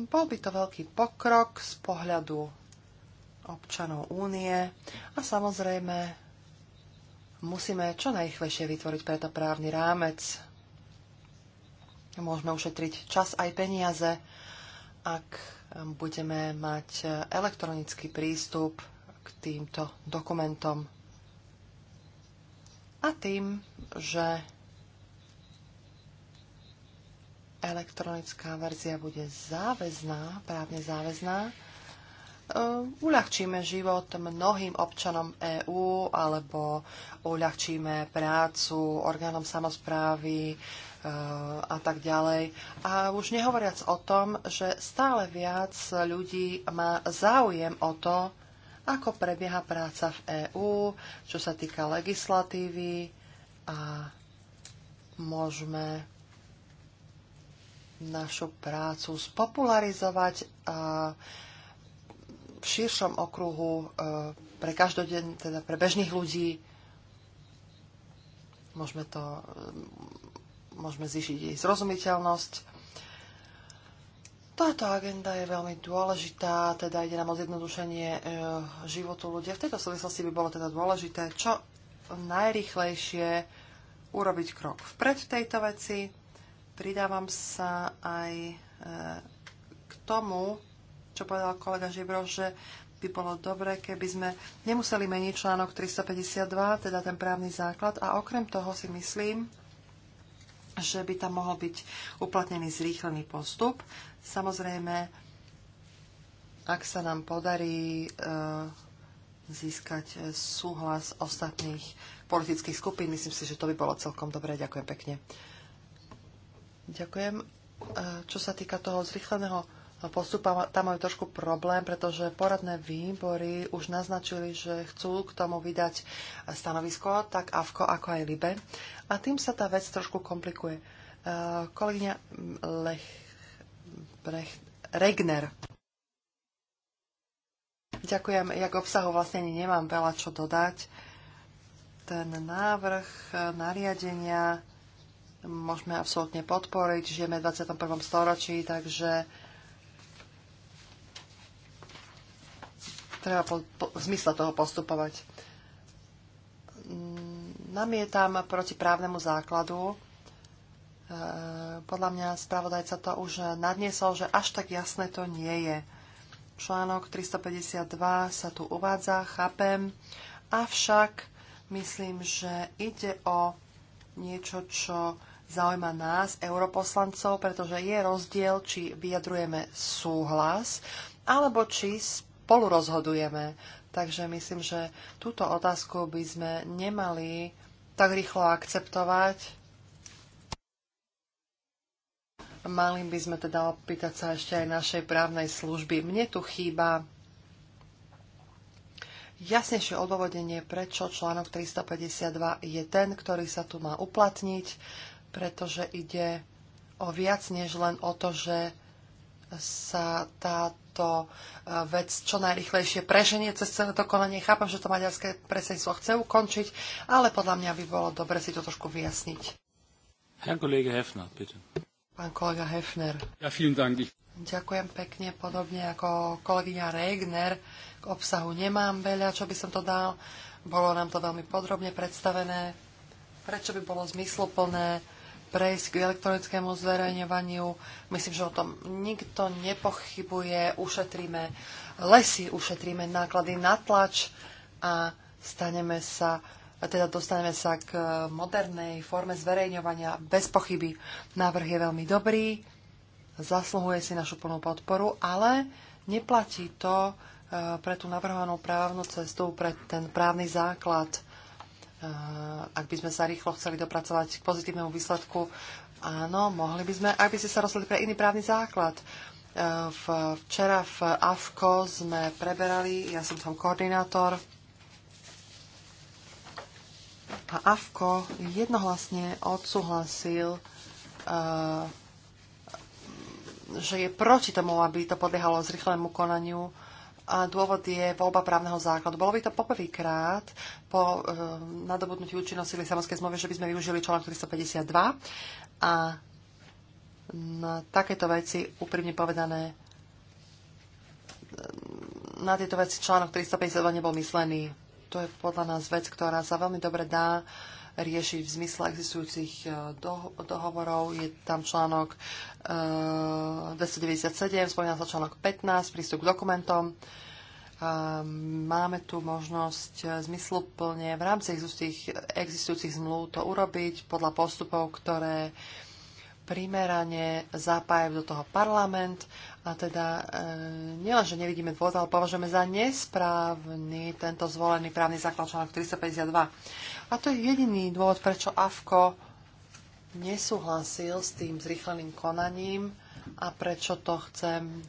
Bol by to veľký pokrok z pohľadu občanov únie a samozrejme musíme čo najchvejšie vytvoriť preto právny rámec. Môžeme ušetriť čas aj peniaze, ak budeme mať elektronický prístup k týmto dokumentom. A tým, že elektronická verzia bude záväzná, právne záväzná, e, uľahčíme život mnohým občanom EÚ alebo uľahčíme prácu orgánom samozprávy, a tak ďalej. A už nehovoriac o tom, že stále viac ľudí má záujem o to, ako prebieha práca v EÚ, čo sa týka legislatívy a môžeme našu prácu spopularizovať a v širšom okruhu e, pre každodenn, teda pre bežných ľudí môžeme to môžeme zvýšiť jej zrozumiteľnosť. Táto agenda je veľmi dôležitá, teda ide nám o zjednodušenie e, životu ľudia. V tejto súvislosti by bolo teda dôležité, čo najrychlejšie urobiť krok vpred v tejto veci. Pridávam sa aj e, k tomu, čo povedal kolega Žibro, že by bolo dobré, keby sme nemuseli meniť článok 352, teda ten právny základ. A okrem toho si myslím, že by tam mohol byť uplatnený zrýchlený postup. Samozrejme, ak sa nám podarí e, získať súhlas ostatných politických skupín, myslím si, že to by bolo celkom dobré. Ďakujem pekne. Ďakujem. E, čo sa týka toho zrýchleného postup tam majú trošku problém, pretože poradné výbory už naznačili, že chcú k tomu vydať stanovisko, tak AVKO ako aj LIBE. A tým sa tá vec trošku komplikuje. E, kolegyňa Lech, Brech, Regner. Ďakujem. Jak obsahu vlastne ani nemám veľa čo dodať. Ten návrh nariadenia môžeme absolútne podporiť. Žijeme v 21. storočí, takže treba po, po, v zmysle toho postupovať. Mm, namietam proti právnemu základu. E, podľa mňa spravodajca to už nadniesol, že až tak jasné to nie je. Článok 352 sa tu uvádza, chápem, avšak myslím, že ide o niečo, čo zaujíma nás, europoslancov, pretože je rozdiel, či vyjadrujeme súhlas, alebo či spolu rozhodujeme. Takže myslím, že túto otázku by sme nemali tak rýchlo akceptovať. Mali by sme teda opýtať sa ešte aj našej právnej služby. Mne tu chýba jasnejšie odôvodenie, prečo článok 352 je ten, ktorý sa tu má uplatniť, pretože ide o viac než len o to, že sa tá to e, vec čo najrychlejšie preženie cez celé to konanie. Chápam, že to maďarské predsedníctvo chce ukončiť, ale podľa mňa by bolo dobre si to trošku vyjasniť. Herr Kollege Hefner, bitte. Pán kolega Hefner. Ja, vielen Dank. Ďakujem pekne, podobne ako kolegyňa Regner. K obsahu nemám veľa, čo by som to dal. Bolo nám to veľmi podrobne predstavené. Prečo by bolo zmysluplné prejsť k elektronickému zverejňovaniu. Myslím, že o tom nikto nepochybuje. Ušetríme lesy, ušetríme náklady na tlač a staneme sa teda dostaneme sa k modernej forme zverejňovania. Bez pochyby návrh je veľmi dobrý, zasluhuje si našu plnú podporu, ale neplatí to e, pre tú navrhovanú právnu cestu, pre ten právny základ. Eh, ak by sme sa rýchlo chceli dopracovať k pozitívnemu výsledku, áno, mohli by sme, ak by ste sa rozhodli pre iný právny základ. Eh, včera v AFKO sme preberali, ja som tam koordinátor, a AFKO jednohlasne odsúhlasil, eh, že je proti tomu, aby to podliehalo zrychlenému konaniu a dôvod je voľba právneho základu. Bolo by to poprvýkrát po e, nadobudnutí účinnosti Lisabonskej zmluvy, že by sme využili článok 352 a na takéto veci, úprimne povedané, eh, na tieto veci článok 352 nebol myslený. To je podľa nás vec, ktorá sa veľmi dobre dá e, rieši v zmysle existujúcich e, dohovorov. Je tam článok e, 297, spomína sa článok 15, prístup k dokumentom. E, máme tu možnosť e, zmysluplne v rámci existujúcich, existujúcich zmluv to urobiť podľa postupov, ktoré primerane zapájajú do toho parlament a teda e, nielenže nevidíme dôvod, ale považujeme za nesprávny tento zvolený právny základ článok 352. A to je jediný dôvod, prečo AFKO nesúhlasil s tým zrýchleným konaním a prečo to chcem e,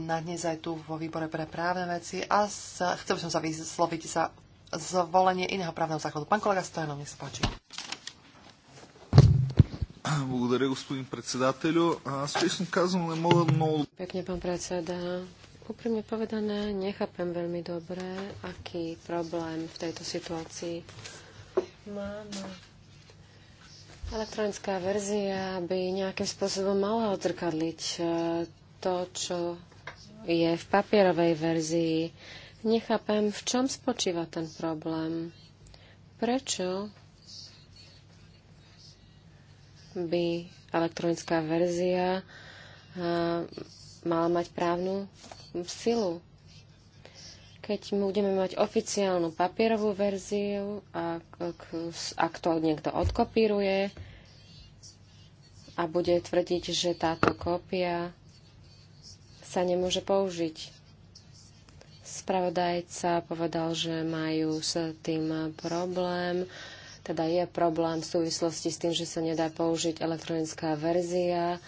na dnes aj tu vo výbore pre právne veci a sa, chcel by som sa vysloviť za zvolenie iného právneho základu. Pán kolega Stojanov, nech sa páči. Благодаря, господин председателю. Úprimne povedané, nechápem veľmi dobre, aký problém v tejto situácii máme. Elektronická verzia by nejakým spôsobom mala odzrkadliť eh, to, čo je v papierovej verzii. Nechápem, v čom spočíva ten problém. Prečo by elektronická verzia eh, mala mať právnu v silu. Keď budeme mať oficiálnu papierovú verziu, ak, ak, ak to niekto odkopíruje a bude tvrdiť, že táto kópia sa nemôže použiť. Spravodajca povedal, že majú s tým problém teda je problém v súvislosti s tým, že sa nedá použiť elektronická verzia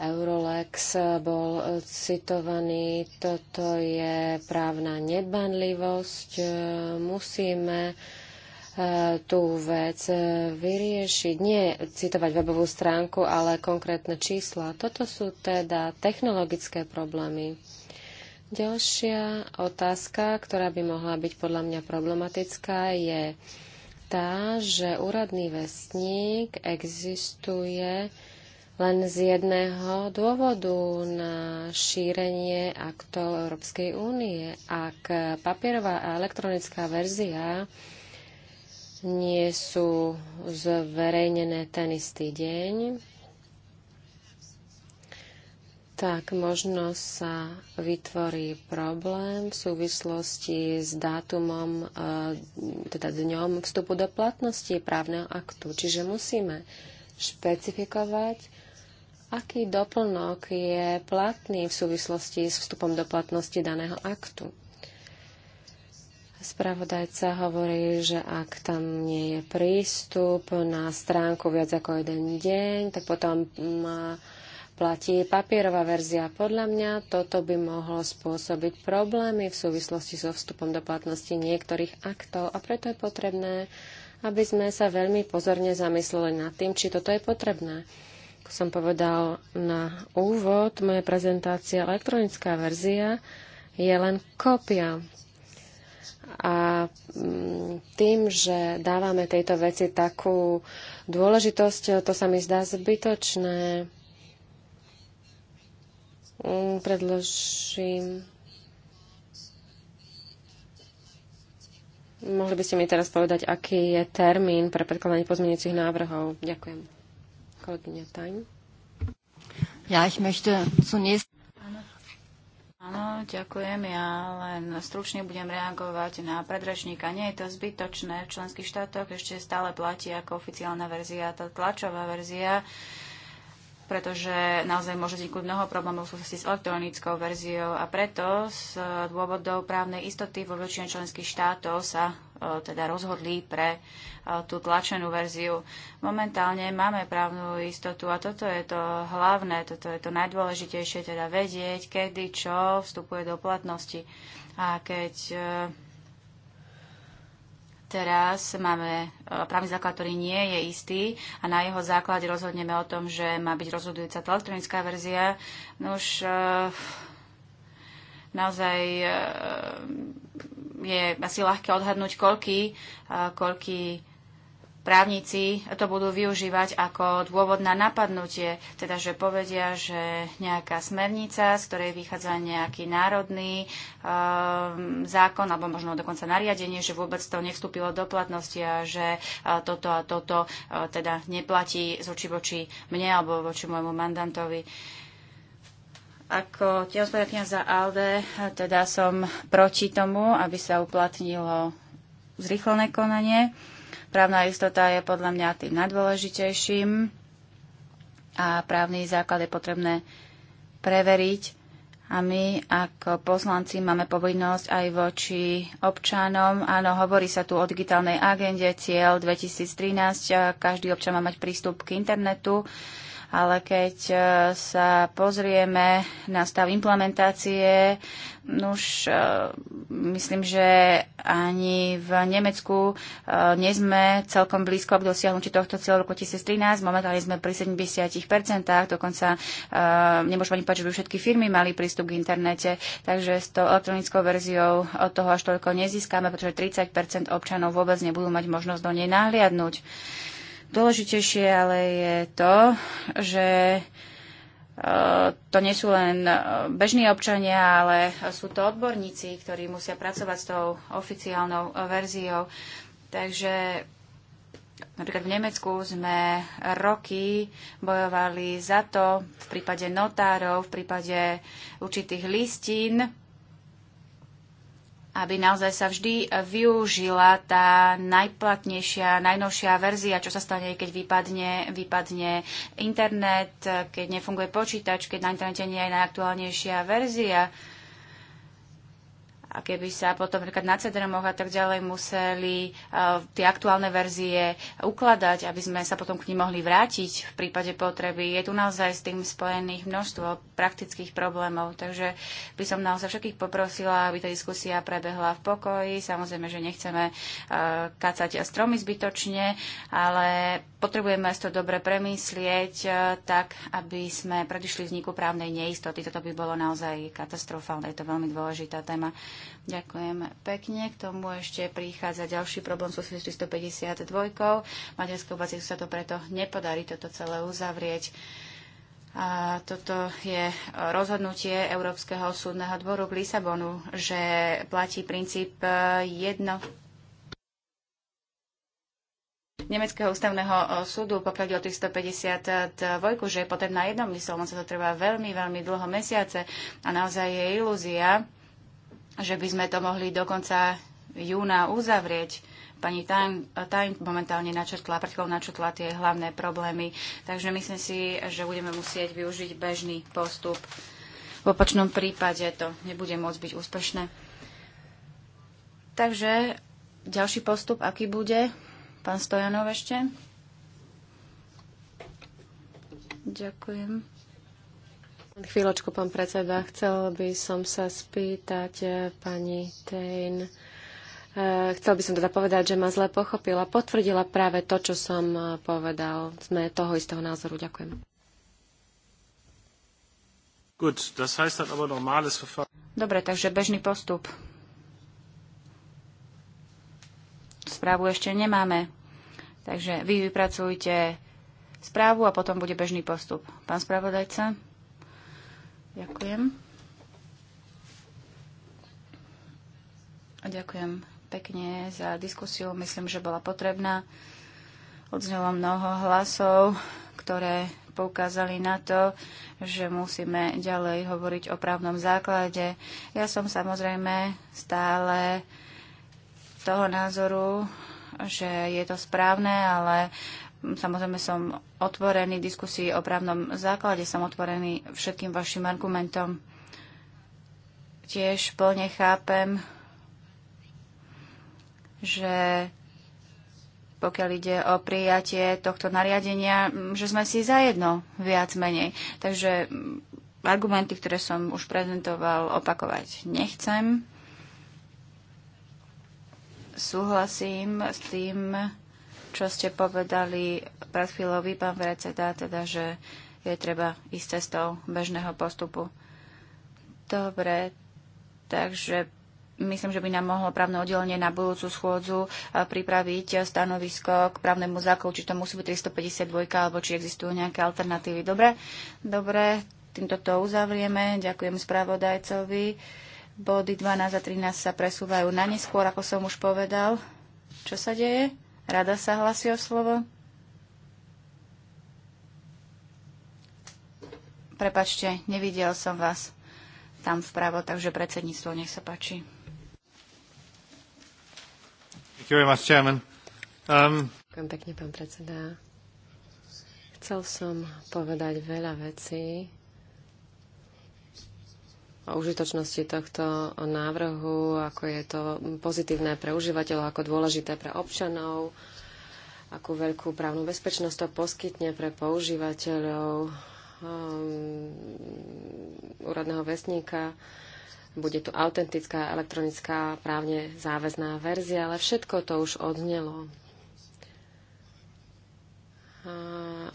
Eurolex bol e, citovaný. Toto je právna nedbanlivosť. E, musíme e, tú vec vyriešiť. Nie citovať webovú stránku, ale konkrétne čísla. Toto sú teda technologické problémy. Ďalšia otázka, ktorá by mohla byť podľa mňa problematická, je tá, že úradný vestník existuje len z jedného dôvodu na šírenie aktov Európskej únie. Ak papierová a elektronická verzia nie sú zverejnené ten istý deň, tak možno sa vytvorí problém v súvislosti s dátumom, eh, teda dňom vstupu do platnosti právneho aktu. Čiže musíme špecifikovať Aký doplnok je platný v súvislosti s vstupom do platnosti daného aktu? Spravodajca hovorí, že ak tam nie je prístup na stránku viac ako jeden deň, tak potom mm, platí papierová verzia. Podľa mňa toto by mohlo spôsobiť problémy v súvislosti so vstupom do platnosti niektorých aktov a preto je potrebné, aby sme sa veľmi pozorne zamysleli nad tým, či toto je potrebné. Ako som povedal na úvod, moje prezentácia, elektronická verzia je len kópia. A mm, tým, že dávame tejto veci takú dôležitosť, to sa mi zdá zbytočné. Mm, predložím Mohli by ste mi teraz povedať, aký je termín pre predkladanie pozmeňujúcich návrhov? Ďakujem. Kolegyňa Tajn. Ja ich möchte zunächst... Áno, ďakujem. Ja len stručne budem reagovať na predrečníka. Nie je to zbytočné. V členských štátoch ešte stále platí ako oficiálna verzia, tá tlačová verzia pretože naozaj môže vzniknúť mnoho problémov v súvislosti s elektronickou verziou a preto z eh, dôvodov právnej istoty vo väčšine členských štátov sa eh, teda rozhodli pre eh, tú tlačenú verziu. Momentálne máme právnu istotu a toto je to hlavné, toto je to najdôležitejšie, teda vedieť, kedy čo vstupuje do platnosti. A keď Teraz máme e, právny základ, ktorý nie je istý a na jeho základe rozhodneme o tom, že má byť rozhodujúca tá elektronická verzia. No už e, naozaj e, je asi ľahké odhadnúť, koľky, koľky právnici to budú využívať ako dôvod na napadnutie, teda že povedia, že nejaká smernica, z ktorej vychádza nejaký národný um, zákon alebo možno dokonca nariadenie, že vôbec to nevstúpilo do platnosti a že uh, toto a toto uh, teda neplatí z oči voči mne alebo voči môjmu mandantovi. Ako tiehospodárkňa za ALDE, e, teda som proti tomu, aby sa uplatnilo zrýchlené konanie. Právna istota je podľa mňa tým najdôležitejším a právny základ je potrebné preveriť. A my ako poslanci máme povinnosť aj voči občanom. Áno, hovorí sa tu o digitálnej agende cieľ 2013. Každý občan má mať prístup k internetu ale keď eh, sa pozrieme na stav implementácie, Nuž, e, myslím, že ani v Nemecku nie sme celkom blízko k dosiahnutí tohto cieľa roku 2013. Momentálne sme pri 70%, dokonca e, nemôžeme ani povedať, že by všetky firmy mali prístup k internete, takže s tou elektronickou verziou od toho až toľko nezískame, pretože 30% občanov vôbec nebudú mať možnosť do nej nahliadnúť. Dôležitejšie ale je to, že Eh, to nie sú len eh, bežní občania, ale sú to odborníci, ktorí musia pracovať s tou oficiálnou eh, verziou. Takže Napríklad v Nemecku sme roky bojovali za to v prípade notárov, v prípade určitých listín, aby naozaj sa vždy využila tá najplatnejšia, najnovšia verzia, čo sa stane, keď vypadne, vypadne internet, keď nefunguje počítač, keď na internete nie je najaktuálnejšia verzia a keby sa potom napríklad na cd a tak ďalej museli uh, tie aktuálne verzie ukladať, aby sme sa potom k nim mohli vrátiť v prípade potreby. Je tu naozaj s tým spojených množstvo praktických problémov, takže by som naozaj všetkých poprosila, aby tá diskusia prebehla v pokoji. Samozrejme, že nechceme uh, eh, kacať stromy zbytočne, ale potrebujeme to dobre premyslieť uh, tak, aby sme predišli vzniku právnej neistoty. Toto by bolo naozaj katastrofálne. Je to veľmi dôležitá téma. Uh, Ďakujem pekne. K tomu ešte prichádza ďalší problém so 352. Maďarskou bazíku sa to preto nepodarí toto celé uzavrieť. A toto je rozhodnutie Európskeho súdneho dvoru k Lisabonu, že platí princíp e, jedno Nemeckého ústavného e, súdu, pokiaľ o 352, že je potrebná jednomyselnosť, to trvá veľmi, veľmi dlho mesiace a naozaj je ilúzia, že by sme to mohli do konca júna uzavrieť. Pani Time momentálne načrtla, predchom načrtla tie hlavné problémy, takže myslím si, že budeme musieť využiť bežný postup. V opačnom prípade to nebude môcť byť úspešné. Takže ďalší postup, aký bude? Pán Stojanov ešte? Ďakujem. Chvíľočku, pán predseda. Chcel by som sa spýtať eh, pani Tejn. Eh, chcel by som teda povedať, že ma zle pochopila. Potvrdila práve to, čo som eh, povedal. Sme toho istého názoru. Ďakujem. Dobre, takže bežný postup. Správu ešte nemáme. Takže vy vypracujte správu a potom bude bežný postup. Pán spravodajca? Ďakujem. A ďakujem pekne za diskusiu. Myslím, že bola potrebná. Odznelo mnoho hlasov, ktoré poukázali na to, že musíme ďalej hovoriť o právnom základe. Ja som samozrejme stále toho názoru, že je to správne, ale Samozrejme som otvorený diskusii o právnom základe, som otvorený všetkým vašim argumentom. Tiež plne chápem, že pokiaľ ide o prijatie tohto nariadenia, že sme si zajedno viac menej. Takže argumenty, ktoré som už prezentoval, opakovať nechcem. Súhlasím s tým, čo ste povedali pred chvíľou vy, pán predseda, teda, že je treba ísť cestou bežného postupu. Dobre, takže myslím, že by nám mohlo právne oddelenie na budúcu schôdzu e, pripraviť stanovisko k právnemu zákonu, či to musí byť 352, alebo či existujú nejaké alternatívy. Dobre, dobre, týmto to uzavrieme. Ďakujem spravodajcovi. Body 12 a 13 sa presúvajú na neskôr, ako som už povedal. Čo sa deje? Rada sa hlasí o slovo. Prepačte, nevidel som vás tam vpravo, takže predsedníctvo, nech sa páči. Um, Ďakujem pekne, pán predseda. Chcel som povedať veľa vecí, užitočnosti tohto návrhu, ako je to pozitívne pre užívateľov, ako dôležité pre občanov, akú veľkú právnu bezpečnosť to poskytne pre používateľov um, úradného vestníka. Bude tu autentická elektronická právne záväzná verzia, ale všetko to už odnelo.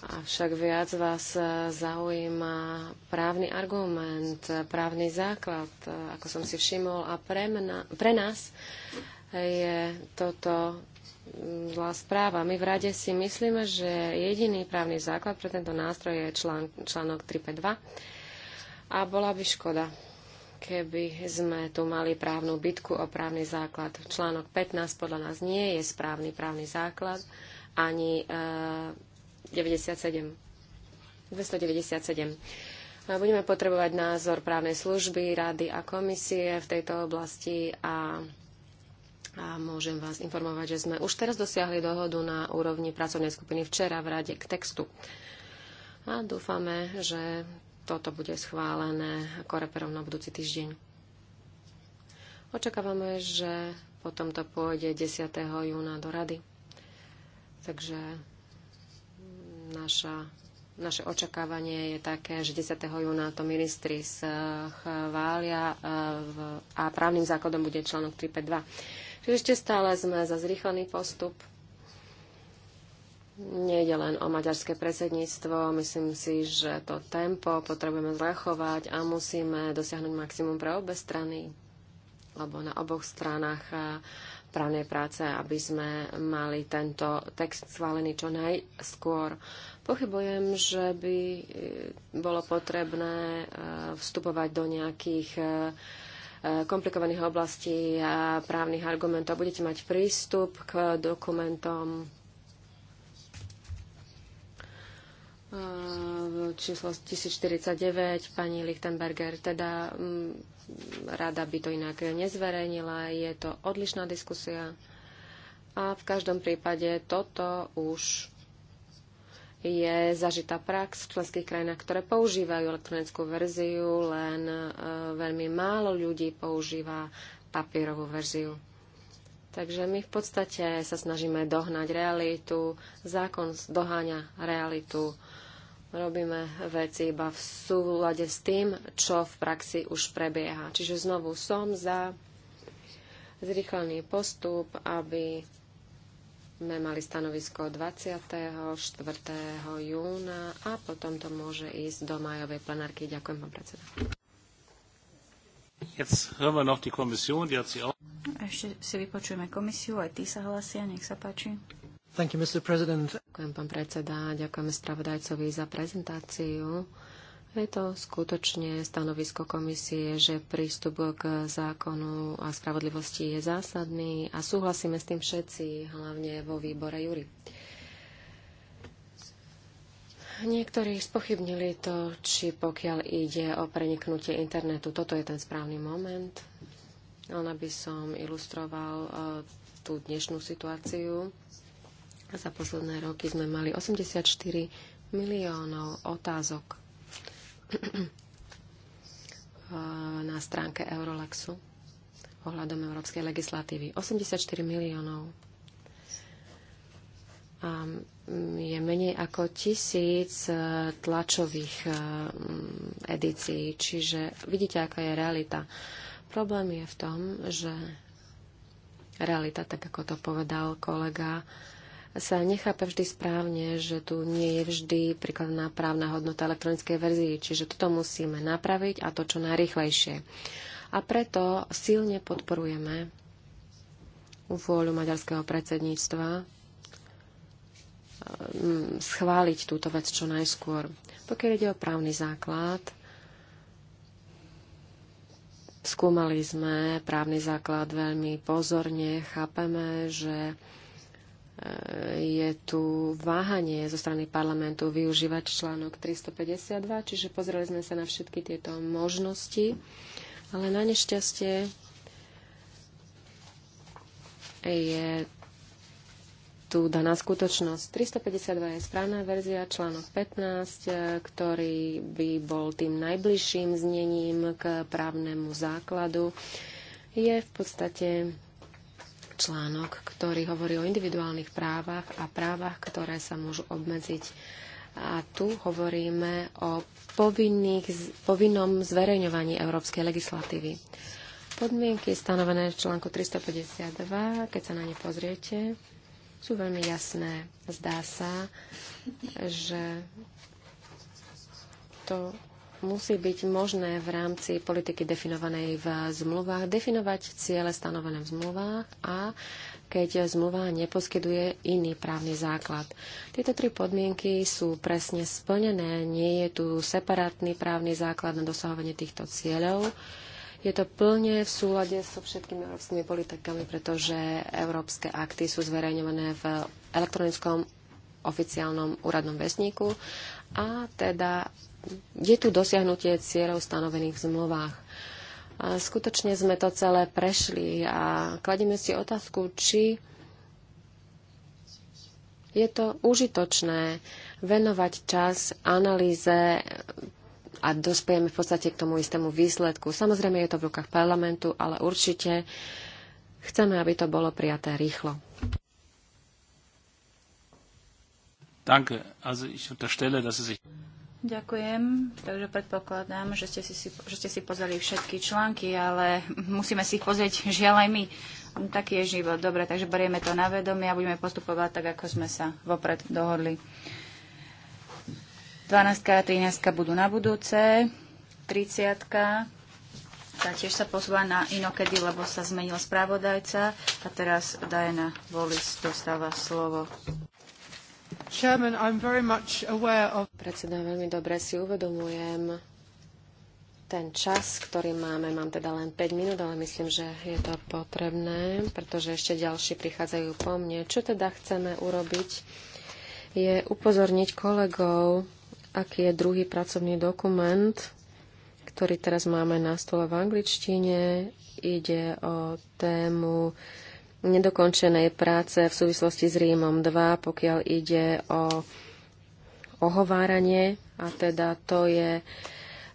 Avšak viac vás zaujíma právny argument, právny základ, ako som si všimol. A pre, mna, pre nás je toto mm, zlá správa. My v rade si myslíme, že jediný právny základ pre tento nástroj je člán, článok 352 a bola by škoda, keby sme tu mali právnu bitku o právny základ. Článok 15 podľa nás nie je správny právny základ ani e, 97. 297. Budeme potrebovať názor právnej služby, rady a komisie v tejto oblasti a, a môžem vás informovať, že sme už teraz dosiahli dohodu na úrovni pracovnej skupiny včera v rade k textu. A dúfame, že toto bude schválené reperom na budúci týždeň. Očakávame, že potom to pôjde 10. júna do rady. Takže Naša, naše očakávanie je také, že 10. júna to ministri schvália e, a právnym základom bude článok 352. Čiže ešte stále sme za zrýchlený postup. Nejde len o maďarské predsedníctvo. Myslím si, že to tempo potrebujeme zlechovať a musíme dosiahnuť maximum pre obe strany, lebo na oboch stranách e, právnej práce, aby sme mali tento text schválený čo najskôr. Pochybujem, že by e, bolo potrebné e, vstupovať do nejakých e, komplikovaných oblastí a právnych argumentov. Budete mať prístup k dokumentom Ehm, číslo 1049 pani Lichtenberger teda m, mm, rada by to inak nezverejnila. Je to odlišná diskusia a v každom prípade toto už je zažitá prax v členských krajinách, ktoré používajú elektronickú verziu, len e, veľmi málo ľudí používa papierovú verziu. Takže my v podstate sa snažíme dohnať realitu, zákon doháňa realitu Robíme veci iba v súlade s tým, čo v praxi už prebieha. Čiže znovu som za zrýchlený postup, aby sme mali stanovisko 24. júna a potom to môže ísť do majovej plenárky. Ďakujem, pán predseda. Ešte si vypočujeme komisiu, aj tí sa hlasia, nech sa páči. You, Ďakujem, pán predseda. Ďakujeme spravodajcovi za prezentáciu. Je to skutočne stanovisko komisie, že prístup k zákonu a spravodlivosti je zásadný a súhlasíme s tým všetci, hlavne vo výbore Jury. Niektorí spochybnili to, či pokiaľ ide o preniknutie internetu, toto je ten správny moment. Ona by som ilustroval eh, tú dnešnú situáciu. Za posledné roky sme mali 84 miliónov otázok na stránke Eurolexu ohľadom európskej legislatívy. 84 miliónov. A je menej ako tisíc e, tlačových e, edícií, čiže vidíte, aká je realita. Problém je v tom, že realita, tak ako to povedal kolega, sa nechápe vždy správne, že tu nie je vždy príkladná právna hodnota elektronickej verzii, čiže toto musíme napraviť a to čo najrychlejšie. A preto silne podporujeme vôľu maďarského predsedníctva eh, schváliť túto vec čo najskôr. Pokiaľ ide o právny základ, skúmali sme právny základ veľmi pozorne, chápeme, že je tu váhanie zo strany parlamentu využívať článok 352, čiže pozreli sme sa na všetky tieto možnosti, ale na nešťastie je tu daná skutočnosť. 352 je správna verzia, článok 15, ktorý by bol tým najbližším znením k právnemu základu, je v podstate článok, ktorý hovorí o individuálnych právach a právach, ktoré sa môžu obmedziť. A tu hovoríme o povinnom zverejňovaní európskej legislatívy. Podmienky stanovené v článku 352, keď sa na ne pozriete, sú veľmi jasné. Zdá sa, že to musí byť možné v rámci politiky definovanej v zmluvách definovať ciele stanovené v zmluvách a keď zmluva neposkyduje iný právny základ. Tieto tri podmienky sú presne splnené, nie je tu separátny právny základ na dosahovanie týchto cieľov. Je to plne v súlade so všetkými európskymi politikami, pretože európske akty sú zverejňované v elektronickom oficiálnom úradnom vesníku a teda je tu dosiahnutie cieľov stanovených v zmluvách. A skutočne sme to celé prešli a kladíme si otázku, či je to užitočné venovať čas analýze a dospejeme v podstate k tomu istému výsledku. Samozrejme je to v rukách parlamentu, ale určite chceme, aby to bolo prijaté rýchlo. Danke. Also ich unterstelle, dass Sie sich Ďakujem. Takže predpokladám, že ste, si, že ste si pozreli všetky články, ale musíme si ich pozrieť žiaľ aj my. Taký je život. Dobre, takže berieme to na vedomie a budeme postupovať tak, ako sme sa vopred dohodli. 12 a 13 budú na budúce, 30 tá tiež sa posúva na inokedy, lebo sa zmenil správodajca a teraz Diana Wallis dostáva slovo. Chairman, of... Predseda, veľmi dobre si uvedomujem ten čas, ktorý máme. Mám teda len 5 minút, ale myslím, že je to potrebné, pretože ešte ďalší prichádzajú po mne. Čo teda chceme urobiť, je upozorniť kolegov, aký je druhý pracovný dokument, ktorý teraz máme na stole v angličtine. Ide o tému nedokončenej práce v súvislosti s Rímom 2, pokiaľ ide o ohováranie, a teda to je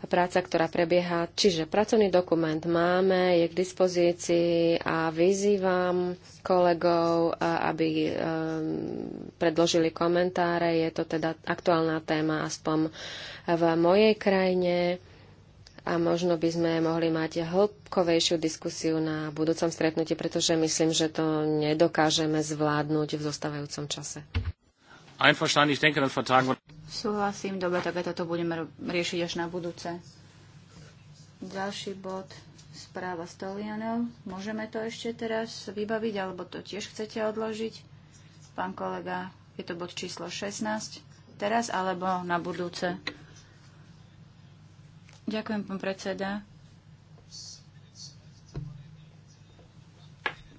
práca, ktorá prebieha. Čiže pracovný dokument máme, je k dispozícii a vyzývam kolegov, aby e, predložili komentáre. Je to teda aktuálna téma aspoň v mojej krajine a možno by sme mohli mať hĺbkovejšiu diskusiu na budúcom stretnutí, pretože myslím, že to nedokážeme zvládnuť v zostávajúcom čase. Súhlasím, dobre, tak toto budeme riešiť až na budúce. Ďalší bod, správa Stolianov. Môžeme to ešte teraz vybaviť, alebo to tiež chcete odložiť? Pán kolega, je to bod číslo 16 teraz alebo na budúce? Ďakujem, pán predseda.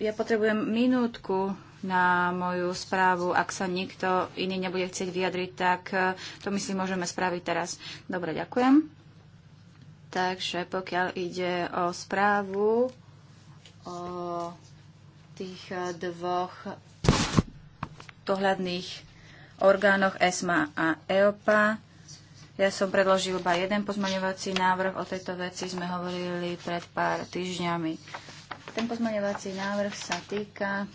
Ja potrebujem minútku na moju správu. Ak sa nikto iný nebude chcieť vyjadriť, tak eh, to my si môžeme spraviť teraz. Dobre, ďakujem. Takže pokiaľ ide o správu o tých eh, dvoch dohľadných orgánoch ESMA a EOPA, ja som predložil iba jeden pozmaňovací návrh. O tejto veci sme hovorili pred pár týždňami. Ten pozmaňovací návrh sa týka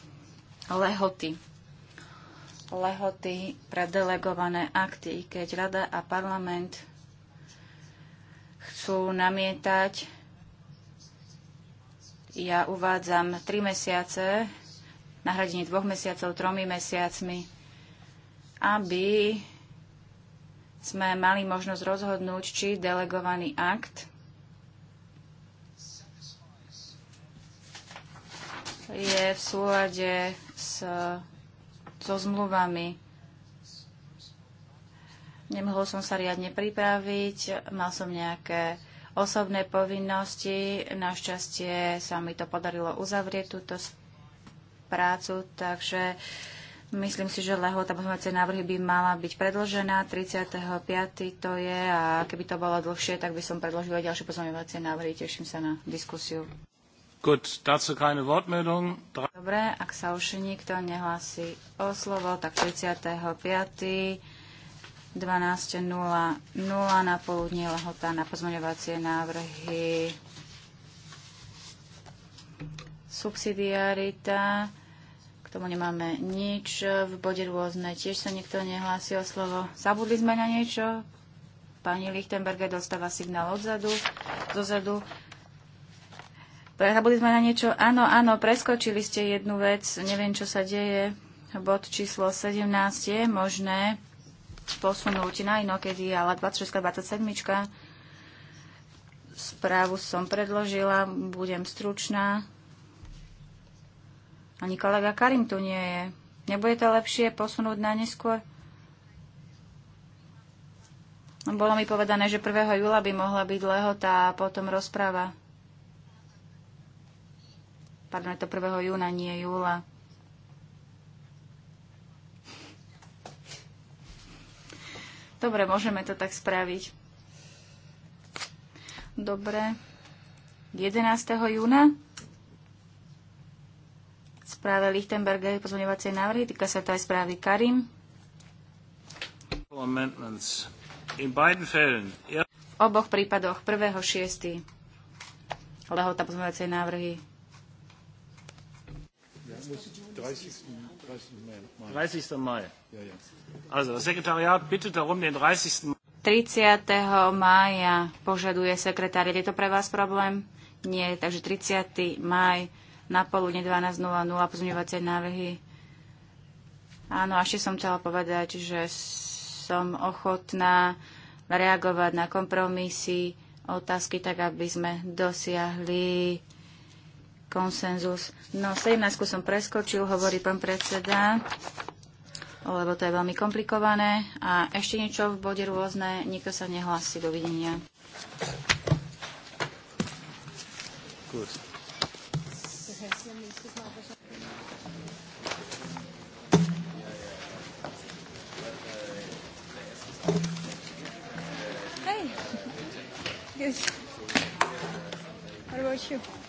lehoty. Lehoty pre delegované akty, keď Rada a parlament chcú namietať. Ja uvádzam 3 mesiace, nahradenie dvoch mesiacov tromi mesiacmi, aby sme mali možnosť rozhodnúť, či delegovaný akt je v súlade s, so zmluvami. Nemohol som sa riadne pripraviť, mal som nejaké osobné povinnosti. Našťastie sa mi to podarilo uzavrieť túto prácu, takže uh, Myslím si, že lehota pozmeňovacie návrhy by mala byť predložená 35. to je a keby to bolo dlhšie, tak by som predložila ďalšie pozmeňovacie návrhy. Teším sa na diskusiu. Gut, dazu keine Wortmeldung. Dobre, ak sa už nikto nehlási o slovo, tak 35. 12.00 na poludne lehota na pozmeňovacie návrhy subsidiarita tomu nemáme nič. V bode rôzne tiež sa nikto nehlási o slovo. Zabudli sme na niečo? Pani Lichtenberger dostáva signál odzadu, dozadu. Zabudli sme na niečo? Áno, áno, preskočili ste jednu vec. Neviem, čo sa deje. Bod číslo 17 je možné posunúť na inokedy, ale 26. 27. Správu som predložila, budem stručná. Ani kolega Karim tu nie je. Nebude to lepšie posunúť na neskôr? Bolo mi povedané, že 1. júla by mohla byť lehota a potom rozpráva. Pardon, je to 1. júna, nie júla. Dobre, môžeme to tak spraviť. Dobre. 11. júna? správe Lichtenbergery pozmeňovacie návrhy. Týka sa to aj správy Karim. Er- v oboch prípadoch 1.6. Lehota pozmeňovacie návrhy. 30. Mai. Also, 30. 30. mája požaduje sekretár. Je to pre vás problém? Nie, takže 30. maj na poludne 12.00 pozmeňovacie návrhy. Áno, ešte som chcela povedať, že som ochotná reagovať na kompromisy, otázky, tak aby sme dosiahli konsenzus. No, 17 som preskočil, hovorí pán predseda, lebo to je veľmi komplikované. A ešte niečo v bode rôzne, nikto sa nehlási. Dovidenia. Good. Yes. about you?